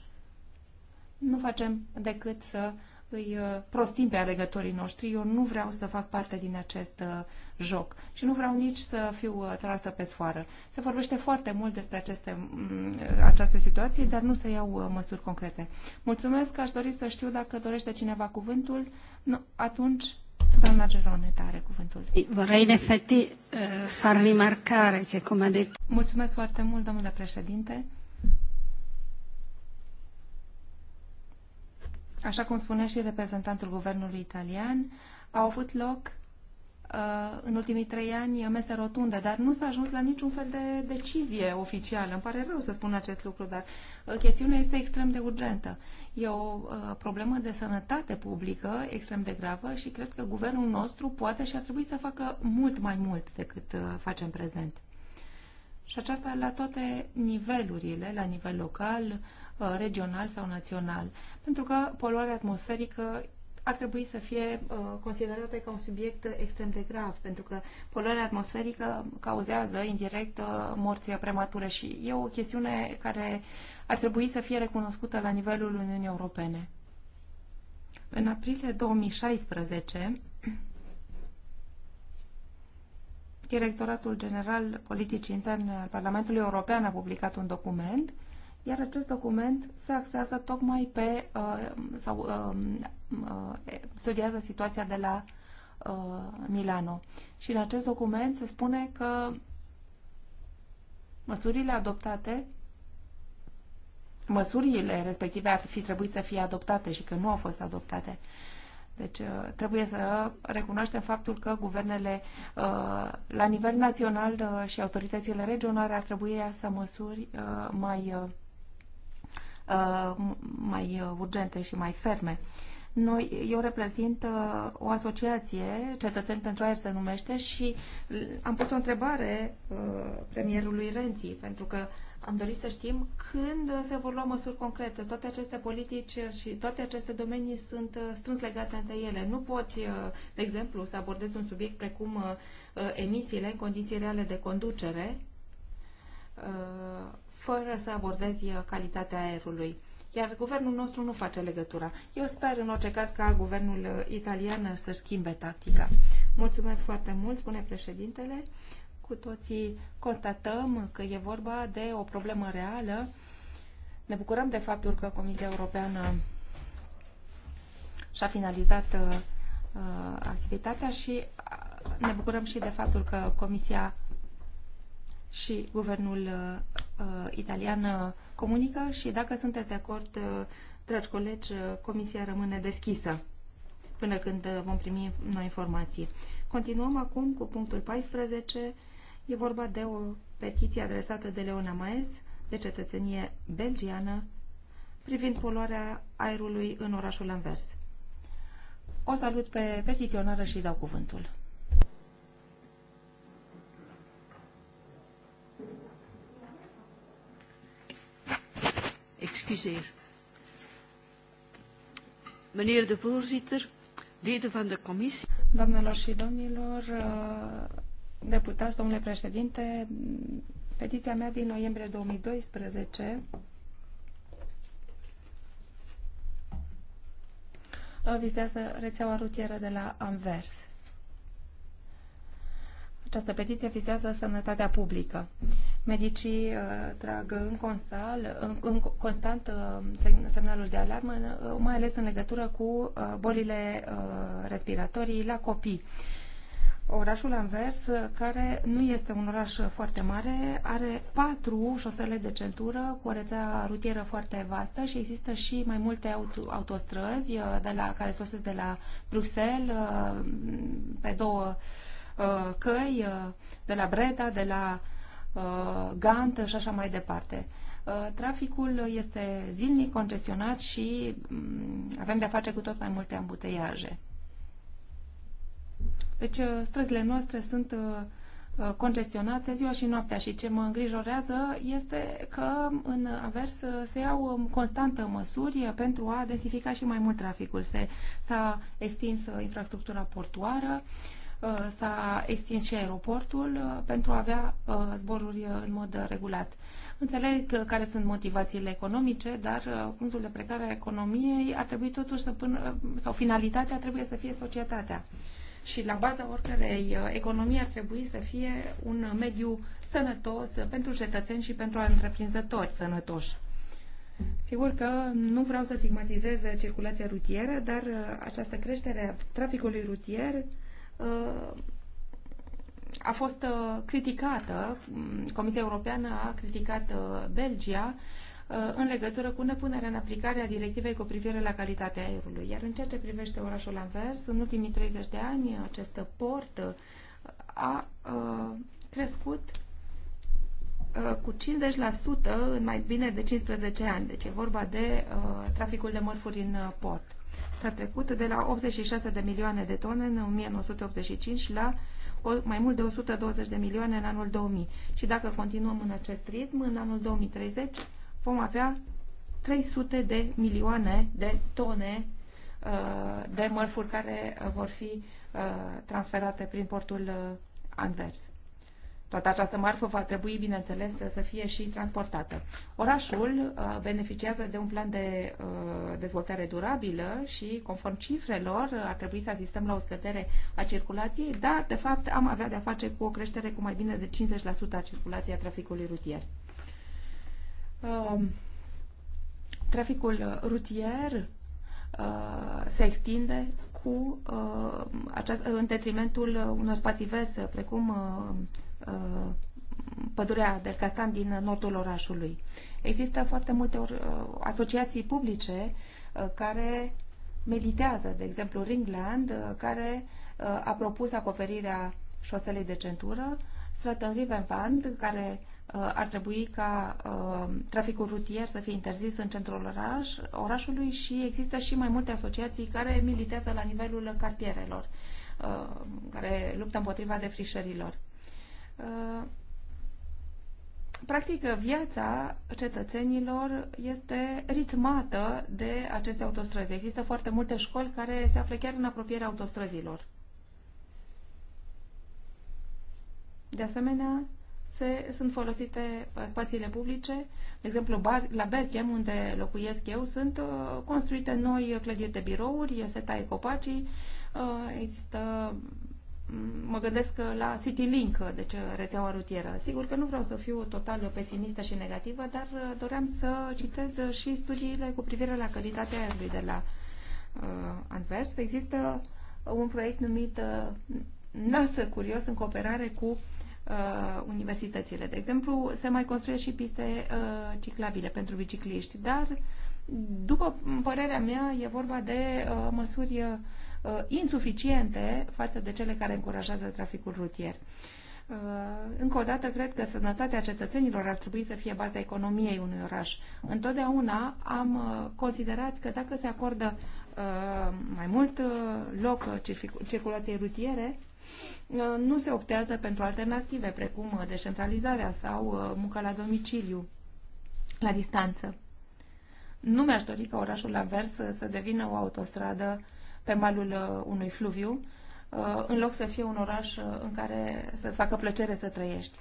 nu facem decât să uh, îi uh, prostim pe alegătorii noștri. Eu nu vreau să fac parte din acest uh, joc și nu vreau nici să fiu uh, trasă pe sfoară. Se vorbește foarte mult despre aceste, mm, această situație, dar nu se iau măsuri concrete. Mulțumesc, aș dori să știu dacă dorește cineva cuvântul. Nu, atunci, doamna Geroneta are cuvântul. Vorrei, în efecti, far rimarcare că, cum a detto... Mulțumesc foarte mult, domnule președinte. așa cum spunea și reprezentantul guvernului italian, au avut loc uh, în ultimii trei ani mese rotunde, dar nu s-a ajuns la niciun fel de decizie oficială. Îmi pare rău să spun acest lucru, dar uh, chestiunea este extrem de urgentă. E o uh, problemă de sănătate publică extrem de gravă și cred că guvernul nostru poate și ar trebui să facă mult mai mult decât facem prezent. Și aceasta la toate nivelurile, la nivel local, Uh, regional sau național. Pentru că poluarea atmosferică ar trebui să fie uh, considerată ca un subiect extrem de grav, pentru că poluarea atmosferică cauzează indirect uh, morții premature și e o chestiune care ar trebui să fie recunoscută la nivelul Uniunii Europene. În aprilie 2016, Directoratul General Politicii Interne al Parlamentului European a publicat un document iar acest document se axează tocmai pe uh, sau um, uh, studiază situația de la uh, Milano. Și în acest document se spune că măsurile adoptate măsurile respective ar fi trebuit să fie adoptate și că nu au fost adoptate. Deci trebuie să recunoaștem faptul că guvernele la nivel național și autoritățile regionale ar trebui să măsuri mai Uh, mai uh, urgente și mai ferme. Noi, eu reprezint uh, o asociație, Cetățeni pentru Aer se numește, și uh, am pus o întrebare uh, premierului Renzi, pentru că am dorit să știm când se vor lua măsuri concrete. Toate aceste politici și toate aceste domenii sunt strâns legate între ele. Nu poți, de exemplu, să abordezi un subiect precum emisiile în condiții reale de conducere fără să abordezi uh, calitatea aerului. Iar guvernul nostru nu face legătura. Eu sper în orice caz ca guvernul uh, italian uh, să schimbe tactica. Mulțumesc foarte mult, spune președintele. Cu toții constatăm că e vorba de o problemă reală. Ne bucurăm de faptul că Comisia Europeană și-a finalizat uh, activitatea și ne bucurăm și de faptul că Comisia și Guvernul uh, italiană comunică și dacă sunteți de acord, uh, dragi colegi, uh, comisia rămâne deschisă până când uh, vom primi noi informații. Continuăm acum cu punctul 14. E vorba de o petiție adresată de Leona Maes, de cetățenie belgiană, privind poluarea aerului în orașul Anvers. O salut pe petiționară și dau cuvântul. excuseer. Meneer de voorzitter, leden van de commissie. Doamnelor și domnilor, uh, deputați, domnule președinte, petiția mea din noiembrie 2012 uh, vizează rețeaua rutieră de la Anvers. Această petiție vizează sănătatea publică. Medicii uh, trag în, constal, în, în constant uh, semnalul de alarmă, uh, mai ales în legătură cu uh, bolile uh, respiratorii la copii. Orașul Anvers, uh, care nu este un oraș foarte mare, are patru șosele de centură cu o rețea rutieră foarte vastă și există și mai multe autostrăzi uh, de la, care sosesc de la Bruxelles uh, pe două uh, Uh, căi uh, de la Breda, de la uh, Gant și așa mai departe. Traficul este zilnic congestionat și mm, avem de-a face cu tot mai multe ambuteiaje. Deci străzile noastre sunt congestionate ziua și noaptea și ce mă îngrijorează este că în avers se iau um, constantă măsuri pentru a densifica și mai mult traficul. s-a extins infrastructura portoară, uh, Uh, s-a extins și aeroportul uh, pentru a avea uh, zboruri în mod regulat. Înțeleg care sunt motivațiile economice, dar punctul de plecare a economiei ar trebui totuși să până, sau finalitatea trebuie să fie societatea. Și la baza oricărei economii ar trebui să fie un mediu sănătos pentru cetățeni și pentru întreprinzători sănătoși. Sigur că nu vreau să stigmatizez circulația rutieră, dar această creștere a traficului rutier Uh, a fost uh, criticată, mm, Comisia Europeană a criticat uh, Belgia în legătură cu nepunerea în aplicare a directivei cu privire la calitatea aerului. Iar în ceea ce privește orașul Anvers, în ultimii 30 de ani, acest port a crescut cu 50% în mai bine de 15 ani. Deci e vorba de traficul de mărfuri în port. S-a trecut de la 86 de milioane de tone în 1985 la o, mai mult de 120 de milioane în anul 2000. Și dacă continuăm în acest ritm, în anul 2030 vom avea 300 de milioane de tone uh, de mărfuri care uh, vor fi uh, transferate prin portul anvers. Toată această marfă va trebui, bineînțeles, să fie și transportată. Orașul uh, beneficiază de un plan de uh, dezvoltare durabilă și, conform cifrelor, uh, ar trebui să asistăm la o scădere a circulației, dar, de fapt, am avea de-a face cu o creștere cu mai bine de 50% a circulației a traficului rutier. Um, traficul rutier se extinde cu uh, aceast, în detrimentul unor spații verse, precum uh, Uh, pădurea del Castan din nordul orașului. Există foarte multe uh, asociații publice uh, care meditează, de exemplu Ringland, care a propus acoperirea șoselei de centură, Stratton-Rivenband, care ar trebui ca uh, traficul rutier să fie interzis în centrul oraș, orașului și există și mai multe asociații care militează la nivelul cartierelor, uh, care luptă împotriva defrișărilor. Uh, practic, viața cetățenilor este ritmată de aceste autostrăzi. Există foarte multe școli care se află chiar în apropierea autostrăzilor. De asemenea, se, sunt folosite uh, spațiile publice. De exemplu, bar, la Berchem, unde locuiesc eu, sunt uh, construite noi clădiri de birouri, se taie copacii, există mă gândesc la CityLink, deci rețeaua rutieră. Sigur că nu vreau să fiu total pesimistă și negativă, dar uh, doream să citez uh, și studiile cu privire la calitatea aerului de la uh, Anvers. Există un proiect numit uh, NASA Curios în cooperare cu uh, universitățile. De exemplu, se mai construiesc și piste uh, ciclabile pentru bicicliști, dar după părerea mea e vorba de uh, măsuri uh, Uh, insuficiente față de cele care încurajează traficul rutier. Uh, încă o dată, cred că sănătatea cetățenilor ar trebui să fie baza economiei unui oraș. Întotdeauna am uh, considerat că dacă se acordă mai mult loc circulației rutiere, nu se optează pentru alternative, precum decentralizarea sau munca la domiciliu, la distanță. Nu mi-aș dori ca orașul Anvers să devină o autostradă pe malul uh, unui fluviu, uh, în loc să fie un oraș uh, în care să-ți facă plăcere să trăiești.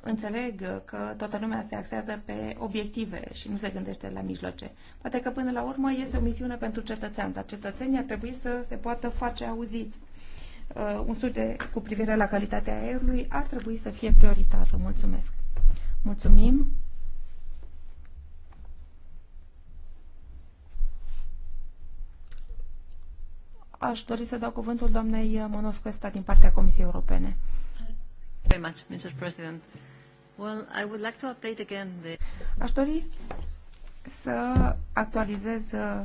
Înțeleg că toată lumea se axează pe obiective și nu se gândește la mijloace. Poate că până la urmă este o misiune pentru cetățean, dar cetățenii ar trebui să se poată face auziți. Un studiu cu privire la calitatea aerului ar trebui să fie prioritar. mulțumesc! Mulțumim! aș dori să dau cuvântul doamnei Monoscuesta din partea Comisiei Europene. Very much, Mr. President. Well, I would like to update again the... Aș dori să actualizez uh,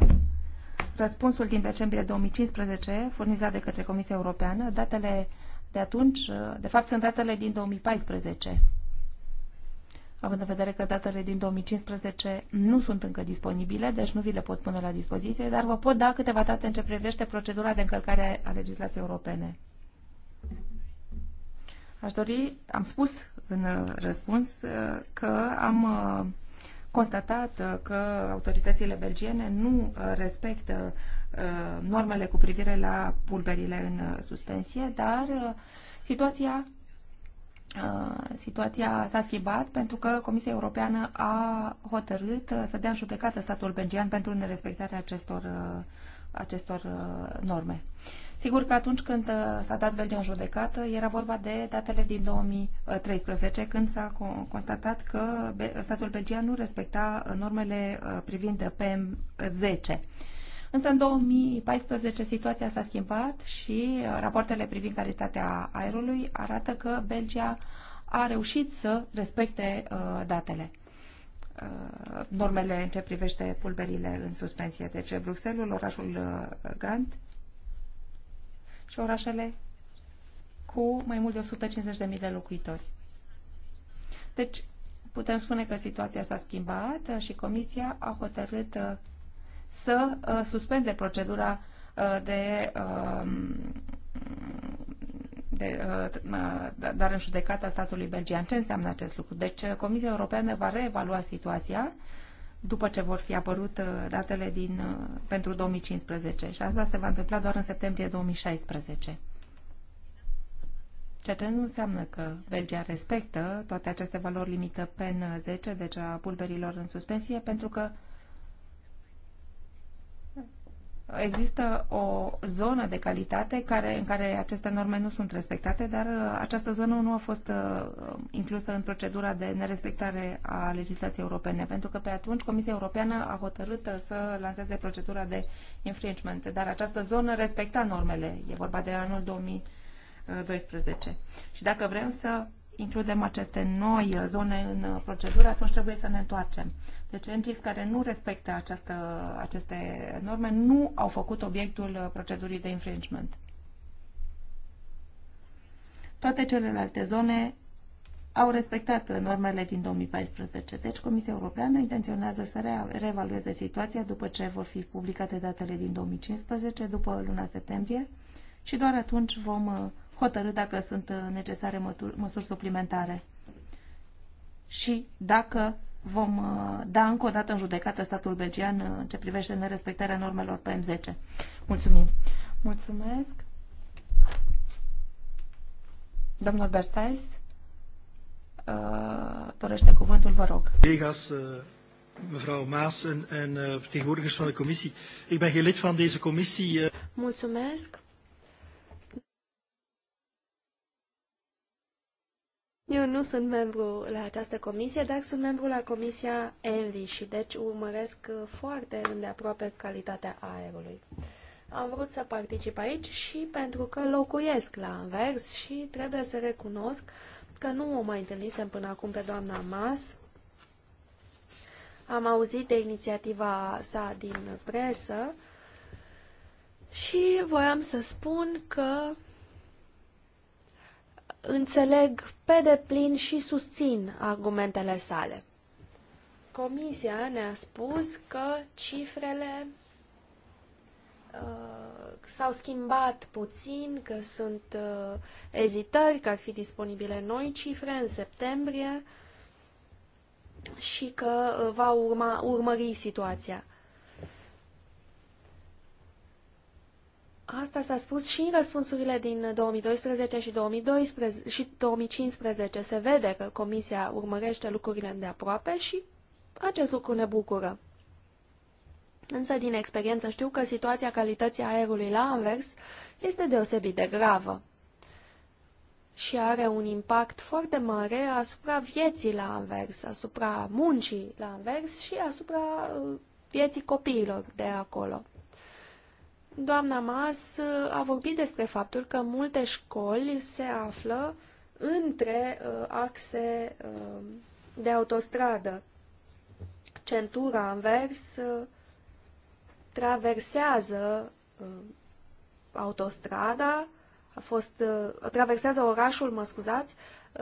răspunsul din decembrie 2015 furnizat de către Comisia Europeană. Datele de atunci, uh, de fapt, sunt datele din 2014 având în vedere că datele din 2015 nu sunt încă disponibile, deci nu vi le pot pune la dispoziție, dar vă pot da câteva date în ce privește procedura de încălcare a legislației europene. Aș dori, am spus în uh, răspuns uh, că am uh, constatat că autoritățile belgiene nu respectă normele cu privire la pulberile în suspensie, dar situația Uh, situația s-a schimbat pentru că Comisia Europeană a hotărât uh, să dea în judecată statul belgian pentru nerespectarea acestor, uh, acestor norme. Sigur că atunci când s-a dat Belgia în judecată, era vorba de datele din 2013, când s-a constatat că statul belgian nu respecta normele privind PM10. Însă în 2014 situația s-a schimbat și uh, rapoartele privind calitatea aerului arată că Belgia a reușit să respecte uh, datele uh, normele în ce privește pulberile în suspensie. Deci Bruxelles, orașul Gant și orașele cu mai mult de 150.000 de locuitori. Deci putem spune că situația s-a schimbat și Comisia a hotărât să uh, suspende procedura uh, de, um, de, uh, de da, dar în judecata statului belgian. Ce înseamnă acest lucru? Deci Comisia Europeană va reevalua situația după ce vor fi apărut datele din, pentru 2015 și asta se va întâmpla doar în septembrie 2016. Ceea ce nu înseamnă că Belgia respectă toate aceste valori limită PEN 10, deci a pulberilor în suspensie, pentru că uh, există o zonă de calitate care, în care aceste norme nu sunt respectate, dar uh, această zonă nu a fost uh, inclusă în procedura de nerespectare a legislației europene, pentru că pe atunci Comisia Europeană a hotărât uh, să lanseze procedura de infringement, dar această zonă respecta normele, e vorba de anul 2000. 12. Și dacă vrem să includem aceste noi uh, zone în uh, procedură, atunci trebuie să ne întoarcem. Deci NGIS care nu respectă această, aceste norme nu au făcut obiectul uh, procedurii de infringement. Toate celelalte zone au respectat normele din 2014. Deci Comisia Europeană intenționează să reevalueze situația după ce vor fi publicate datele din 2015, după luna septembrie, și doar atunci vom hotărât dacă sunt uh, necesare măsuri suplimentare și dacă vom uh, da încă o dată în judecată statul belgian uh, în ce privește nerespectarea normelor PM10. Mulțumim! Mulțumesc! Domnul Berstais dorește cuvântul, vă rog. uh, mevrouw Maas en, en vertegenwoordigers van de commissie. Ik ben geen lid van deze commissie. Mulțumesc! Eu nu sunt membru la această comisie, dar sunt membru la comisia ENVI și deci urmăresc uh, foarte îndeaproape calitatea aerului. Am vrut să particip aici și pentru că locuiesc la Anvers și trebuie să recunosc că nu o mai întâlnisem până acum pe doamna Mas. Am auzit de inițiativa sa din presă și voiam să spun că înțeleg pe deplin și susțin argumentele sale. Comisia ne-a spus că cifrele uh, s-au schimbat puțin, că sunt uh, ezitări, că ar fi disponibile noi cifre în septembrie și că uh, va urma, urmări situația. Asta s-a spus și în răspunsurile din 2012 și, 2012 și 2015. Se vede că Comisia urmărește lucrurile îndeaproape și acest lucru ne bucură. Însă, din experiență, știu că situația calității aerului la Anvers este deosebit de gravă și are un impact foarte mare asupra vieții la Anvers, asupra muncii la Anvers și asupra uh, vieții copiilor de acolo. Doamna Mas uh, a vorbit despre faptul că multe școli se află între uh, axe uh, de autostradă. Centura învers uh, traversează uh, autostrada, a fost, uh, traversează orașul, mă scuzați,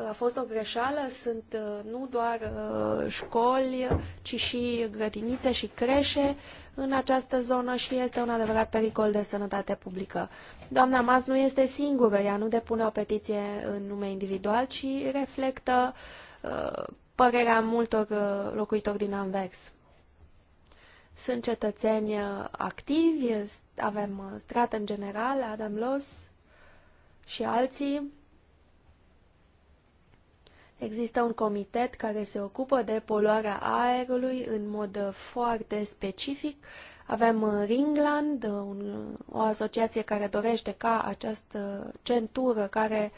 a fost o greșeală, sunt uh, nu doar uh, școli, ci și grădinițe și creșe în această zonă și este un adevărat pericol de sănătate publică. Doamna Mas nu este singură, ea nu depune o petiție în nume individual, ci reflectă uh, părerea multor locuitori din Anvers. Sunt cetățeni activi, avem Strat în general, Adam Los și alții Există un comitet care se ocupă de poluarea aerului în mod uh, foarte specific. Avem uh, Ringland, uh, un, o asociație care dorește ca această centură care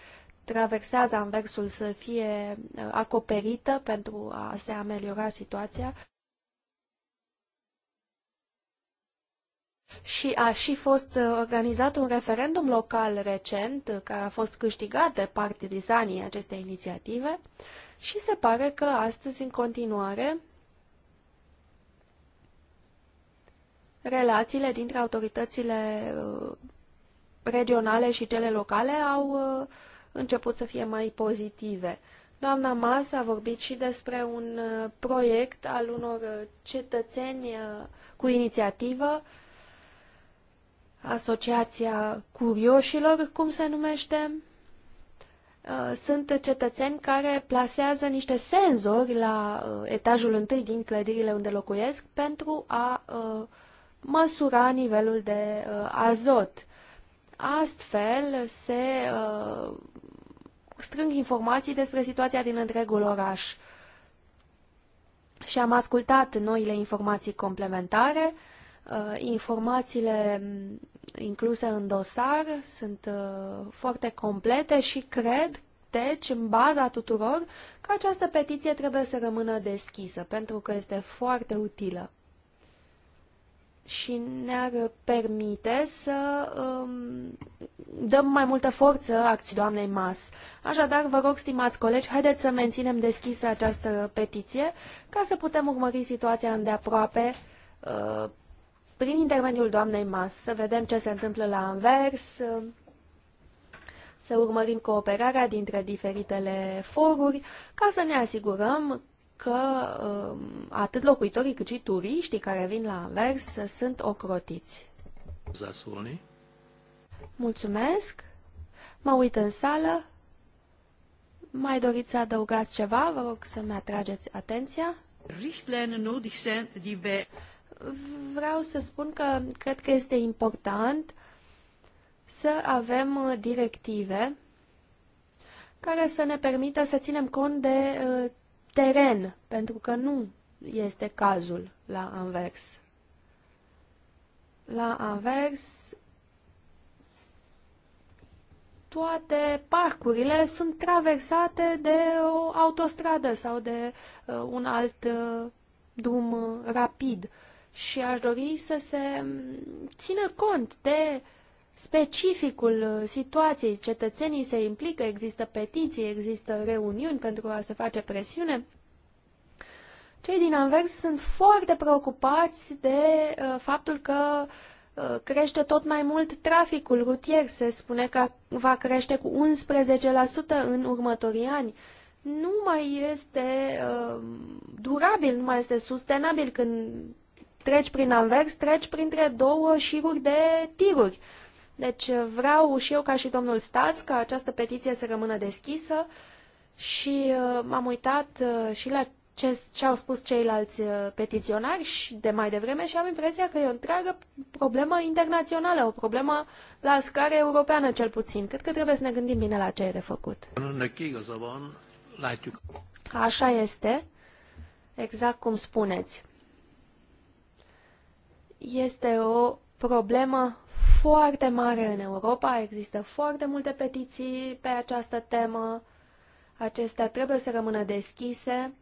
traversează anversul să fie acoperită pentru a se ameliora situația. Și a și fost uh, organizat un referendum local recent, uh, care a fost câștigat de partizanii acestei inițiative și se pare că astăzi, în continuare, relațiile dintre autoritățile uh, regionale și cele locale au început să fie mai pozitive. Doamna Mas a vorbit și despre un proiect al unor cetățeni cu inițiativă Asociația Curioșilor, cum se numește. Uh, sunt cetățeni care plasează niște senzori la uh, etajul întâi din clădirile unde locuiesc pentru a uh, măsura nivelul de azot. Astfel se strâng informații despre situația din întregul oraș. Și am ascultat noile informații complementare, informațiile incluse în dosar, sunt uh, foarte complete și cred, deci, în baza tuturor, că această petiție trebuie să rămână deschisă, pentru că este foarte utilă și ne-ar permite să um, dăm mai multă forță acții doamnei Mas. Așadar, vă rog, stimați colegi, haideți să menținem deschisă această petiție ca să putem urmări situația îndeaproape uh, prin intermediul doamnei Mas, să vedem ce se întâmplă la Anvers, să urmărim cooperarea dintre diferitele foruri, ca să ne asigurăm că um, atât locuitorii cât și turiștii care vin la Anvers sunt ocrotiți. Mulțumesc. Mă uit în sală. Mai doriți să adăugați ceva? Vă rog să-mi atrageți atenția. Richtlijnen nodig zijn die bij vreau să spun că cred că este important să avem uh, directive care să ne permită să ținem cont de uh, teren, pentru că nu este cazul la Anvers. La Anvers, toate parcurile sunt traversate de o autostradă sau de uh, un alt drum rapid. Uh, și aș dori să se țină cont de specificul situației. Cetățenii se implică, există petiții, există reuniuni pentru a se face presiune. Cei din Anvers sunt foarte preocupați de uh, faptul că uh, crește tot mai mult traficul rutier. Se spune că va crește cu 11% în următorii ani. Nu mai este uh, durabil, nu mai este sustenabil când treci prin anvers, treci printre două șiruri de tiruri. Deci vreau și eu ca și domnul Stas ca această petiție să rămână deschisă și uh, m-am uitat uh, și la ce, ce au spus ceilalți uh, petiționari și de mai devreme și am impresia că e o întreagă problemă internațională, o problemă la scară europeană cel puțin. Cred că trebuie să ne gândim bine la ce e de făcut. Așa este, exact cum spuneți. Este o problemă foarte mare în Europa, există foarte multe petiții pe această temă, acestea trebuie să rămână deschise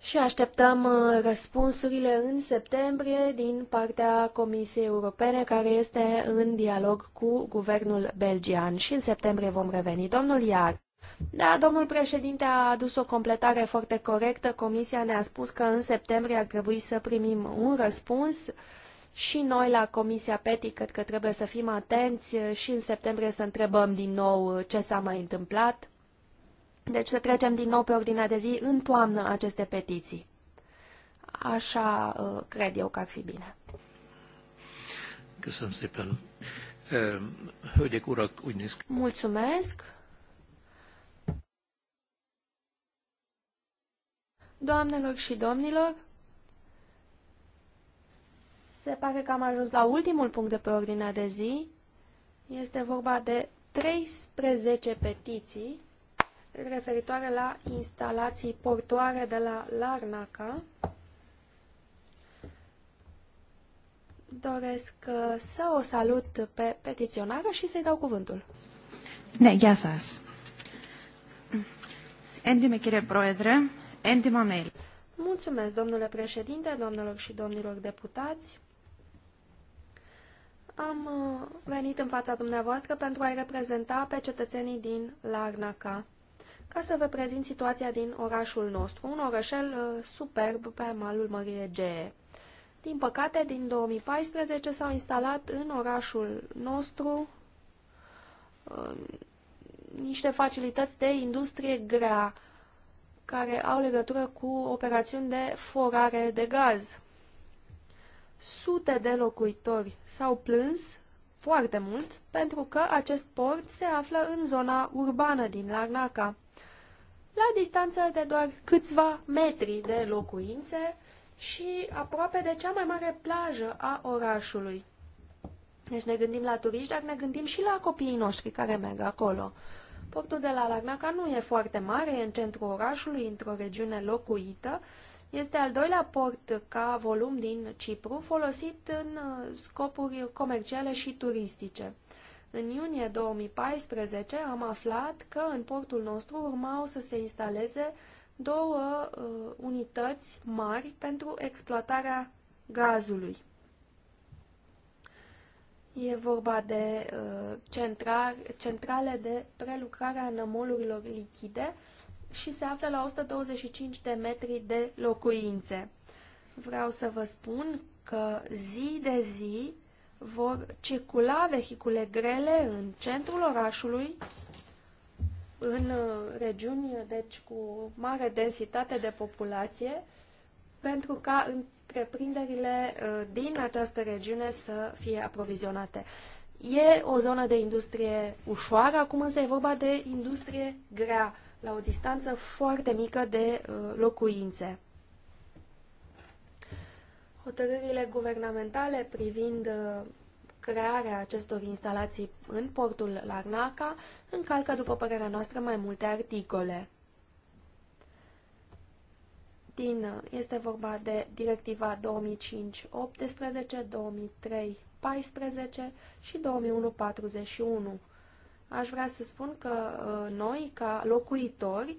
și așteptăm uh, răspunsurile în septembrie din partea Comisiei Europene, care este în dialog cu guvernul belgian și în septembrie vom reveni. Domnul Iar. Da, domnul președinte a adus o completare foarte corectă. Comisia ne-a spus că în septembrie ar trebui să primim un răspuns și noi la Comisia PETI cred că trebuie să fim atenți și în septembrie să întrebăm din nou ce s-a mai întâmplat. Deci să trecem din nou pe ordinea de zi în toamnă aceste petiții. Așa uh, cred eu că ar fi bine. Mulțumesc. Doamnelor și domnilor, se pare că am ajuns la ultimul punct de pe ordinea de zi. Este vorba de 13 petiții referitoare la instalații portoare de la Larnaca. Doresc uh, să o salut pe petiționară și să-i dau cuvântul. Ne, gheasas. Endime, chire proedre, Mulțumesc, domnule președinte, doamnelor și domnilor deputați. Am uh, venit în fața dumneavoastră pentru a-i reprezenta pe cetățenii din Larnaca, ca să vă prezint situația din orașul nostru, un orășel uh, superb pe malul Mării Egee. Din păcate, din 2014 s-au instalat în orașul nostru uh, niște facilități de industrie grea, care au legătură cu operațiuni de forare de gaz. Sute de locuitori s-au plâns foarte mult pentru că acest port se află în zona urbană din Larnaca, la distanță de doar câțiva metri de locuințe și aproape de cea mai mare plajă a orașului. Deci ne gândim la turiști, dar ne gândim și la copiii noștri care merg acolo. Portul de la Larnaca nu e foarte mare, e în centrul orașului, într-o regiune locuită. Este al doilea port ca volum din Cipru, folosit în uh, scopuri comerciale și turistice. În iunie 2014 am aflat că în portul nostru urmau să se instaleze două uh, unități mari pentru exploatarea gazului. E vorba de uh, central, centrale de prelucrare a nămolurilor lichide și se află la 125 de metri de locuințe. Vreau să vă spun că zi de zi vor circula vehicule grele în centrul orașului, în uh, regiuni deci cu mare densitate de populație, pentru ca în întreprinderile uh, din această regiune să fie aprovizionate. E o zonă de industrie ușoară, acum însă e vorba de industrie grea, la o distanță foarte mică de uh, locuințe. Hotărârile guvernamentale privind uh, crearea acestor instalații în portul Larnaca încalcă, după părerea noastră, mai multe articole din, este vorba de directiva 2005-18, 2003-14 și 2001-41. Aș vrea să spun că uh, noi, ca locuitori,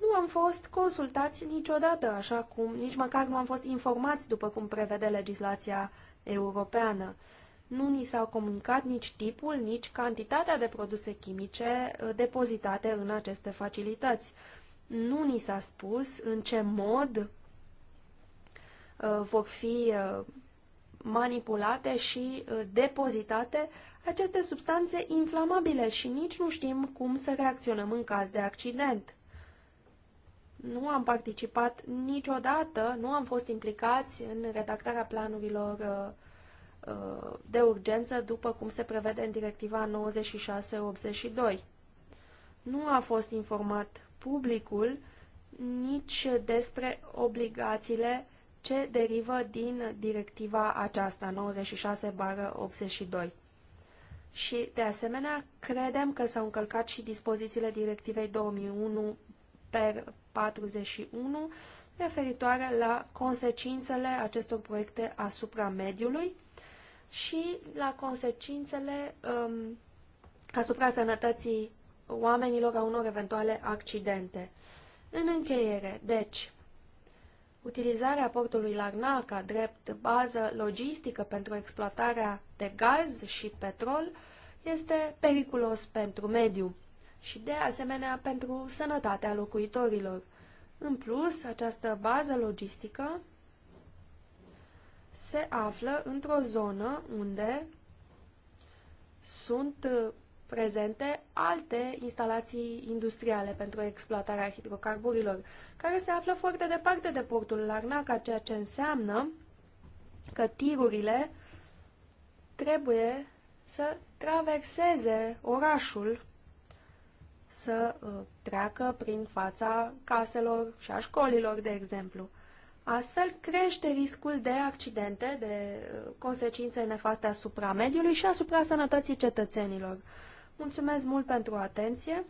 nu am fost consultați niciodată, așa cum nici măcar nu am fost informați după cum prevede legislația europeană. Nu ni s-au comunicat nici tipul, nici cantitatea de produse chimice uh, depozitate în aceste facilități nu ni s-a spus în ce mod uh, vor fi uh, manipulate și uh, depozitate aceste substanțe inflamabile și nici nu știm cum să reacționăm în caz de accident. Nu am participat niciodată, nu am fost implicați în redactarea planurilor de urgență, după cum se prevede în directiva 96-82. Nu a fost informat publicul, nici despre obligațiile ce derivă din directiva aceasta, 96-82. Și, de asemenea, credem că s-au încălcat și dispozițiile directivei 2001 per 41 referitoare la consecințele acestor proiecte asupra mediului și la consecințele um, asupra sănătății oamenilor a unor eventuale accidente. În încheiere, deci, utilizarea portului Larnaca ca drept bază logistică pentru exploatarea de gaz și petrol este periculos pentru mediu și, de asemenea, pentru sănătatea locuitorilor. În plus, această bază logistică se află într-o zonă unde sunt prezente alte instalații industriale pentru exploatarea hidrocarburilor, care se află foarte departe de portul Larnaca, ceea ce înseamnă că tirurile trebuie să traverseze orașul, să uh, treacă prin fața caselor și a școlilor, de exemplu. Astfel crește riscul de accidente, de uh, consecințe nefaste asupra mediului și asupra sănătății cetățenilor. Mulțumesc mult pentru atenție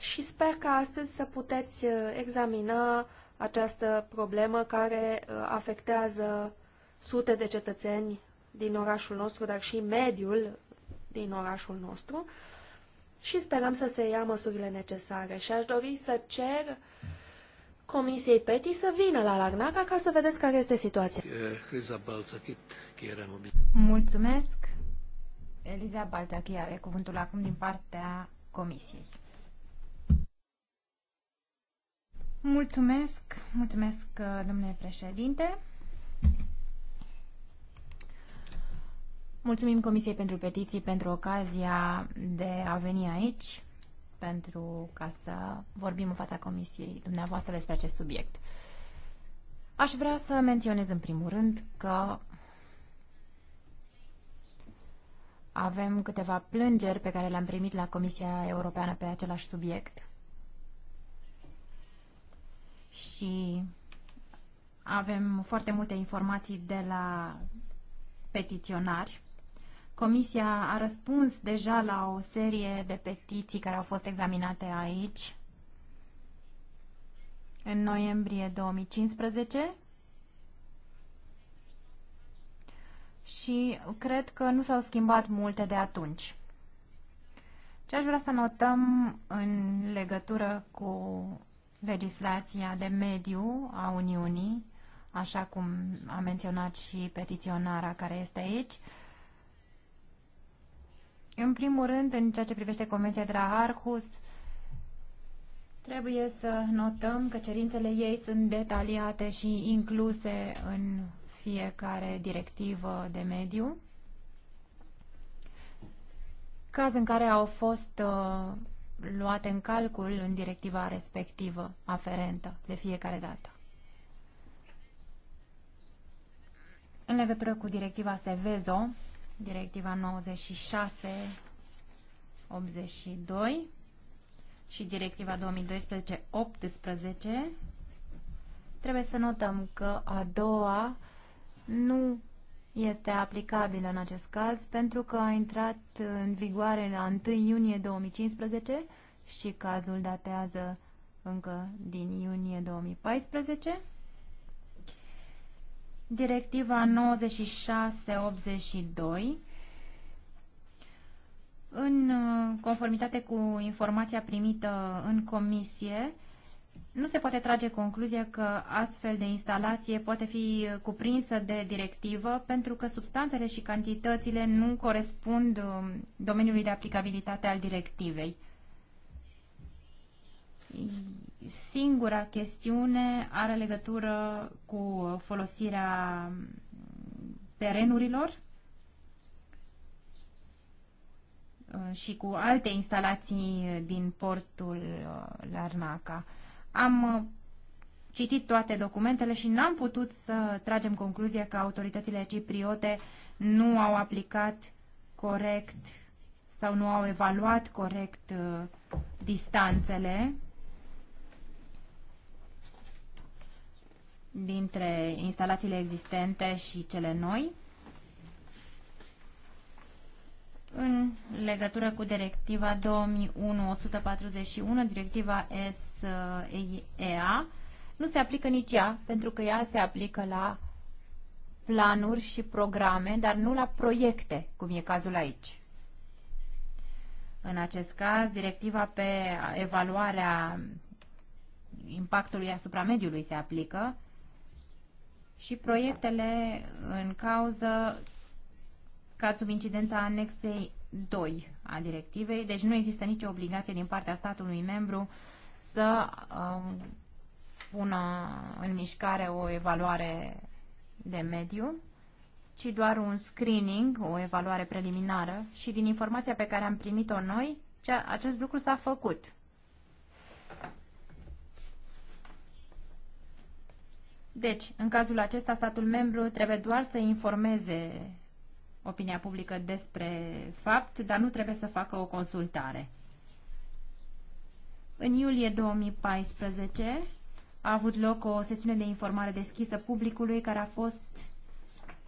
și sper că astăzi să puteți uh, examina această problemă care uh, afectează sute de cetățeni din orașul nostru, dar și mediul din orașul nostru și sperăm să se ia măsurile necesare. Și aș dori să cer Comisiei PETI să vină la Larnaca ca să vedeți care este situația. Mulțumesc. Eliza Baltachi are cuvântul acum din partea Comisiei. Mulțumesc, mulțumesc, domnule președinte. Mulțumim Comisiei pentru Petiții pentru ocazia de a veni aici, pentru ca să vorbim în fața Comisiei dumneavoastră despre acest subiect. Aș vrea să menționez în primul rând că avem câteva plângeri pe care le-am primit la Comisia Europeană pe același subiect. Și avem foarte multe informații de la petiționari. Comisia a răspuns deja la o serie de petiții care au fost examinate aici în noiembrie 2015 și cred că nu s-au schimbat multe de atunci. Ce aș vrea să notăm în legătură cu legislația de mediu a Uniunii, așa cum a menționat și petiționara care este aici, în primul rând, în ceea ce privește Convenția de la Arhus, trebuie să notăm că cerințele ei sunt detaliate și incluse în fiecare directivă de mediu, caz în care au fost uh, luate în calcul în directiva respectivă aferentă de fiecare dată. În legătură cu directiva Sevezo, directiva 96 82 și directiva 2012-18, trebuie să notăm că a doua nu este aplicabil în acest caz pentru că a intrat în vigoare la 1 iunie 2015 și cazul datează încă din iunie 2014. Directiva 9682 în conformitate cu informația primită în comisie, nu se poate trage concluzia că astfel de instalație poate fi cuprinsă de directivă pentru că substanțele și cantitățile nu corespund um, domeniului de aplicabilitate al directivei. Singura chestiune are legătură cu folosirea terenurilor uh, și cu alte instalații din portul uh, Larnaca. Am uh, citit toate documentele și n-am putut să tragem concluzia că autoritățile cipriote nu au aplicat corect sau nu au evaluat corect uh, distanțele dintre instalațiile existente și cele noi. În legătură cu directiva 2001-141, directiva S EA, nu se aplică nici ea, pentru că ea se aplică la planuri și programe, dar nu la proiecte, cum e cazul aici. În acest caz, directiva pe evaluarea impactului asupra mediului se aplică și proiectele în cauză ca sub incidența anexei 2 a directivei, deci nu există nicio obligație din partea statului membru să um, pună în mișcare o evaluare de mediu, ci doar un screening, o evaluare preliminară și din informația pe care am primit-o noi, ce acest lucru s-a făcut. Deci, în cazul acesta, statul membru trebuie doar să informeze opinia publică despre fapt, dar nu trebuie să facă o consultare. În iulie 2014 a avut loc o sesiune de informare deschisă publicului care a fost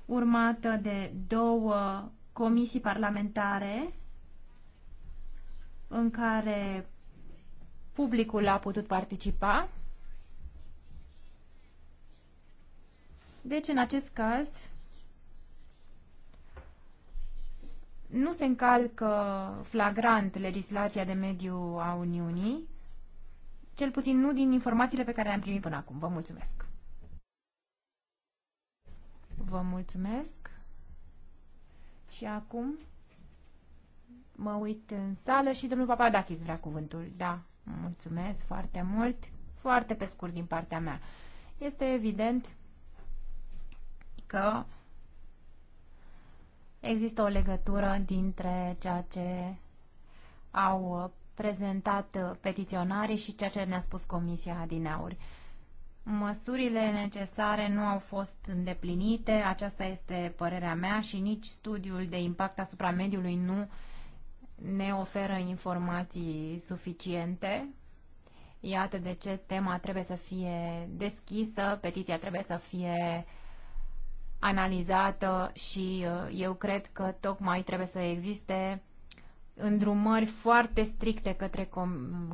urmată de două comisii parlamentare în care publicul a putut participa. Deci, în acest caz, nu se încalcă flagrant legislația de mediu a Uniunii, cel puțin nu din informațiile pe care le-am primit până acum. Vă mulțumesc! Vă mulțumesc! Și acum mă uit în sală și domnul Papadakis vrea cuvântul. Da, mulțumesc foarte mult, foarte pe scurt din partea mea. Este evident că există o legătură dintre ceea ce au prezentat uh, petiționarii și ceea ce ne-a spus Comisia Adineauri. Măsurile necesare nu au fost îndeplinite, aceasta este părerea mea și nici studiul de impact asupra mediului nu ne oferă informații suficiente. Iată de ce tema trebuie să fie deschisă, petiția trebuie să fie analizată și uh, eu cred că tocmai trebuie să existe îndrumări foarte stricte către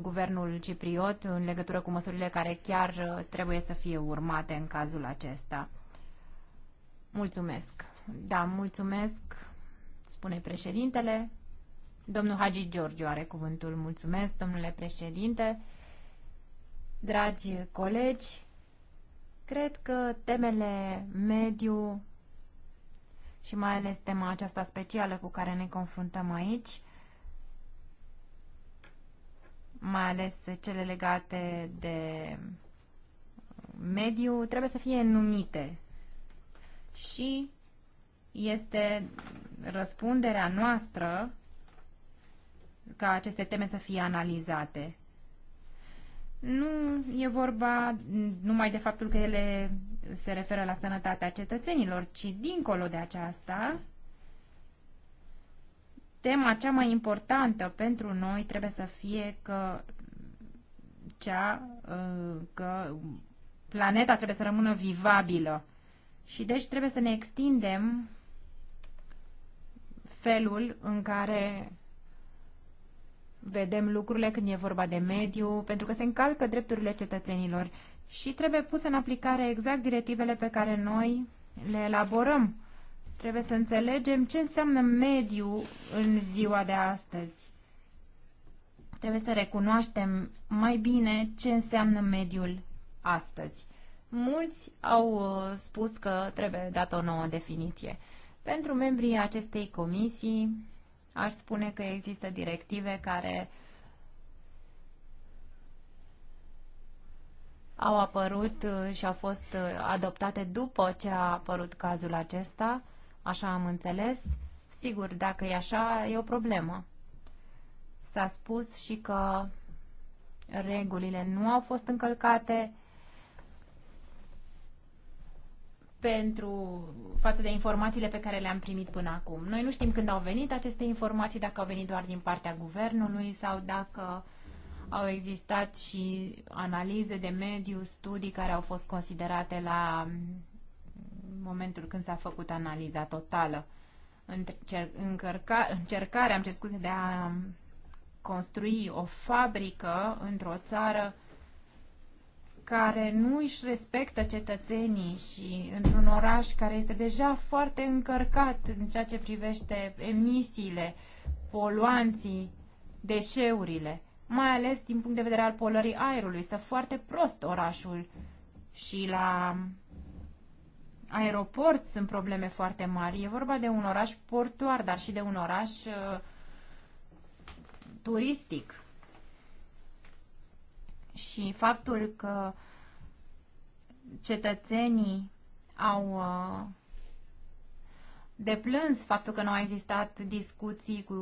guvernul cipriot în legătură cu măsurile care chiar uh, trebuie să fie urmate în cazul acesta. Mulțumesc. Da, mulțumesc, spune președintele. Domnul Hagi Georgiu are cuvântul. Mulțumesc, domnule președinte. Dragi colegi, cred că temele mediu și mai ales tema aceasta specială cu care ne confruntăm aici mai ales cele legate de mediu, trebuie să fie numite. Și este răspunderea noastră ca aceste teme să fie analizate. Nu e vorba numai de faptul că ele se referă la sănătatea cetățenilor, ci dincolo de aceasta tema cea mai importantă pentru noi trebuie să fie că cea uh, că planeta trebuie să rămână vivabilă. Și deci trebuie să ne extindem felul în care vedem lucrurile când e vorba de mediu, pentru că se încalcă drepturile cetățenilor și trebuie puse în aplicare exact directivele pe care noi le elaborăm Trebuie să înțelegem ce înseamnă mediu în ziua de astăzi. Trebuie să recunoaștem mai bine ce înseamnă mediul astăzi. Mulți au uh, spus că trebuie dată o nouă definiție. Pentru membrii acestei comisii, aș spune că există directive care au apărut uh, și au fost uh, adoptate după ce a apărut cazul acesta Așa am înțeles. Sigur, dacă e așa, e o problemă. S-a spus și că regulile nu au fost încălcate pentru față de informațiile pe care le-am primit până acum. Noi nu știm când au venit aceste informații, dacă au venit doar din partea guvernului sau dacă au existat și analize de mediu, studii care au fost considerate la momentul când s-a făcut analiza totală. Încerca, încercarea, am cer scuze, de a construi o fabrică într-o țară care nu își respectă cetățenii și într-un oraș care este deja foarte încărcat în ceea ce privește emisiile, poluanții, deșeurile, mai ales din punct de vedere al polării aerului. Este foarte prost orașul și la aeroport sunt probleme foarte mari. E vorba de un oraș portuar, dar și de un oraș uh, turistic. Și faptul că cetățenii au uh, deplâns faptul că nu au existat discuții cu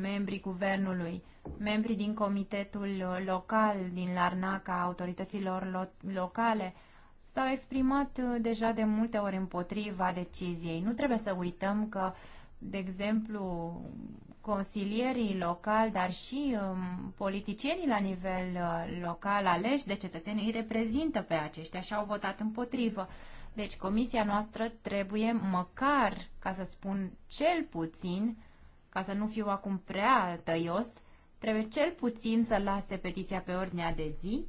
membrii guvernului, membrii din comitetul local din Larnaca, autorităților lo- locale, uh, s-au exprimat uh, deja de multe ori împotriva deciziei. Nu trebuie să uităm că, de exemplu, consilierii locali, dar și um, politicienii la nivel uh, local aleși de cetățeni îi reprezintă pe aceștia și au votat împotrivă. Deci comisia noastră trebuie măcar, ca să spun cel puțin, ca să nu fiu acum prea tăios, trebuie cel puțin să lase petiția pe ordinea de zi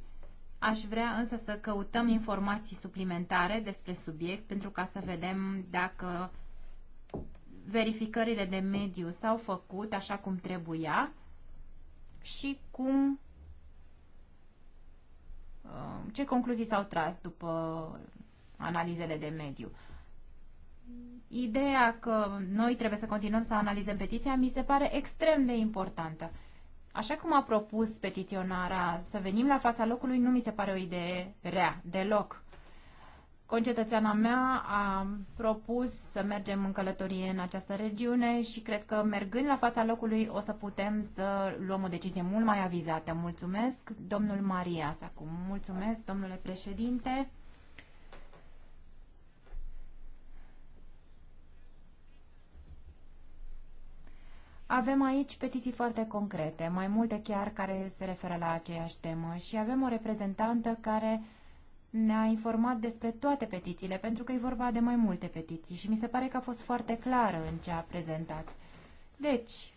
Aș vrea însă să căutăm informații suplimentare despre subiect pentru ca să vedem dacă verificările de mediu s-au făcut așa cum trebuia și cum uh, ce concluzii s-au tras după analizele de mediu. Ideea că noi trebuie să continuăm să analizăm petiția mi se pare extrem de importantă. Așa cum a propus petiționara să venim la fața locului, nu mi se pare o idee rea, deloc. Concetățeana mea a propus să mergem în călătorie în această regiune și cred că mergând la fața locului o să putem să luăm o decizie mult mai avizată. Mulțumesc, domnul Marias, acum. Mulțumesc, domnule președinte. Avem aici petiții foarte concrete, mai multe chiar care se referă la aceeași temă și avem o reprezentantă care ne-a informat despre toate petițiile, pentru că e vorba de mai multe petiții și mi se pare că a fost foarte clară în ce a prezentat. Deci,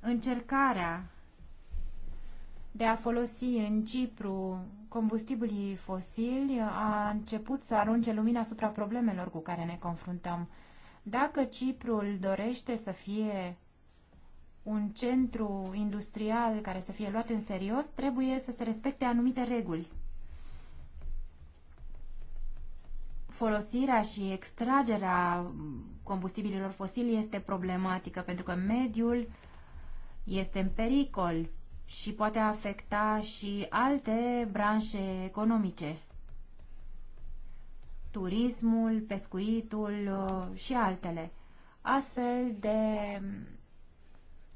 încercarea de a folosi în Cipru combustibilii fosili a început să arunce lumina asupra problemelor cu care ne confruntăm. Dacă Ciprul dorește să fie un centru industrial care să fie luat în serios, trebuie să se respecte anumite reguli. Folosirea și extragerea combustibililor fosili este problematică pentru că mediul este în pericol și poate afecta și alte branșe economice turismul, pescuitul uh, și altele. Astfel de um,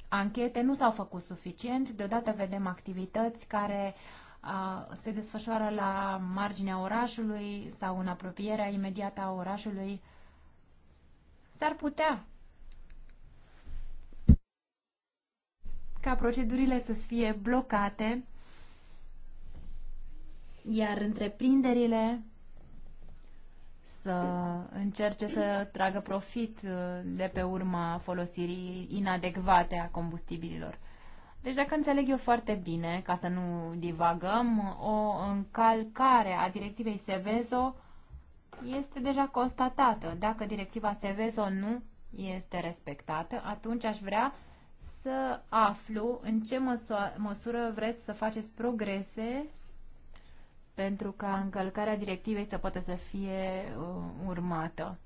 anchete nu s-au făcut suficient, deodată vedem activități care uh, se desfășoară la marginea orașului sau în apropierea imediată a orașului. S-ar putea ca procedurile să fie blocate, iar întreprinderile să încerce să tragă profit uh, de pe urma folosirii inadecvate a combustibililor. Deci, dacă înțeleg eu foarte bine, ca să nu divagăm, o încalcare a directivei Seveso este deja constatată. Dacă directiva Seveso nu este respectată, atunci aș vrea să aflu în ce măsoară, măsură vreți să faceți progrese pentru ca încălcarea directivei să poată să fie uh, urmată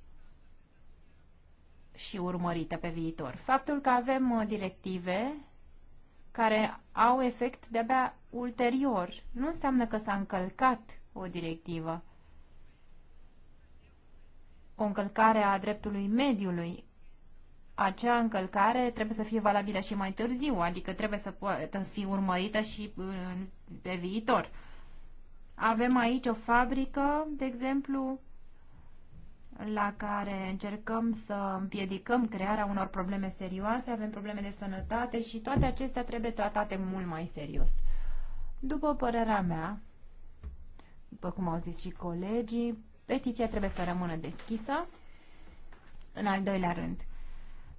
și urmărită pe viitor. Faptul că avem uh, directive care au efect de-abia ulterior nu înseamnă că s-a încălcat o directivă. O încălcare a dreptului mediului acea încălcare trebuie să fie valabilă și mai târziu, adică trebuie să poată fi urmărită și uh, pe viitor. Avem aici o fabrică, de exemplu, la care încercăm să împiedicăm crearea unor probleme serioase, avem probleme de sănătate și toate acestea trebuie tratate mult mai serios. După părerea mea, după cum au zis și colegii, petiția trebuie să rămână deschisă. În al doilea rând,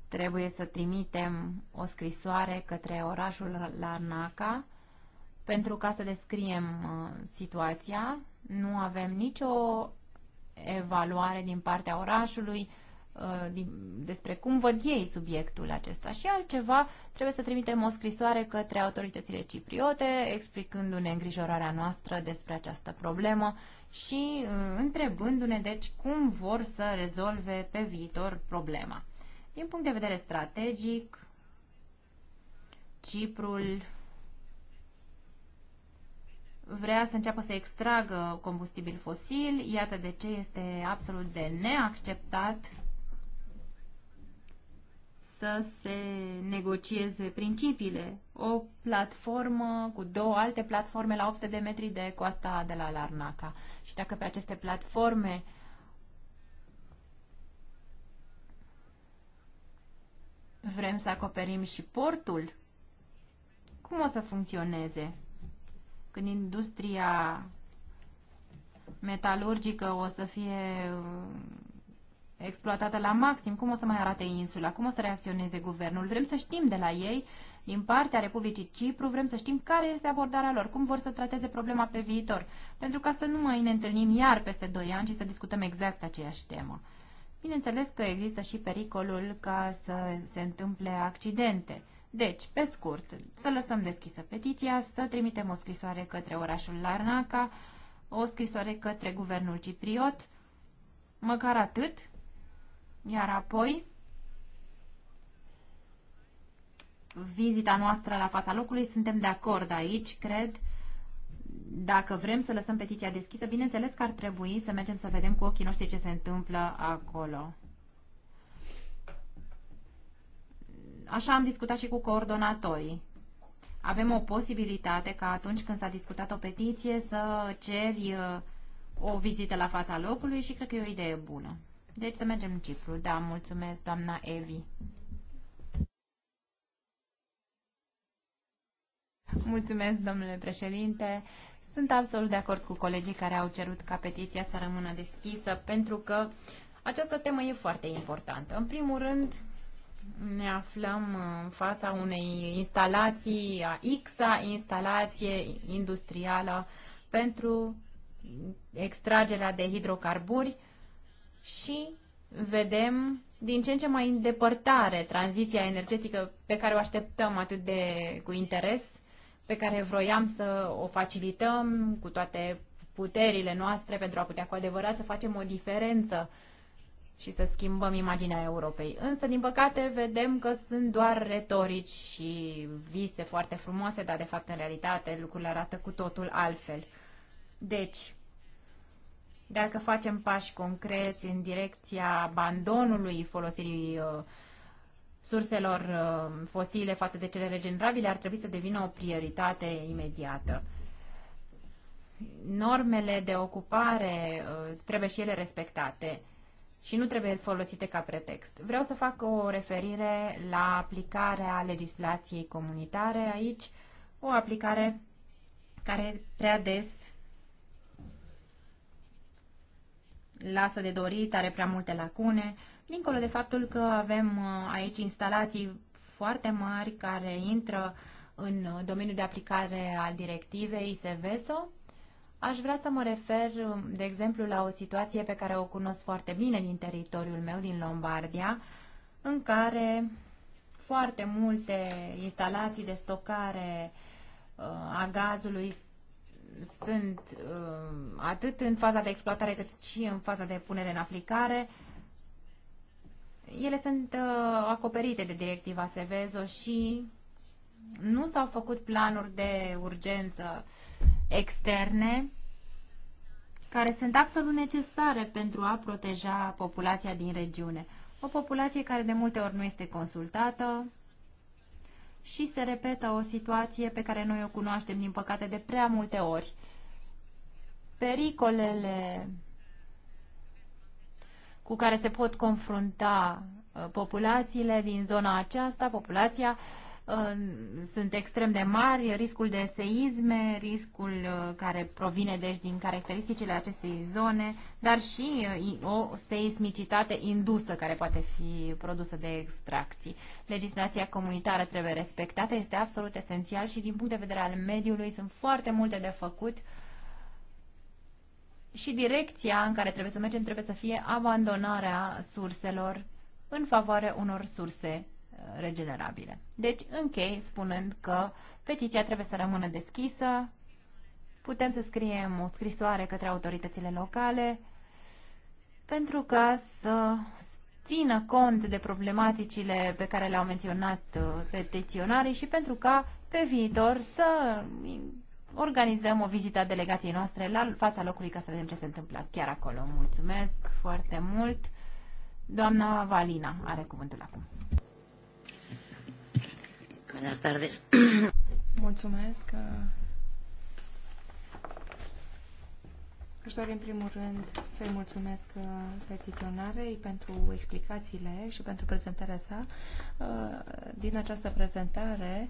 trebuie să trimitem o scrisoare către orașul Larnaca, pentru ca să descriem uh, situația. Nu avem nicio evaluare din partea orașului uh, despre cum văd ei subiectul acesta și altceva, trebuie să trimitem o scrisoare către autoritățile cipriote, explicându-ne îngrijorarea noastră despre această problemă și uh, întrebându-ne, deci, cum vor să rezolve pe viitor problema. Din punct de vedere strategic, Ciprul vrea să înceapă să extragă combustibil fosil. Iată de ce este absolut de neacceptat să se negocieze principiile. O platformă cu două alte platforme la 800 de metri de coasta de la Larnaca. Și dacă pe aceste platforme vrem să acoperim și portul, cum o să funcționeze? când industria metalurgică o să fie uh, exploatată la maxim, cum o să mai arate insula, cum o să reacționeze guvernul. Vrem să știm de la ei, din partea Republicii Cipru, vrem să știm care este abordarea lor, cum vor să trateze problema pe viitor, pentru ca să nu mai ne întâlnim iar peste 2 ani și să discutăm exact aceeași temă. Bineînțeles că există și pericolul ca să se întâmple accidente. Deci, pe scurt, să lăsăm deschisă petiția, să trimitem o scrisoare către orașul Larnaca, o scrisoare către guvernul cipriot, măcar atât, iar apoi vizita noastră la fața locului, suntem de acord aici, cred, dacă vrem să lăsăm petiția deschisă, bineînțeles că ar trebui să mergem să vedem cu ochii noștri ce se întâmplă acolo. Așa am discutat și cu coordonatorii. Avem o posibilitate ca atunci când s-a discutat o petiție să ceri uh, o vizită la fața locului și cred că e o idee bună. Deci să mergem în cifru. Da, mulțumesc, doamna Evi. Mulțumesc, domnule președinte. Sunt absolut de acord cu colegii care au cerut ca petiția să rămână deschisă, pentru că această temă e foarte importantă. În primul rând, ne aflăm în fața unei instalații, a IXA, instalație industrială pentru extragerea de hidrocarburi și vedem din ce în ce mai îndepărtare tranziția energetică pe care o așteptăm atât de cu interes, pe care vroiam să o facilităm cu toate puterile noastre pentru a putea cu adevărat să facem o diferență și să schimbăm imaginea Europei. Însă, din păcate, vedem că sunt doar retorici și vise foarte frumoase, dar, de fapt, în realitate, lucrurile arată cu totul altfel. Deci, dacă facem pași concreți în direcția abandonului folosirii uh, surselor uh, fosile față de cele regenerabile, ar trebui să devină o prioritate imediată normele de ocupare uh, trebuie și ele respectate și nu trebuie folosite ca pretext. Vreau să fac o referire la aplicarea legislației comunitare aici, o aplicare care prea des lasă de dorit, are prea multe lacune, dincolo de faptul că avem uh, aici instalații foarte mari care intră în uh, domeniul de aplicare al directivei SEVESO, Aș vrea să mă refer, de exemplu, la o situație pe care o cunosc foarte bine din teritoriul meu, din Lombardia, în care foarte multe instalații de stocare uh, a gazului sunt uh, atât în faza de exploatare cât și în faza de punere în aplicare. Ele sunt uh, acoperite de directiva Seveso și nu s-au făcut planuri de urgență externe care sunt absolut necesare pentru a proteja populația din regiune. O populație care de multe ori nu este consultată și se repetă o situație pe care noi o cunoaștem, din păcate, de prea multe ori. Pericolele cu care se pot confrunta uh, populațiile din zona aceasta, populația uh, sunt extrem de mari, riscul de seisme, riscul uh, care provine deci din caracteristicile acestei zone, dar și uh, o seismicitate indusă care poate fi produsă de extracții. Legislația comunitară trebuie respectată, este absolut esențial și din punct de vedere al mediului sunt foarte multe de făcut și direcția în care trebuie să mergem trebuie să fie abandonarea surselor în favoarea unor surse regenerabile. Deci, închei spunând că petiția trebuie să rămână deschisă, putem să scriem o scrisoare către autoritățile locale pentru ca să țină cont de problematicile pe care le-au menționat uh, petiționarii și pentru ca pe viitor să organizăm o vizită a delegației noastre la fața locului ca să vedem ce se întâmplă chiar acolo. Mulțumesc foarte mult! Doamna Valina are cuvântul acum. Buenas tardes. Mulțumesc. Aș dori în primul rând să-i mulțumesc petiționarei pentru explicațiile și pentru prezentarea sa. Din această prezentare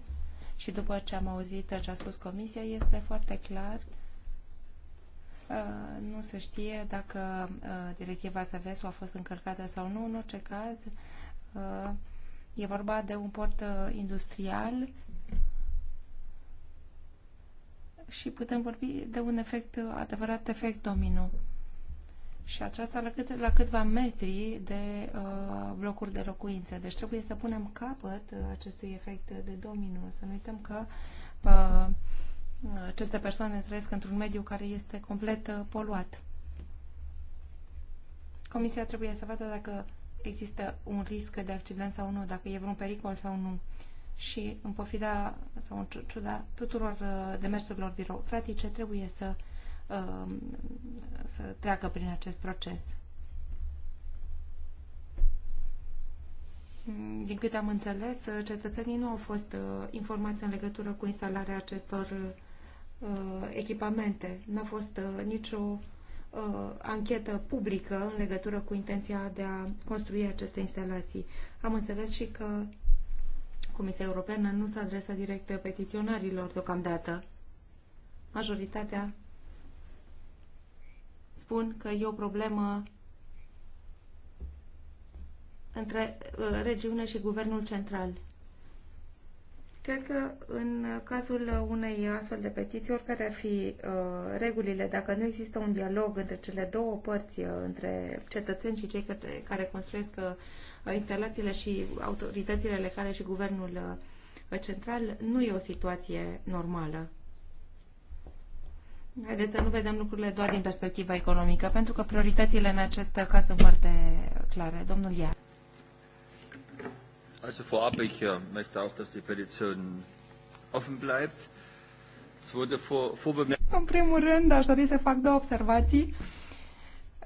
și după ce am auzit ce a spus comisia, este foarte clar nu se știe dacă directiva SVS a fost încălcată sau nu. În orice caz, E vorba de un port uh, industrial și putem vorbi de un efect, uh, adevărat efect domino. Și aceasta la, cât, la câțiva metri de uh, blocuri de locuințe. Deci trebuie să punem capăt uh, acestui efect de domino. Să nu uităm că uh, aceste persoane trăiesc într-un mediu care este complet uh, poluat. Comisia trebuie să vadă dacă există un risc de accident sau nu, dacă e vreun pericol sau nu. Și în pofida sau în ciuda tuturor uh, demersurilor birocratice trebuie să, um, să treacă prin acest proces. Mm, din câte am înțeles, uh, cetățenii nu au fost uh, informați în legătură cu instalarea acestor echipamente. N-a fost nicio Uh, anchetă publică în legătură cu intenția de a construi aceste instalații. Am înțeles și că Comisia Europeană nu se adresă direct petiționarilor deocamdată. Majoritatea spun că e o problemă între uh, regiune și guvernul central. Cred că în cazul unei astfel de petiții, oricare ar fi uh, regulile, dacă nu există un dialog între cele două părți, uh, între cetățeni și cei care, care construiesc uh, instalațiile și autoritățile locale și guvernul uh, central, nu e o situație normală. Haideți să nu vedem lucrurile doar din perspectiva economică, pentru că prioritățile în acest caz sunt foarte clare. Domnul Iar. Also vorab, ich äh, möchte auch, dass die Petition offen bleibt. În primul rând, aș dori să fac două observații.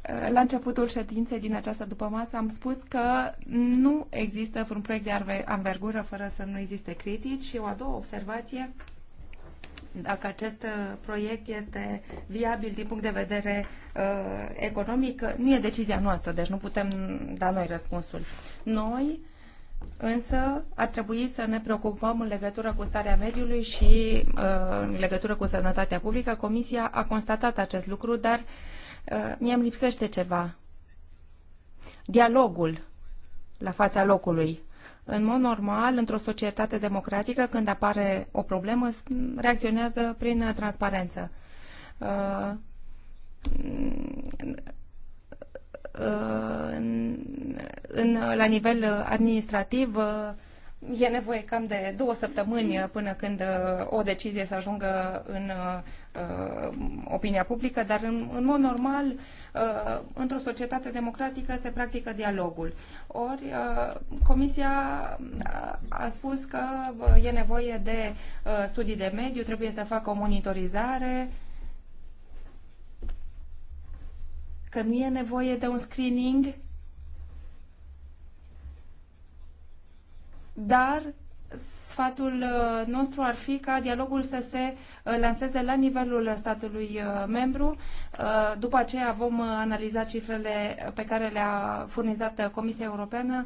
Äh, la începutul ședinței din această dupămasă am spus că nu există un proiect de anvergură fără să nu existe critici și o a doua observație, dacă acest uh, proiect este viabil din punct de vedere uh, economic, nu e decizia noastră, deci nu putem da noi răspunsul. Noi uh, însă ar trebui să ne preocupăm în legătură cu starea mediului și uh, în legătură cu sănătatea publică. Comisia a constatat acest lucru, dar uh, mie îmi lipsește ceva. Dialogul la fața locului. În mod normal, într-o societate democratică, când apare o problemă, reacționează prin transparență uh, Uh, în, la nivel administrativ uh, e nevoie cam de două săptămâni până când uh, o decizie să ajungă în opinia publică, dar în, în mod normal, într-o societate democratică se practică dialogul. Ori Comisia a spus că e nevoie de studii de mediu, trebuie să facă o monitorizare, că nu e nevoie de un screening, dar sfatul uh, nostru ar fi ca dialogul să se uh, lanseze la nivelul statului uh, membru. După aceea vom analiza cifrele pe care le-a furnizat Comisia Europeană.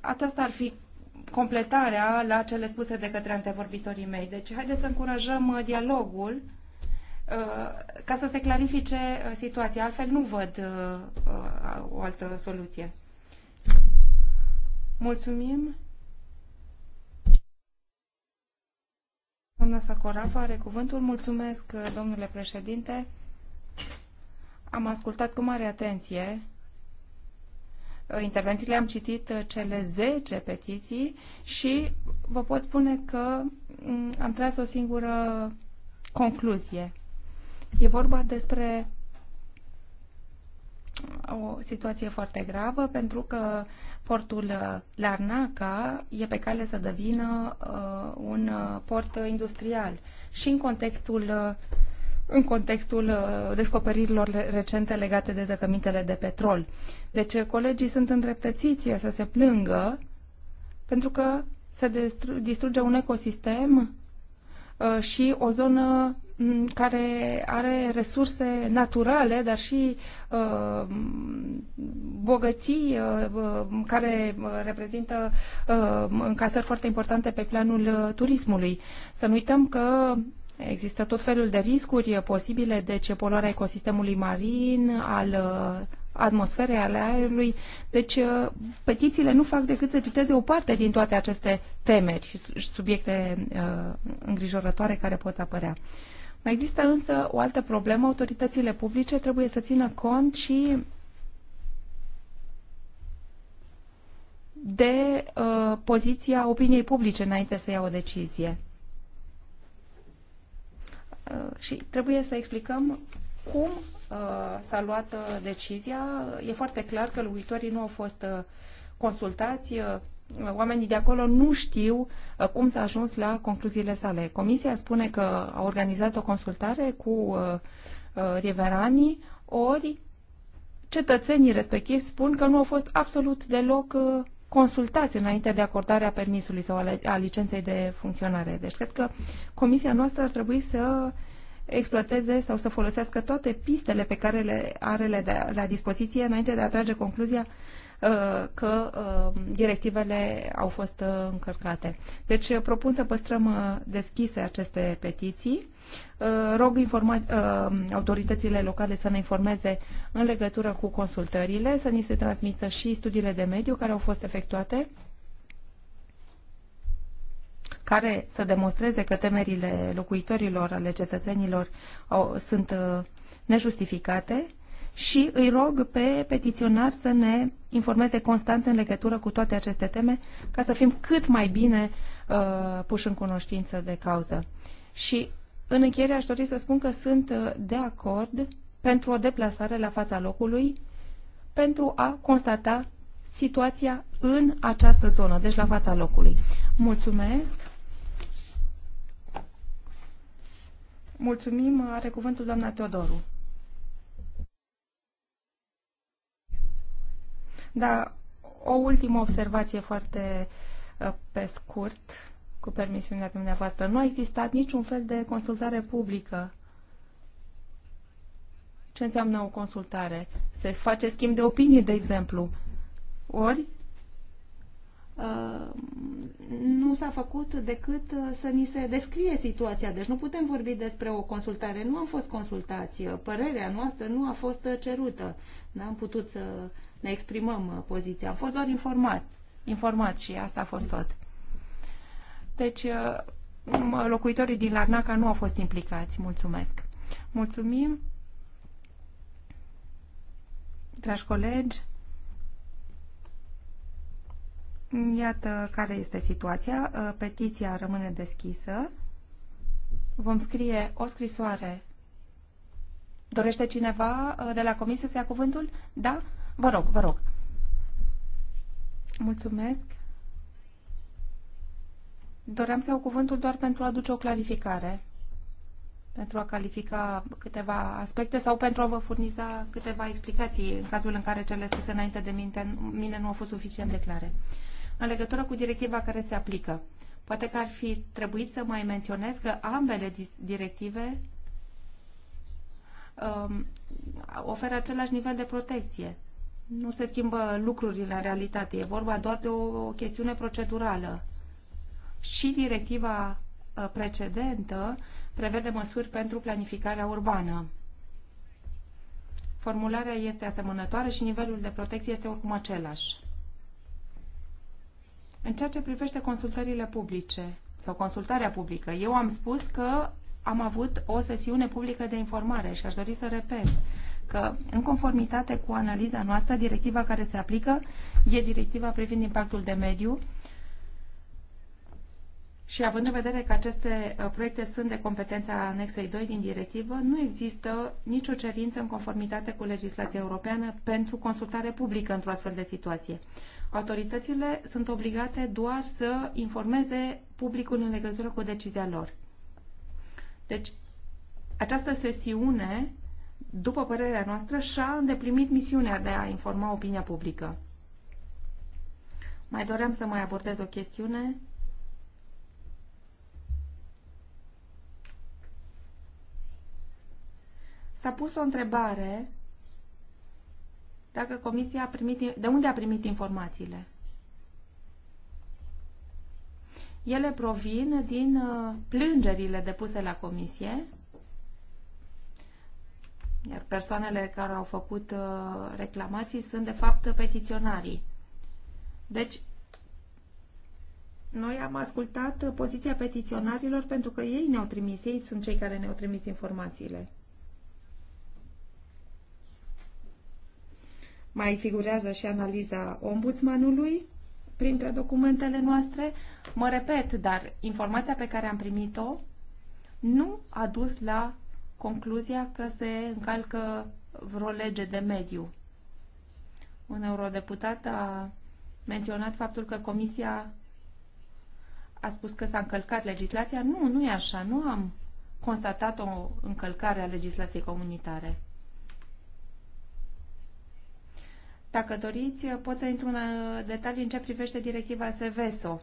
Aceasta ar fi completarea la cele spuse de către antevorbitorii mei. Deci haideți să încurajăm dialogul Uh, ca să se clarifice uh, situația. Altfel nu văd uh, o altă soluție. Mulțumim. Doamna Sacorafa are cuvântul. Mulțumesc, domnule președinte. Am ascultat cu mare atenție intervențiile, am citit cele 10 petiții și vă pot spune că mm, am tras o singură concluzie. E vorba despre o situație foarte gravă pentru că portul Larnaca e pe cale să devină uh, un uh, port industrial și în contextul uh, în contextul uh, descoperirilor recente legate de zăcămintele de petrol. Deci uh, colegii sunt îndreptățiți să se plângă pentru că se distruge un ecosistem uh, și o zonă care are resurse naturale, dar și uh, bogății uh, uh care uh, reprezintă uh, încasări foarte importante pe planul uh, turismului. Să nu uităm că există tot felul de riscuri posibile, de deci poluarea ecosistemului marin, al atmosferei, ale aerului. Deci petițiile nu fac decât să citeze o parte din toate aceste temeri și subiecte îngrijorătoare care pot apărea. Mai există însă o altă problemă. Autoritățile publice trebuie să țină cont și de uh, poziția opiniei publice înainte să ia o decizie. Uh, și trebuie să explicăm cum uh, s-a luat uh, decizia. E foarte clar că locuitorii nu au fost uh, consultați. Uh, oamenii de acolo nu știu uh, cum s-a ajuns la concluziile sale. Comisia spune că a organizat o consultare cu uh, uh, riveranii, ori cetățenii respectivi spun că nu au fost absolut deloc consultați înainte de acordarea permisului sau a licenței de funcționare. Deci cred că comisia noastră ar trebui să exploateze sau să folosească toate pistele pe care le are la dispoziție înainte de a trage concluzia Uh, că uh, directivele au fost uh, încărcate. Deci propun să păstrăm deschise aceste petiții. Rog autoritățile locale să ne informeze în legătură cu consultările, să ni se transmită și studiile de mediu care au fost efectuate care să demonstreze că temerile locuitorilor, ale cetățenilor au, sunt uh, nejustificate și îi rog pe petiționar să ne informeze constant în legătură cu toate aceste teme ca să fim cât mai bine uh, puși în cunoștință de cauză. Și în încheiere aș dori să spun că sunt uh, de acord pentru o deplasare la fața locului pentru a constata situația în această zonă, deci la fața locului. Mulțumesc! Mulțumim, are cuvântul doamna Teodoru. Da, o ultimă observație foarte uh, pe scurt, cu permisiunea dumneavoastră. Nu a existat niciun fel de consultare publică. Ce înseamnă o consultare? Se face schimb de opinii, de exemplu. Ori Uh, nu s-a făcut decât uh, să ni se descrie situația. Deci nu putem vorbi despre o consultare. Nu am fost consultați. Uh, părerea noastră nu a fost cerută. N-am putut să ne exprimăm poziția. Am fost doar informat. Informat și asta a fost tot. Deci, locuitorii din Larnaca nu au fost implicați. Mulțumesc. Mulțumim. Dragi colegi, Iată care este situația. Uh, petiția rămâne deschisă. Vom scrie o scrisoare. Dorește cineva uh, de la comisie să ia cuvântul? Da? Vă rog, vă rog. Mulțumesc. Doream să iau cuvântul doar pentru a aduce o clarificare, pentru a califica câteva aspecte sau pentru a vă furniza câteva explicații în cazul în care cele spuse înainte de mine nu au fost suficient de clare. Uh, în legătură cu directiva care se aplică. Poate că ar fi trebuit să mai menționez că ambele directive um, oferă același nivel de protecție. Nu se schimbă lucrurile în realitate, e vorba doar de o, o chestiune procedurală. Și directiva uh, precedentă prevede măsuri pentru planificarea urbană. Formularea este asemănătoare și nivelul de protecție este oricum același. În ceea ce privește consultările publice sau consultarea publică, eu am spus că am avut o sesiune publică de informare și aș dori să repet că, în conformitate cu analiza noastră, directiva care se aplică e directiva privind impactul de mediu și având în vedere că aceste uh, proiecte sunt de competența anexei 2 din directivă, nu există nicio cerință în conformitate cu legislația europeană pentru consultare publică într-o astfel de situație. Autoritățile sunt obligate doar să informeze publicul în legătură cu decizia lor. Deci, această sesiune, după părerea noastră, și-a îndeplinit misiunea de a informa opinia publică. Mai doream să mai abordez o chestiune S-a pus o întrebare dacă comisia a primit, de unde a primit informațiile. Ele provin din uh, plângerile depuse la comisie, iar persoanele care au făcut uh, reclamații sunt, de fapt, petiționarii. Deci, noi am ascultat poziția petiționarilor pentru că ei ne-au trimis, ei sunt cei care ne-au trimis informațiile. Mai figurează și analiza ombudsmanului printre documentele noastre. Mă repet, dar informația pe care am primit-o nu a dus la concluzia că se încalcă vreo lege de mediu. Un eurodeputat a menționat faptul că Comisia a spus că s-a încălcat legislația. Nu, nu e așa. Nu am constatat o încălcare a legislației comunitare. Dacă doriți, pot să intru în uh, detalii în ce privește directiva SVSO.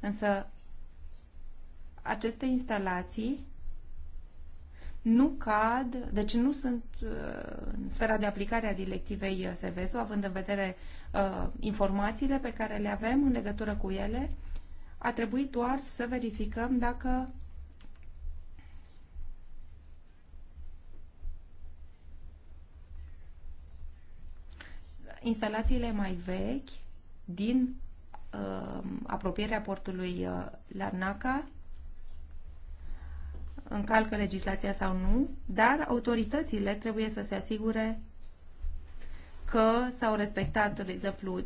Însă aceste instalații nu cad, deci nu sunt uh, în sfera de aplicare a directivei uh, SVSO, având în vedere uh, informațiile pe care le avem în legătură cu ele, a trebuit doar să verificăm dacă instalațiile mai vechi din uh, apropierea portului uh, Larnaca încalcă legislația sau nu, dar autoritățile trebuie să se asigure că s-au respectat, de exemplu,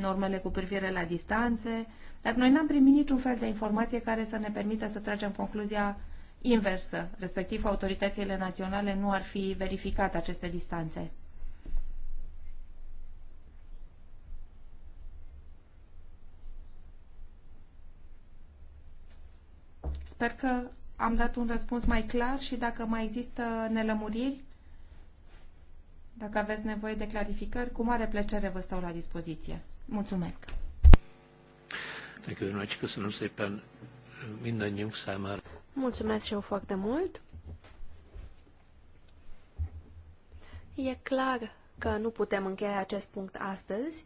normele cu privire la distanțe, dar noi n-am primit niciun fel de informație care să ne permită să tragem concluzia inversă, respectiv autoritățile naționale nu ar fi verificat aceste distanțe. Sper că am dat un răspuns mai clar și dacă mai există nelămuriri, dacă aveți nevoie de clarificări, cu mare plăcere vă stau la dispoziție. Mulțumesc! Mulțumesc și eu foarte mult! E clar că nu putem încheia acest punct astăzi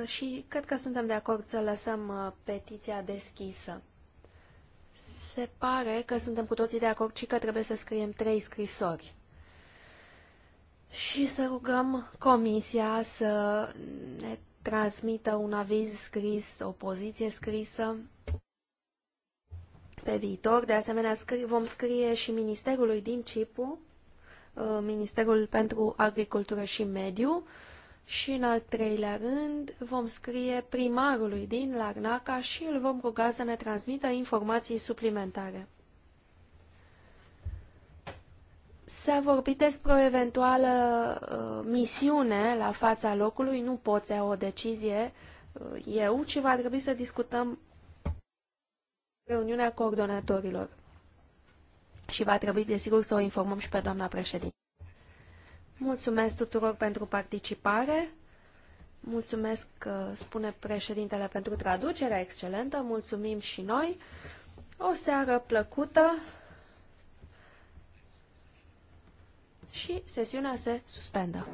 uh, și cred că suntem de acord să lăsăm uh, petiția deschisă se pare că suntem cu toții de acord și că trebuie să scriem trei scrisori. Și să rugăm Comisia să ne transmită un aviz scris, o poziție scrisă pe viitor. De asemenea, vom scrie și Ministerului din Cipru, uh, Ministerul pentru Agricultură și Mediu, și în al treilea rând vom scrie primarului din Larnaca și îl vom ruga să ne transmită informații suplimentare. S-a vorbit despre o eventuală uh, misiune la fața locului, nu pot să o decizie uh, eu, ci va trebui să discutăm reuniunea coordonatorilor. Și va trebui, desigur, să o informăm și pe doamna președinte. Mulțumesc tuturor pentru participare. Mulțumesc, uh, spune președintele, pentru traducerea excelentă. Mulțumim și noi. O seară plăcută și sesiunea se suspendă.